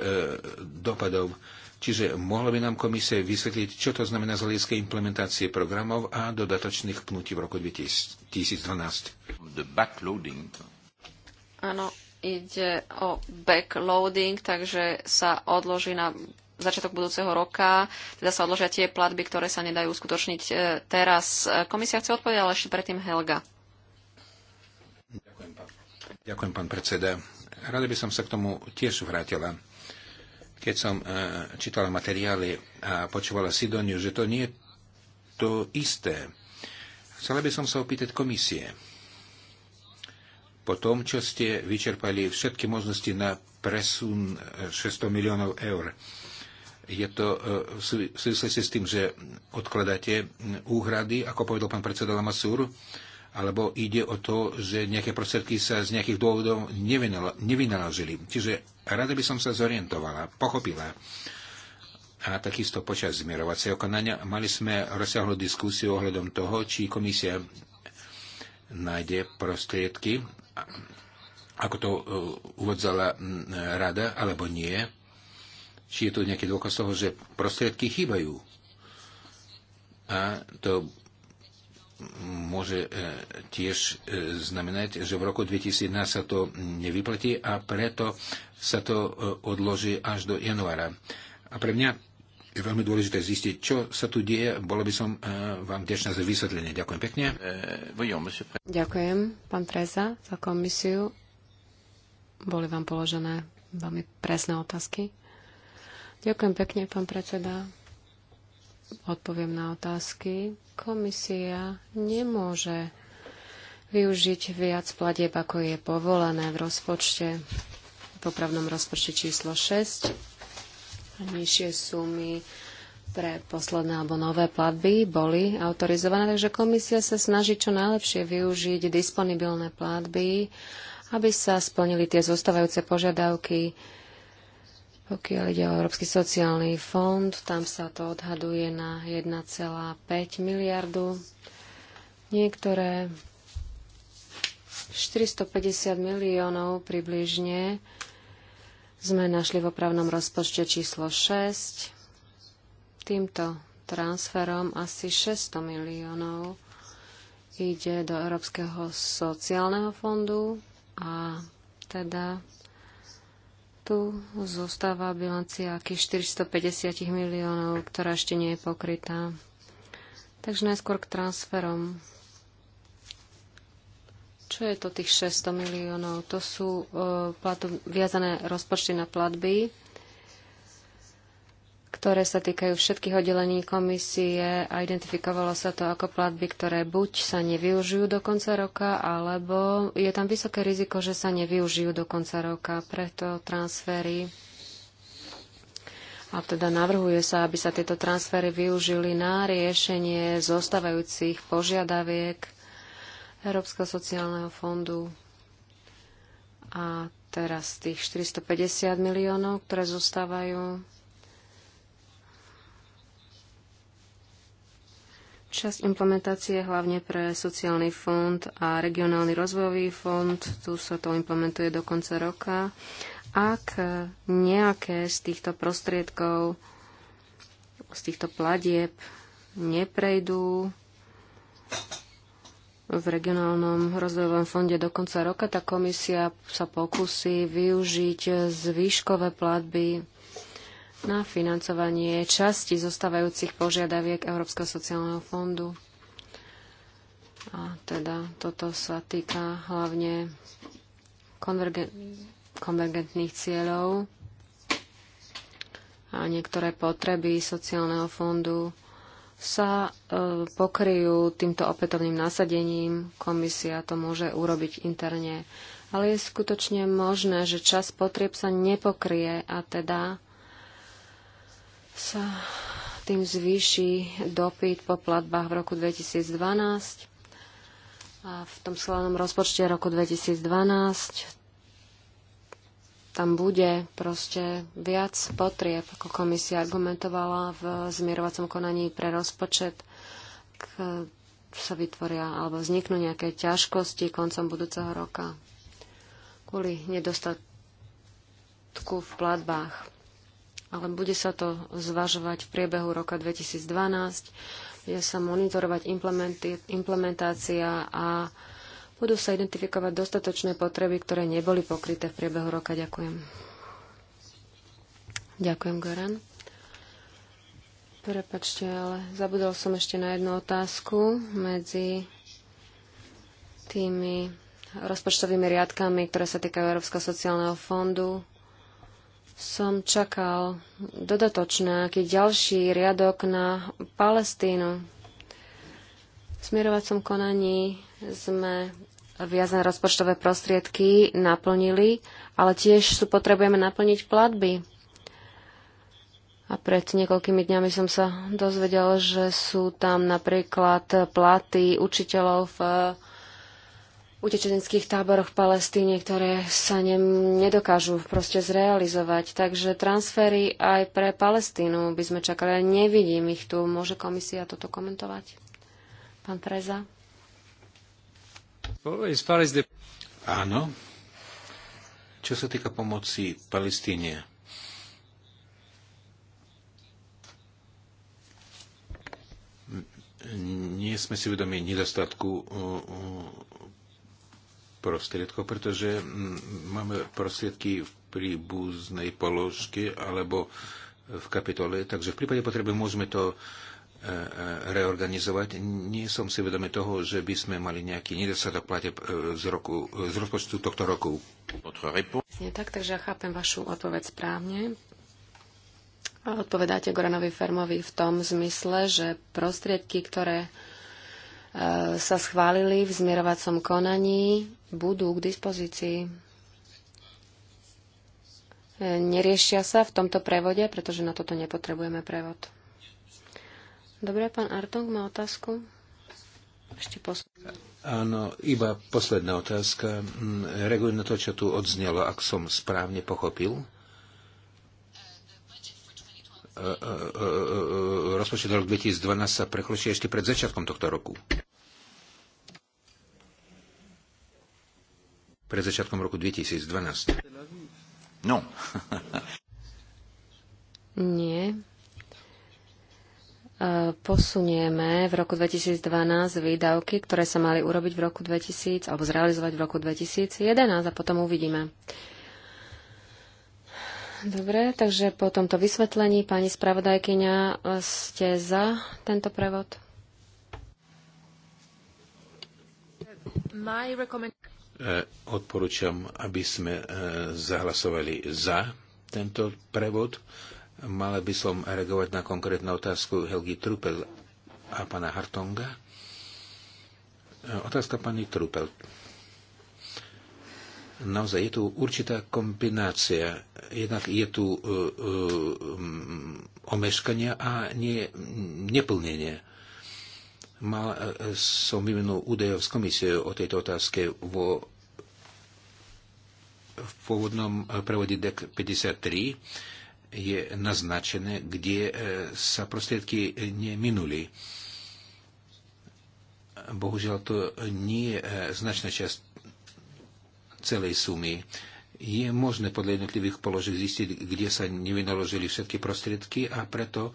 dopadov. Čiže mohla by nám komisie vysvetliť, čo to znamená z hľadiska implementácie programov a dodatočných pnutí v roku 2012. Áno, ide o backloading, takže sa odloží na začiatok budúceho roka, teda sa odložia tie platby, ktoré sa nedajú uskutočniť e, teraz. Komisia chce odpovedať, ale ešte predtým Helga. Ďakujem, pán, Ďakujem, pán predseda. Rada by som sa k tomu tiež vrátila. Keď som e, čítala materiály a počúvala Sidoniu, že to nie je to isté. Chcela by som sa opýtať komisie. Po tom, čo ste vyčerpali všetky možnosti na presun 600 e, miliónov eur, je to e, v súvislosti s tým, že odkladáte úhrady, ako povedal pán predseda Lamassur, alebo ide o to, že nejaké prostriedky sa z nejakých dôvodov nevynaložili. Čiže rada by som sa zorientovala, pochopila. A takisto počas zmierovacieho konania mali sme rozsiahlu diskusiu ohľadom toho, či komisia nájde prostriedky, ako to e, uvodzala rada, alebo nie. Či je tu nejaký dôkaz toho, že prostriedky chýbajú. A to môže e, tiež e, znamenať, že v roku 2011 sa to nevyplatí a preto sa to e, odloží až do januára. A pre mňa je veľmi dôležité zistiť, čo sa tu deje. Bolo by som vám vďačná za vysvetlenie. Ďakujem pekne. Ďakujem, pán Treza, za komisiu. Boli vám položené veľmi presné otázky. Ďakujem pekne, pán predseda odpoviem na otázky. Komisia nemôže využiť viac platieb, ako je povolené v rozpočte, v popravnom rozpočte číslo 6. nižšie sumy pre posledné alebo nové platby boli autorizované, takže komisia sa snaží čo najlepšie využiť disponibilné platby, aby sa splnili tie zostávajúce požiadavky pokiaľ ide o Európsky sociálny fond, tam sa to odhaduje na 1,5 miliardu. Niektoré 450 miliónov približne sme našli v opravnom rozpočte číslo 6. Týmto transferom asi 600 miliónov ide do Európskeho sociálneho fondu a teda tu zostáva bilancia akých 450 miliónov, ktorá ešte nie je pokrytá. Takže najskôr k transferom. Čo je to tých 600 miliónov? To sú uh, platu, viazané rozpočty na platby ktoré sa týkajú všetkých oddelení komisie a identifikovalo sa to ako platby, ktoré buď sa nevyužijú do konca roka, alebo je tam vysoké riziko, že sa nevyužijú do konca roka. Preto transfery a teda navrhuje sa, aby sa tieto transfery využili na riešenie zostávajúcich požiadaviek Európskeho sociálneho fondu a teraz tých 450 miliónov, ktoré zostávajú Časť implementácie hlavne pre sociálny fond a regionálny rozvojový fond, tu sa to implementuje do konca roka. Ak nejaké z týchto prostriedkov, z týchto pladieb neprejdú v regionálnom rozvojovom fonde do konca roka, tá komisia sa pokusí využiť zvýškové platby na financovanie časti zostávajúcich požiadaviek Európskeho sociálneho fondu. A teda toto sa týka hlavne konvergen- konvergentných cieľov a niektoré potreby sociálneho fondu sa e, pokryjú týmto opätovným nasadením. Komisia to môže urobiť interne. Ale je skutočne možné, že čas potrieb sa nepokrie a teda sa tým zvýši dopyt po platbách v roku 2012 a v tom slávnom rozpočte roku 2012 tam bude proste viac potrieb, ako komisia argumentovala v zmierovacom konaní pre rozpočet, k, sa vytvoria alebo vzniknú nejaké ťažkosti koncom budúceho roka kvôli nedostatku v platbách ale bude sa to zvažovať v priebehu roka 2012. Bude sa monitorovať implementácia a budú sa identifikovať dostatočné potreby, ktoré neboli pokryté v priebehu roka. Ďakujem. Ďakujem, Goran. Prepačte, ale zabudol som ešte na jednu otázku medzi tými rozpočtovými riadkami, ktoré sa týkajú Európskeho sociálneho fondu som čakal dodatočne, aký ďalší riadok na Palestínu. V smerovacom konaní sme viazané rozpočtové prostriedky naplnili, ale tiež sú potrebujeme naplniť platby. A pred niekoľkými dňami som sa dozvedel, že sú tam napríklad platy učiteľov v utečeneckých táboroch v Palestíne, ktoré sa ne, nedokážu proste zrealizovať. Takže transfery aj pre Palestínu by sme čakali. Ja nevidím ich tu. Môže komisia toto komentovať? Pán Preza? Áno. Čo sa týka pomoci Palestíne, nie sme si vedomi nedostatku prostriedkov, pretože mm, máme prostriedky v príbuznej položke alebo v kapitole, takže v prípade potreby môžeme to e, e, reorganizovať. Nie som si vedomý toho, že by sme mali nejaký nedostatok plate e, z, roku, z rozpočtu tohto roku. Nie tak, takže ja chápem vašu odpoveď správne. A odpovedáte Goranovi Fermovi v tom zmysle, že prostriedky, ktoré sa schválili v zmierovacom konaní, budú k dispozícii. E, neriešia sa v tomto prevode, pretože na toto nepotrebujeme prevod. Dobre, pán Artong má otázku. Ešte posledná. Áno, iba posledná otázka. Mm, reagujem na to, čo tu odznelo, ak som správne pochopil e, e, rozpočet rok 2012 sa prekročí ešte pred začiatkom tohto roku. pred začiatkom roku 2012. No. Nie. E, posunieme v roku 2012 výdavky, ktoré sa mali urobiť v roku 2000 alebo zrealizovať v roku 2011 a potom uvidíme. Dobre, takže po tomto vysvetlení, pani spravodajkyňa, ste za tento prevod? E, odporúčam, aby sme e, zahlasovali za tento prevod. Mala by som reagovať na konkrétnu otázku Helgi Trupel a pana Hartonga. E, otázka pani Trupel. Naozaj je tu určitá kombinácia. Jednak je tu uh, uh, omeškania a nie, neplnenie Mal e, som vymenul údajov z komisie o tejto otázke vo v pôvodnom e, prevode e DEC 53 je naznačené, kde sa prostriedky neminuli. Bohužiaľ, to nie je značná časť celej sumy. Je možné podľa jednotlivých položiek zistiť, kde sa nevynaložili všetky prostriedky a preto uh,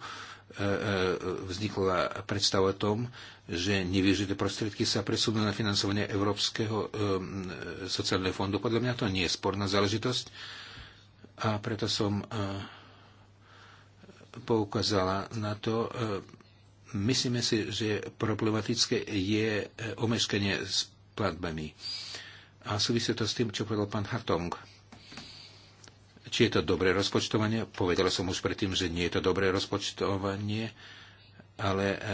vznikla predstava o tom, že nevyžité prostriedky sa presunú na financovanie Európskeho sociálneho fondu. Podľa mňa to nie je sporná záležitosť a preto som eh, poukázala na to. Eh, myslíme si, že problematické je eh, omeškanie s platbami. A súvisí to s tým, čo povedal pán Hartong či je to dobré rozpočtovanie? Povedal som už predtým, že nie je to dobré rozpočtovanie, ale e, e,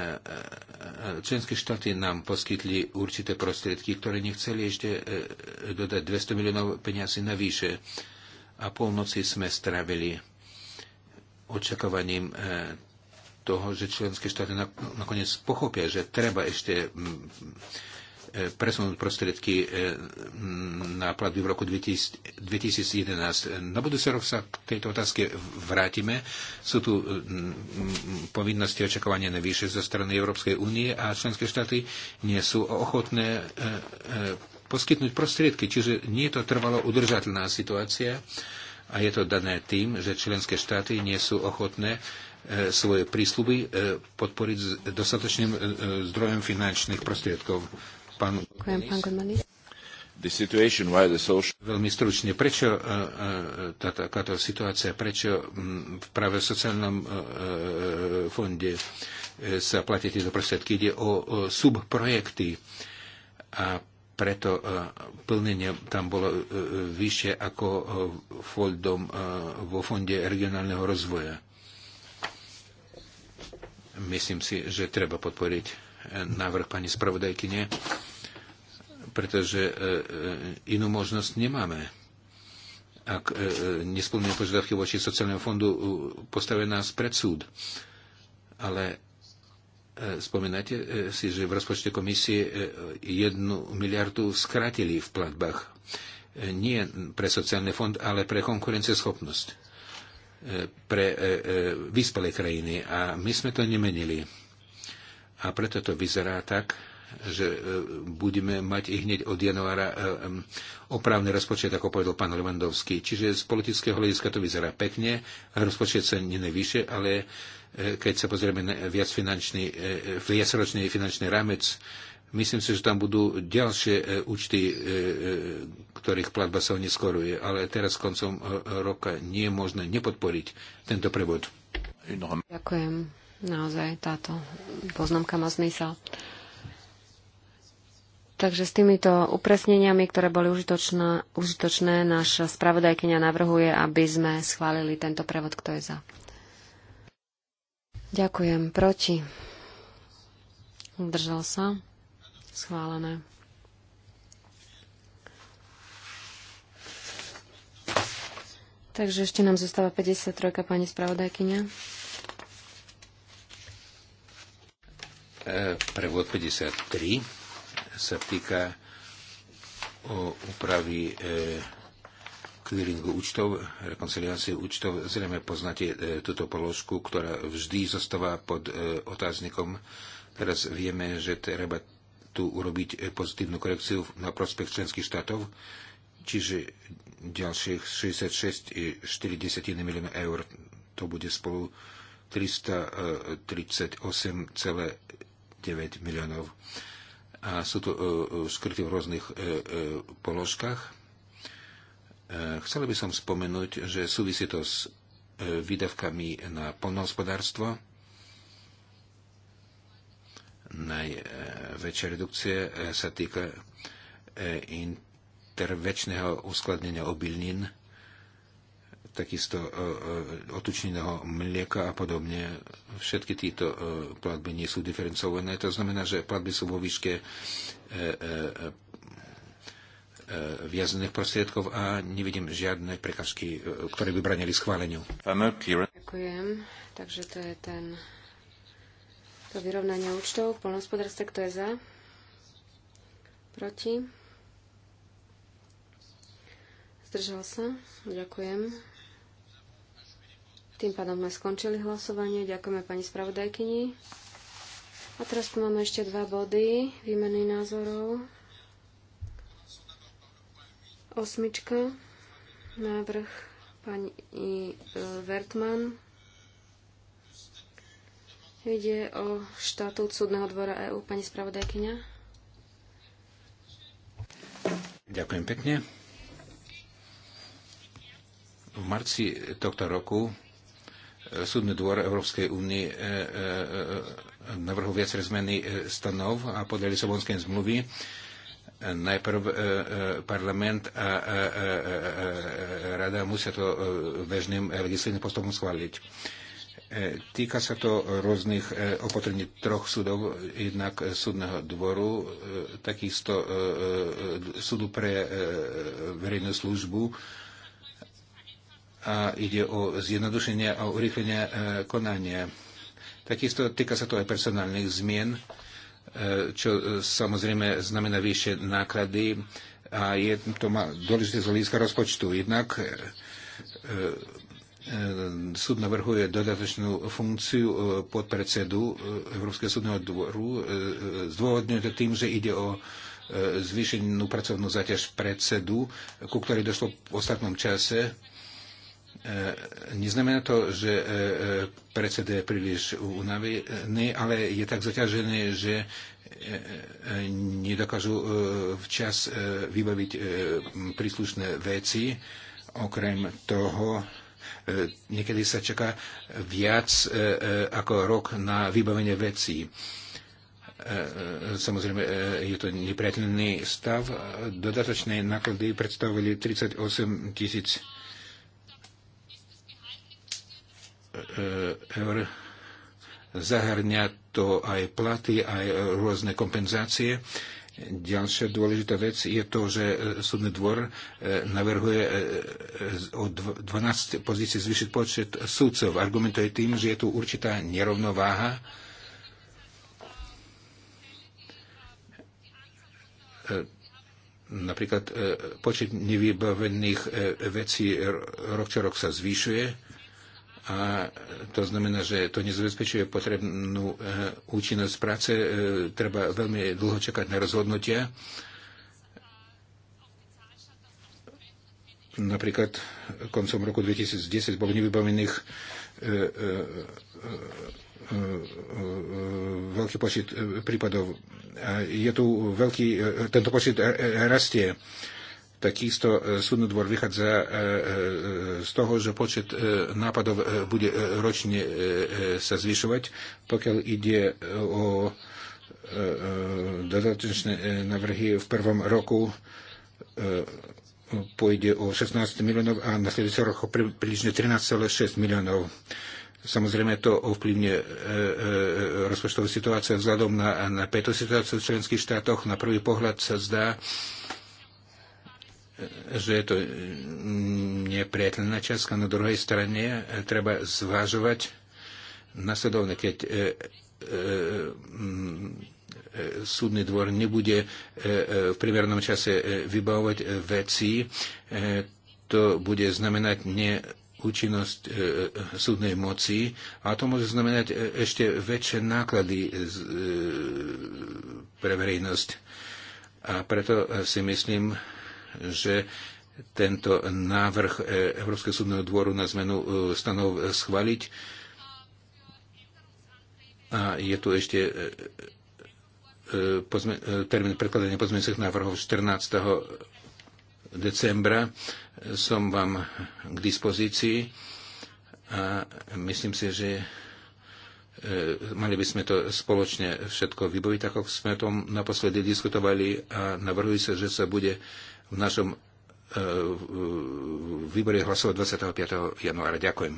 e, členské štáty nám poskytli určité prostriedky, ktoré nechceli ešte dodať 200 miliónov peniazy navyše. A polnoci sme stravili očakovaním toho, že členské štáty nakoniec pochopia, že treba ešte E, presunúť prostriedky e, na platby v roku 2011. Na budúci rok sa k tejto otázke vrátime. Sú tu e, povinnosti očakávania najvyššie zo strany Európskej únie a členské štáty nie sú ochotné poskytnúť prostriedky, čiže nie je to trvalo udržateľná situácia a je to dané tým, že členské štáty nie sú ochotné svoje prísluby podporiť dostatočným zdrojom finančných prostriedkov. Pán, pán Godmanis. Social... Veľmi stručne, prečo e, e, tá takáto situácia, prečo mm, práve v sociálnom e, fonde sa platí tieto prostriedky, ide o subprojekty a preto plnenie tam bolo vyššie ako foldom vo fonde regionálneho rozvoja. Myslím si, že treba podporiť návrh pani spravodajky, nie? spravodajkyne pretože e, e, inú možnosť nemáme. Ak e, nesplňujeme požiadavky voči sociálnemu fondu, postavia nás pred súd. Ale spomínate si, že v rozpočte komisie jednu miliardu skratili v platbách. Nie pre sociálny fond, ale pre konkurencieschopnosť pre vyspelé krajiny a my sme to nemenili. A preto to vyzerá tak, že e, budeme mať i hneď od januára e, opravný rozpočet, ako povedal pán Levandovský. Čiže z politického hľadiska to vyzerá pekne, rozpočet sa nie najvyššie, ale e, keď sa pozrieme na viac finančný, viacročný finančný rámec, myslím si, že tam budú ďalšie účty, ktorých platba sa neskoruje, ale teraz koncom roka nie je možné nepodporiť tento prevod. Ďakujem. Naozaj táto poznámka má zmysel. Takže s týmito upresneniami, ktoré boli užitočné, užitočné naša spravodajkynia navrhuje, aby sme schválili tento prevod. Kto je za? Ďakujem. Proti? Zdržal sa? Schválené. Takže ešte nám zostáva 53, pani spravodajkynia. E, prevod 53 sa týka úpravy e, clearingu účtov, rekonciliácie účtov. Zrejme poznáte e, túto položku, ktorá vždy zostáva pod e, otáznikom. Teraz vieme, že treba tu urobiť pozitívnu korekciu na prospech členských štátov, čiže ďalších 66,4 milióna eur. To bude spolu 338,9 miliónov eur a sú tu e, e, skrytí v rôznych e, položkách. Chcel by som spomenúť, že súvisí to s výdavkami na polnohospodárstvo. Najväčšia redukcia sa týka intervečného uskladnenia obilnín takisto e, e, otučneného mlieka a podobne. Všetky títo e, platby nie sú diferencované. To znamená, že platby sú vo výške viazených prostriedkov a nevidím žiadne prekažky, ktoré by branili schváleniu. Ďakujem. Takže to je ten to vyrovnanie účtov v polnospodárstve, kto je za? Proti? Zdržal sa? Ďakujem. Tým pádom sme skončili hlasovanie. Ďakujeme pani spravodajkyni. A teraz tu máme ešte dva body výmeny názorov. Osmička, návrh pani e, Wertmann. Ide o štatút súdneho dvora EÚ, pani spravodajkyňa. Ďakujem pekne. V marci tohto roku Súdny dvor Európskej únie e, e, e, navrhol viaceré zmeny stanov a podľa Lisabonskej zmluvy najprv parlament a rada musia to bežným legislatívnym postupom schváliť. Týka sa to rôznych opatrení troch súdov, jednak súdneho dvoru, takisto súdu pre verejnú službu, a ide o zjednodušenie a urychlenie e, konania. Takisto týka sa to aj personálnych zmien, e, čo e, samozrejme znamená vyššie náklady a je to má dôležité z hľadiska rozpočtu. Jednak súd navrhuje dodatočnú funkciu podpredsedu Európskeho súdneho dvoru. Zdôvodňuje to tým, že ide o zvýšenú pracovnú zaťaž predsedu, ku ktorej došlo v ostatnom čase E, neznamená to, že e, e, predseda je príliš unavený, ale je tak zaťažený, že nedokážu včas vybaviť príslušné veci. Okrem toho, niekedy sa čaká viac ako rok na vybavenie vecí. Samozrejme, je to nepriateľný stav. Dodatočné náklady predstavili 38 tisíc 000 E, eur. Zahrňa to aj platy, aj rôzne kompenzácie. Ďalšia dôležitá vec je to, že súdny dvor e, navrhuje e, o 12 pozícií zvyšiť počet súdcov. Argumentuje tým, že je tu určitá nerovnováha napríklad počet nevybavených vecí rok čo rok sa zvyšuje a to znamená, že to nezabezpečuje potrebnú e, účinnosť práce. E, treba veľmi dlho čakať na rozhodnutia. Napríklad koncom roku 2010 bolo nevybavených e, veľký počet prípadov. Je tu veľký, tento počet rastie. Takisto e, súdny dvor vychádza e, e, z toho, že počet nápadov bude ročne sa zvyšovať, pokiaľ ide o dodatočné navrhy v prvom roku pôjde o 16 miliónov a na sledujúcich rokoch približne 13,6 miliónov. Samozrejme to ovplyvne rozpočtovú situáciu vzhľadom na napätú situáciu v členských štátoch. Na prvý pohľad sa zdá, že je to e, nepriateľná čiastka. Na druhej strane e, treba zvážovať nasledovne, keď e, e, e súdny dvor nebude v primernom čase vybavovať veci, to bude znamenať neúčinnosť súdnej moci a to môže znamenať ešte väčšie náklady pre verejnosť. A preto si myslím, že tento návrh e, Európskeho súdneho dvoru na zmenu e, stanov e, schváliť. A je tu ešte termín prekladania pozmeňujúcich návrhov 14. decembra. Som vám k dispozícii a myslím si, že mali by sme to spoločne všetko vybaviť, ako sme o tom naposledy diskutovali a navrhuje sa, že sa bude v našom e, výbore hlasovať 25. januára. Ďakujem.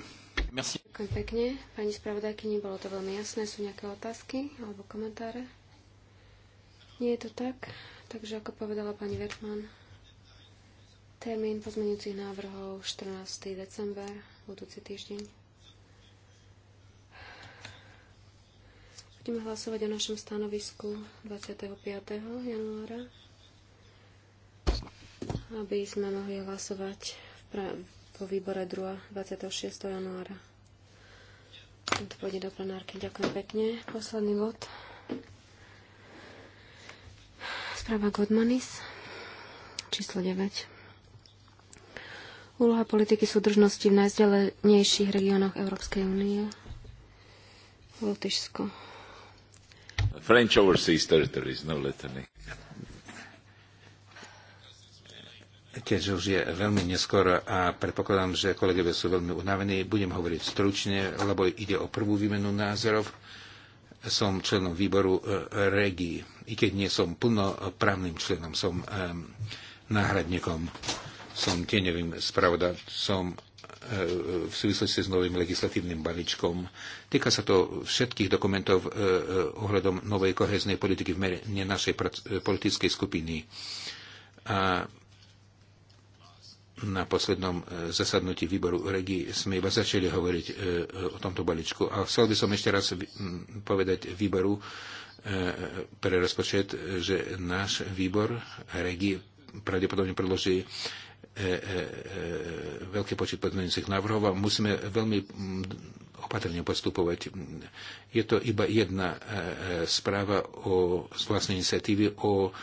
Merci. Ďakujem pekne. Pani spravodajkyni, bolo to veľmi jasné. Sú nejaké otázky alebo komentáre? Nie je to tak. Takže ako povedala pani Vertman, termín pozmenujúcich návrhov 14. december, budúci týždeň. Budeme hlasovať o našom stanovisku 25. januára aby sme mohli hlasovať po výbore 2. 26. januára. To pôjde do plenárky. Ďakujem pekne. Posledný bod. Správa Godmanis, číslo 9. Úloha politiky súdržnosti v najzdelenejších regiónoch Európskej únie. Lotyšsko. French overseas territories, no letany. Keďže už je veľmi neskoro a predpokladám, že kolegovia sú veľmi unavení, budem hovoriť stručne, lebo ide o prvú výmenu názorov. Som členom výboru e, REGI, i keď nie som plnoprávnym členom, som náhradníkom, som tieňovým spravodajcom e, v súvislosti s novým legislatívnym balíčkom. Týka sa to všetkých dokumentov e, ohľadom novej koheznej politiky v mene našej politickej skupiny. A na poslednom e, zasadnutí výboru regi sme iba začali hovoriť e, o tomto balíčku. A chcel by som ešte raz povedať výboru e, pre rozpočet, že náš výbor regi pravdepodobne predloží veľký počet pozmeňujúcich návrhov a musíme veľmi opatrne postupovať. Je to iba jedna správa o, z vlastnej iniciatívy o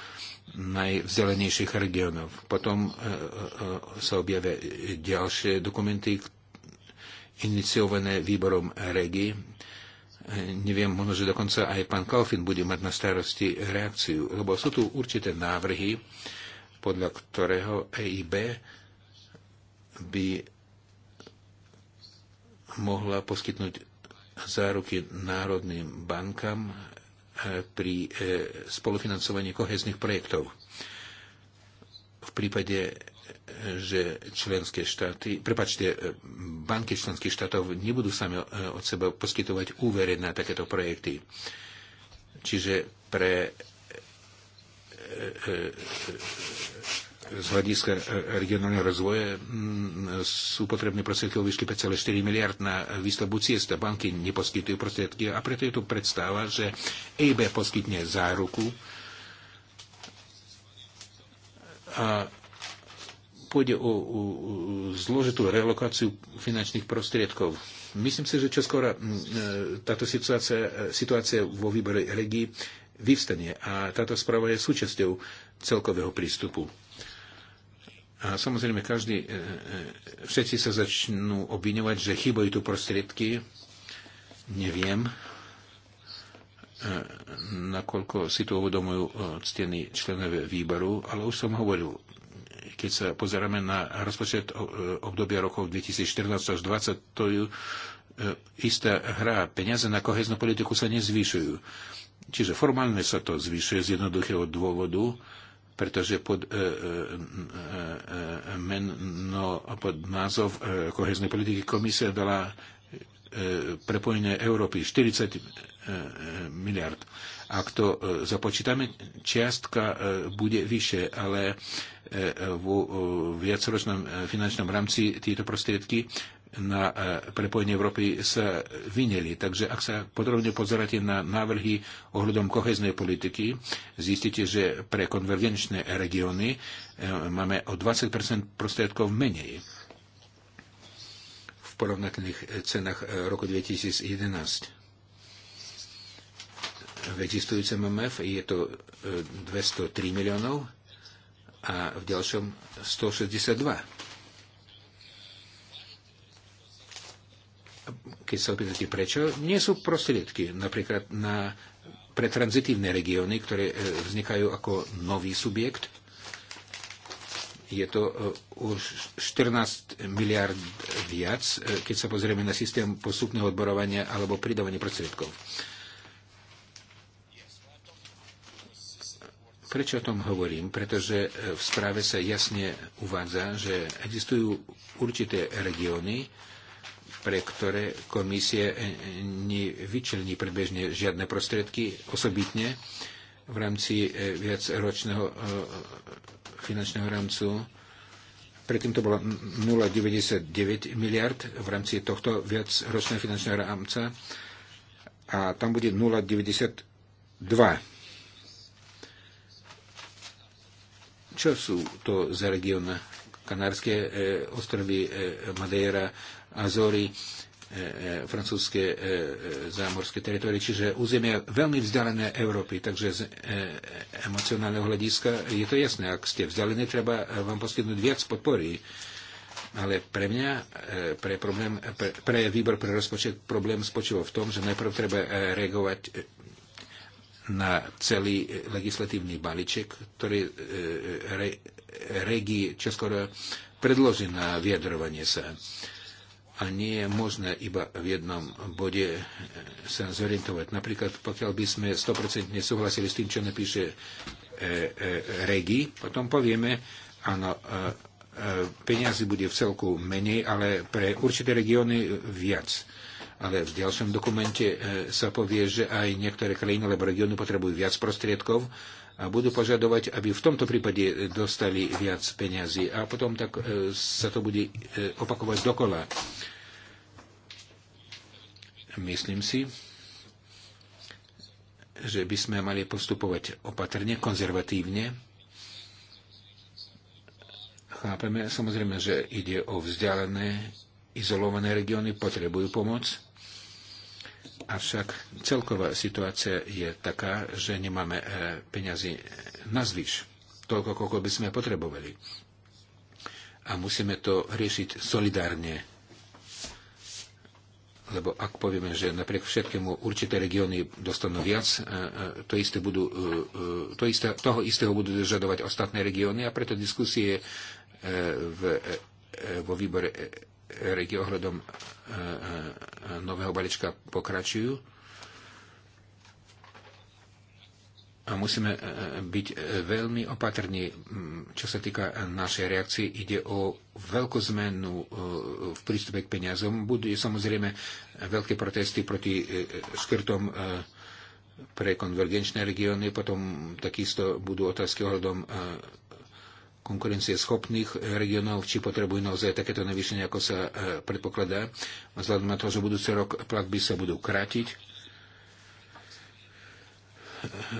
najvzdelenejších regiónov. Potom e, e, e, sa objavia ďalšie dokumenty iniciované výborom REGI. Neviem, možno, že dokonca aj pán Kalfin bude mať na starosti reakciu, lebo sú tu určité návrhy, podľa ktorého EIB by mohla poskytnúť záruky národným bankám pri e, spolufinancovaní kohezných projektov. V prípade, e, že členské štáty, prepačte, e, banky členských štátov nebudú sami od seba poskytovať úvery na takéto projekty. Čiže pre z hľadiska e, regionálneho rozvoja mm, sú potrebné prostriedky o výške 5,4 miliard na výstavbu ciest a banky neposkytujú prostriedky a preto je tu predstava, že EIB poskytne záruku a pôjde o, o zložitú relokáciu finančných prostriedkov. Myslím si, že čoskoro mm, e, táto situácia, e, situácia vo výbore regii vyvstane a táto správa je súčasťou celkového prístupu. A samozrejme, každý, e, e, všetci sa začnú obviňovať, že chybajú tu prostriedky. Neviem, e, nakoľko si to uvedomujú ctení členové výboru, ale už som hovoril, keď sa pozeráme na rozpočet obdobia rokov 2014 až 2020, to je istá hra. Peniaze na koheznú politiku sa nezvyšujú. Čiže formálne sa to zvyšuje z jednoduchého dôvodu, pretože pod e e, e, e, meno, pod názov e, koheznej politiky komisia dala e, prepojenie Európy 40 e, e, miliard. Ak to e, započítame, čiastka e, bude vyššie, ale e, vo viacročnom finančnom rámci tieto prostriedky na e, prepojenie Európy sa vyneli. Takže ak sa podrobne pozeráte na návrhy ohľadom koheznej politiky, zistíte, že pre konvergenčné regióny e, máme o 20 prostriedkov menej v porovnateľných cenách e, roku 2011 v existujúcem MF je to 203 miliónov a v ďalšom 162. keď sa opýtate prečo, nie sú prostriedky napríklad na, pre tranzitívne regióny, ktoré e, vznikajú ako nový subjekt. Je to e, už 14 miliard viac, e, keď sa pozrieme na systém postupného odborovania alebo pridávania prostriedkov. Prečo o tom hovorím? Pretože v správe sa jasne uvádza, že existujú určité regióny, pre ktoré komisie eh, nevyčlení predbežne žiadne prostriedky osobitne v rámci eh, viacročného eh, finančného rámcu. Predtým to bolo 0,99 miliard v rámci tohto viacročného finančného rámca a tam bude 0,92. Čo sú to za regióna? Kanárske ostrovy, Madeira, Azory, e, e, francúzske e, zámorské teritorie, čiže územia veľmi vzdialené Európy, takže z emocionálneho hľadiska je to jasné, ak ste vzdialení, treba vám poskytnúť viac podpory. Ale pre mňa, pre, problém, pre, pre výbor pre rozpočet problém spočíva v tom, že najprv treba reagovať na celý legislatívny balíček, ktorý re, regi čoskoro predloží na vyjadrovanie sa. E, a nie je možné iba v jednom bode eh, sa zorientovať. Napríklad, pokiaľ by sme 100% nesúhlasili s tým, čo napíše e, e, Regi, potom povieme, áno, e, e, peniazy bude v celku menej, ale pre určité regióny viac. Ale v ďalšom dokumente e, sa povie, že aj niektoré krajiny alebo regióny potrebujú viac prostriedkov, a budú požadovať, aby v tomto prípade dostali viac peniazy a potom tak e, sa to bude e, opakovať dokola. Myslím si, že by sme mali postupovať opatrne, konzervatívne. Chápeme samozrejme, že ide o vzdialené, izolované regióny, potrebujú pomoc Avšak celková situácia je taká, že nemáme e, peniazy na zvyš, toľko, koľko by sme potrebovali. A musíme to riešiť solidárne. Lebo ak povieme, že napriek všetkému určité regióny dostanú viac, e, e, to, isté budú, to isté, toho istého budú žadovať ostatné regióny a preto diskusie v, vo výbore regio E, e, nového balíčka pokračujú. A musíme e, byť veľmi opatrní. Čo sa týka našej reakcie, ide o veľkú zmenu v prístupe k peniazom. Budú samozrejme veľké protesty proti škrtom pre konvergenčné regióny, potom takisto budú otázky ohľadom konkurencieschopných regionov, či potrebujú naozaj takéto navýšenie, ako sa e, predpokladá, vzhľadom na to, že budúci rok platby sa budú krátiť.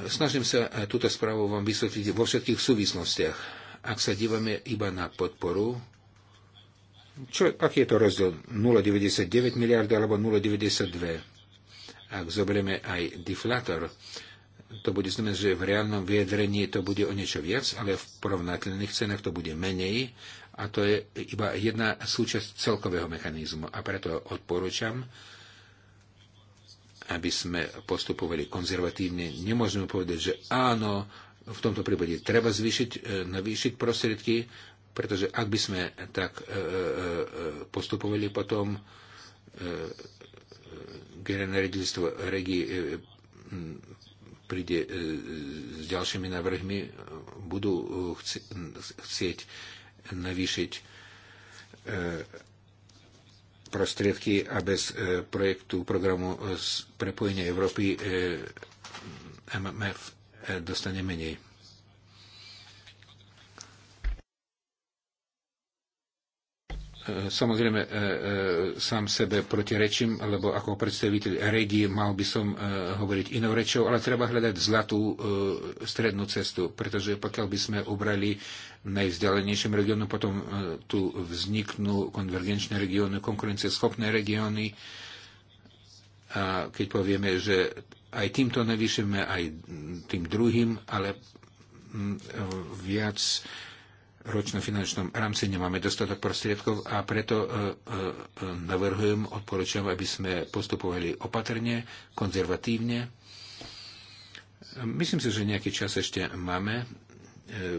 Snažím sa e, túto správu vám vysvetliť vo všetkých súvislostiach. Ak sa dívame iba na podporu, čo, aký je to rozdiel? 0,99 miliardy alebo 0,92? Ak zoberieme aj deflátor, to bude znamenáť, že v reálnom vyjadrení to bude o niečo viac, ale v porovnateľných cenách to bude menej a to je iba jedna súčasť celkového mechanizmu. A preto odporúčam, aby sme postupovali konzervatívne. Nemôžeme povedať, že áno, v tomto prípade treba zvýšiť, e, navýšiť prostriedky, pretože ak by sme tak e, e, postupovali potom, generálne rediteľstvo regi príde e, e, s ďalšími návrhmi, e, budú chcieť navýšiť prostriedky a bez projektu programu prepojenia Európy MMF dostane menej. E, samozrejme, e, e, sám sebe protirečím, lebo ako predstaviteľ regie mal by som hovoriť inou rečou, ale treba hľadať zlatú strednú cestu, pretože pokiaľ by sme ubrali najvzdialenejším regiónom, potom tu vzniknú konvergenčné regióny, konkurencieschopné regióny. A keď povieme, že aj týmto navýšime, aj tým druhým, ale viac ročnom finančnom rámci nemáme dostatok prostriedkov a preto e, e, e, navrhujem, odporúčam, aby sme postupovali opatrne, konzervatívne. Myslím si, že nejaký čas ešte máme.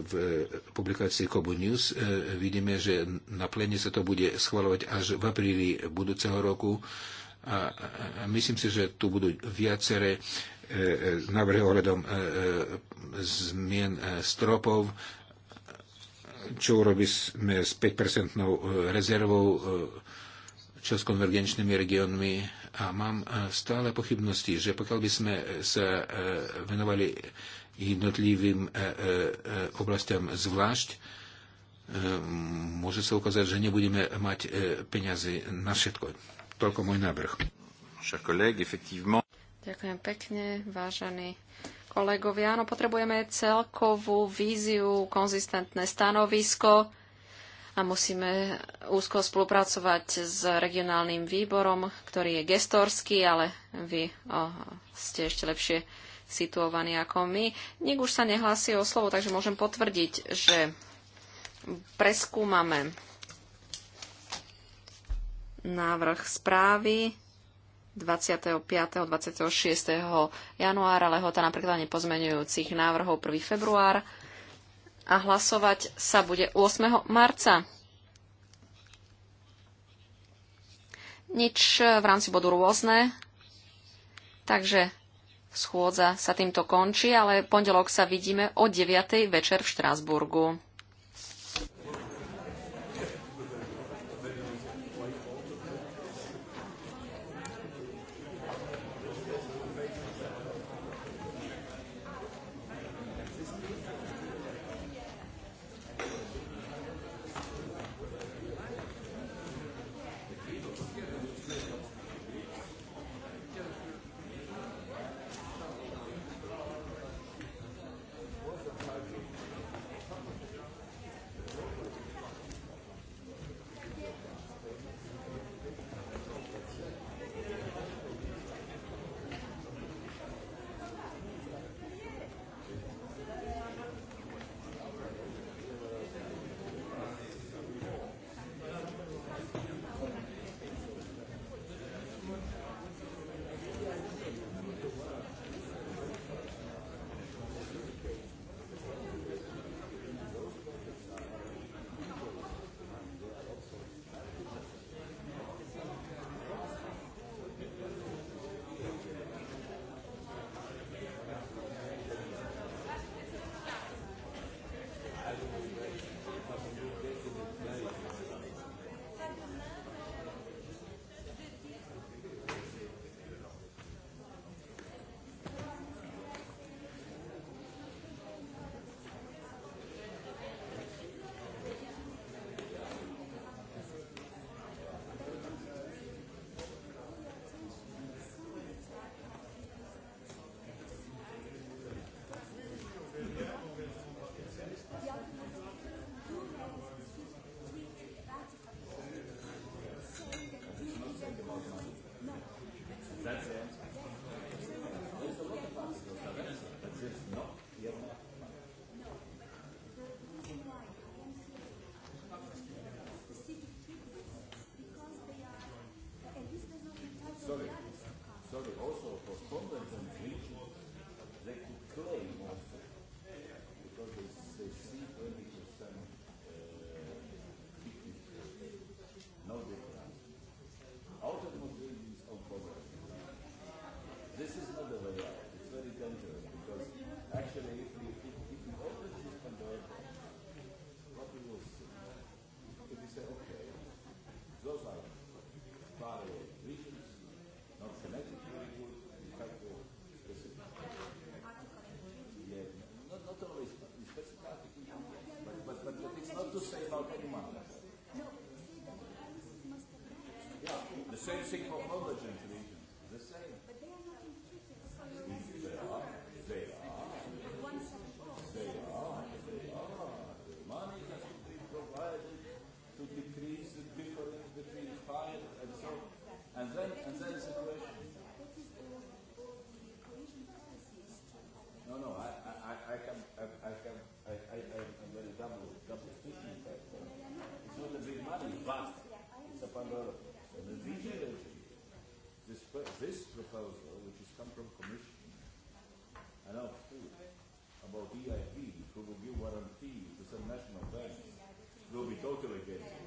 V publikácii Kobu News vidíme, že na plene sa to bude schvalovať až v apríli budúceho roku. A myslím si, že tu budú viaceré návrhy ohľadom zmien stropov, čo sme s 5-percentnou e, rezervou, e, čo s konvergenčnými regiónmi. A mám e, stále pochybnosti, že pokiaľ by sme sa venovali jednotlivým oblastiam zvlášť, môže sa ukázať, že nebudeme mať peniazy na všetko. Toľko môj návrh. Ďakujem pekne, vážený kolegovia. No potrebujeme celkovú víziu, konzistentné stanovisko a musíme úzko spolupracovať s regionálnym výborom, ktorý je gestorský, ale vy oh, ste ešte lepšie situovaní ako my. Nik už sa nehlási o slovo, takže môžem potvrdiť, že preskúmame návrh správy 25. 26. januára, lehota na prekladanie pozmenujúcich návrhov 1. február a hlasovať sa bude 8. marca. Nič v rámci bodu rôzne, takže schôdza sa týmto končí, ale pondelok sa vidíme o 9. večer v Štrásburgu. about EIB, who will give guarantees to some national banks, will be totally against it.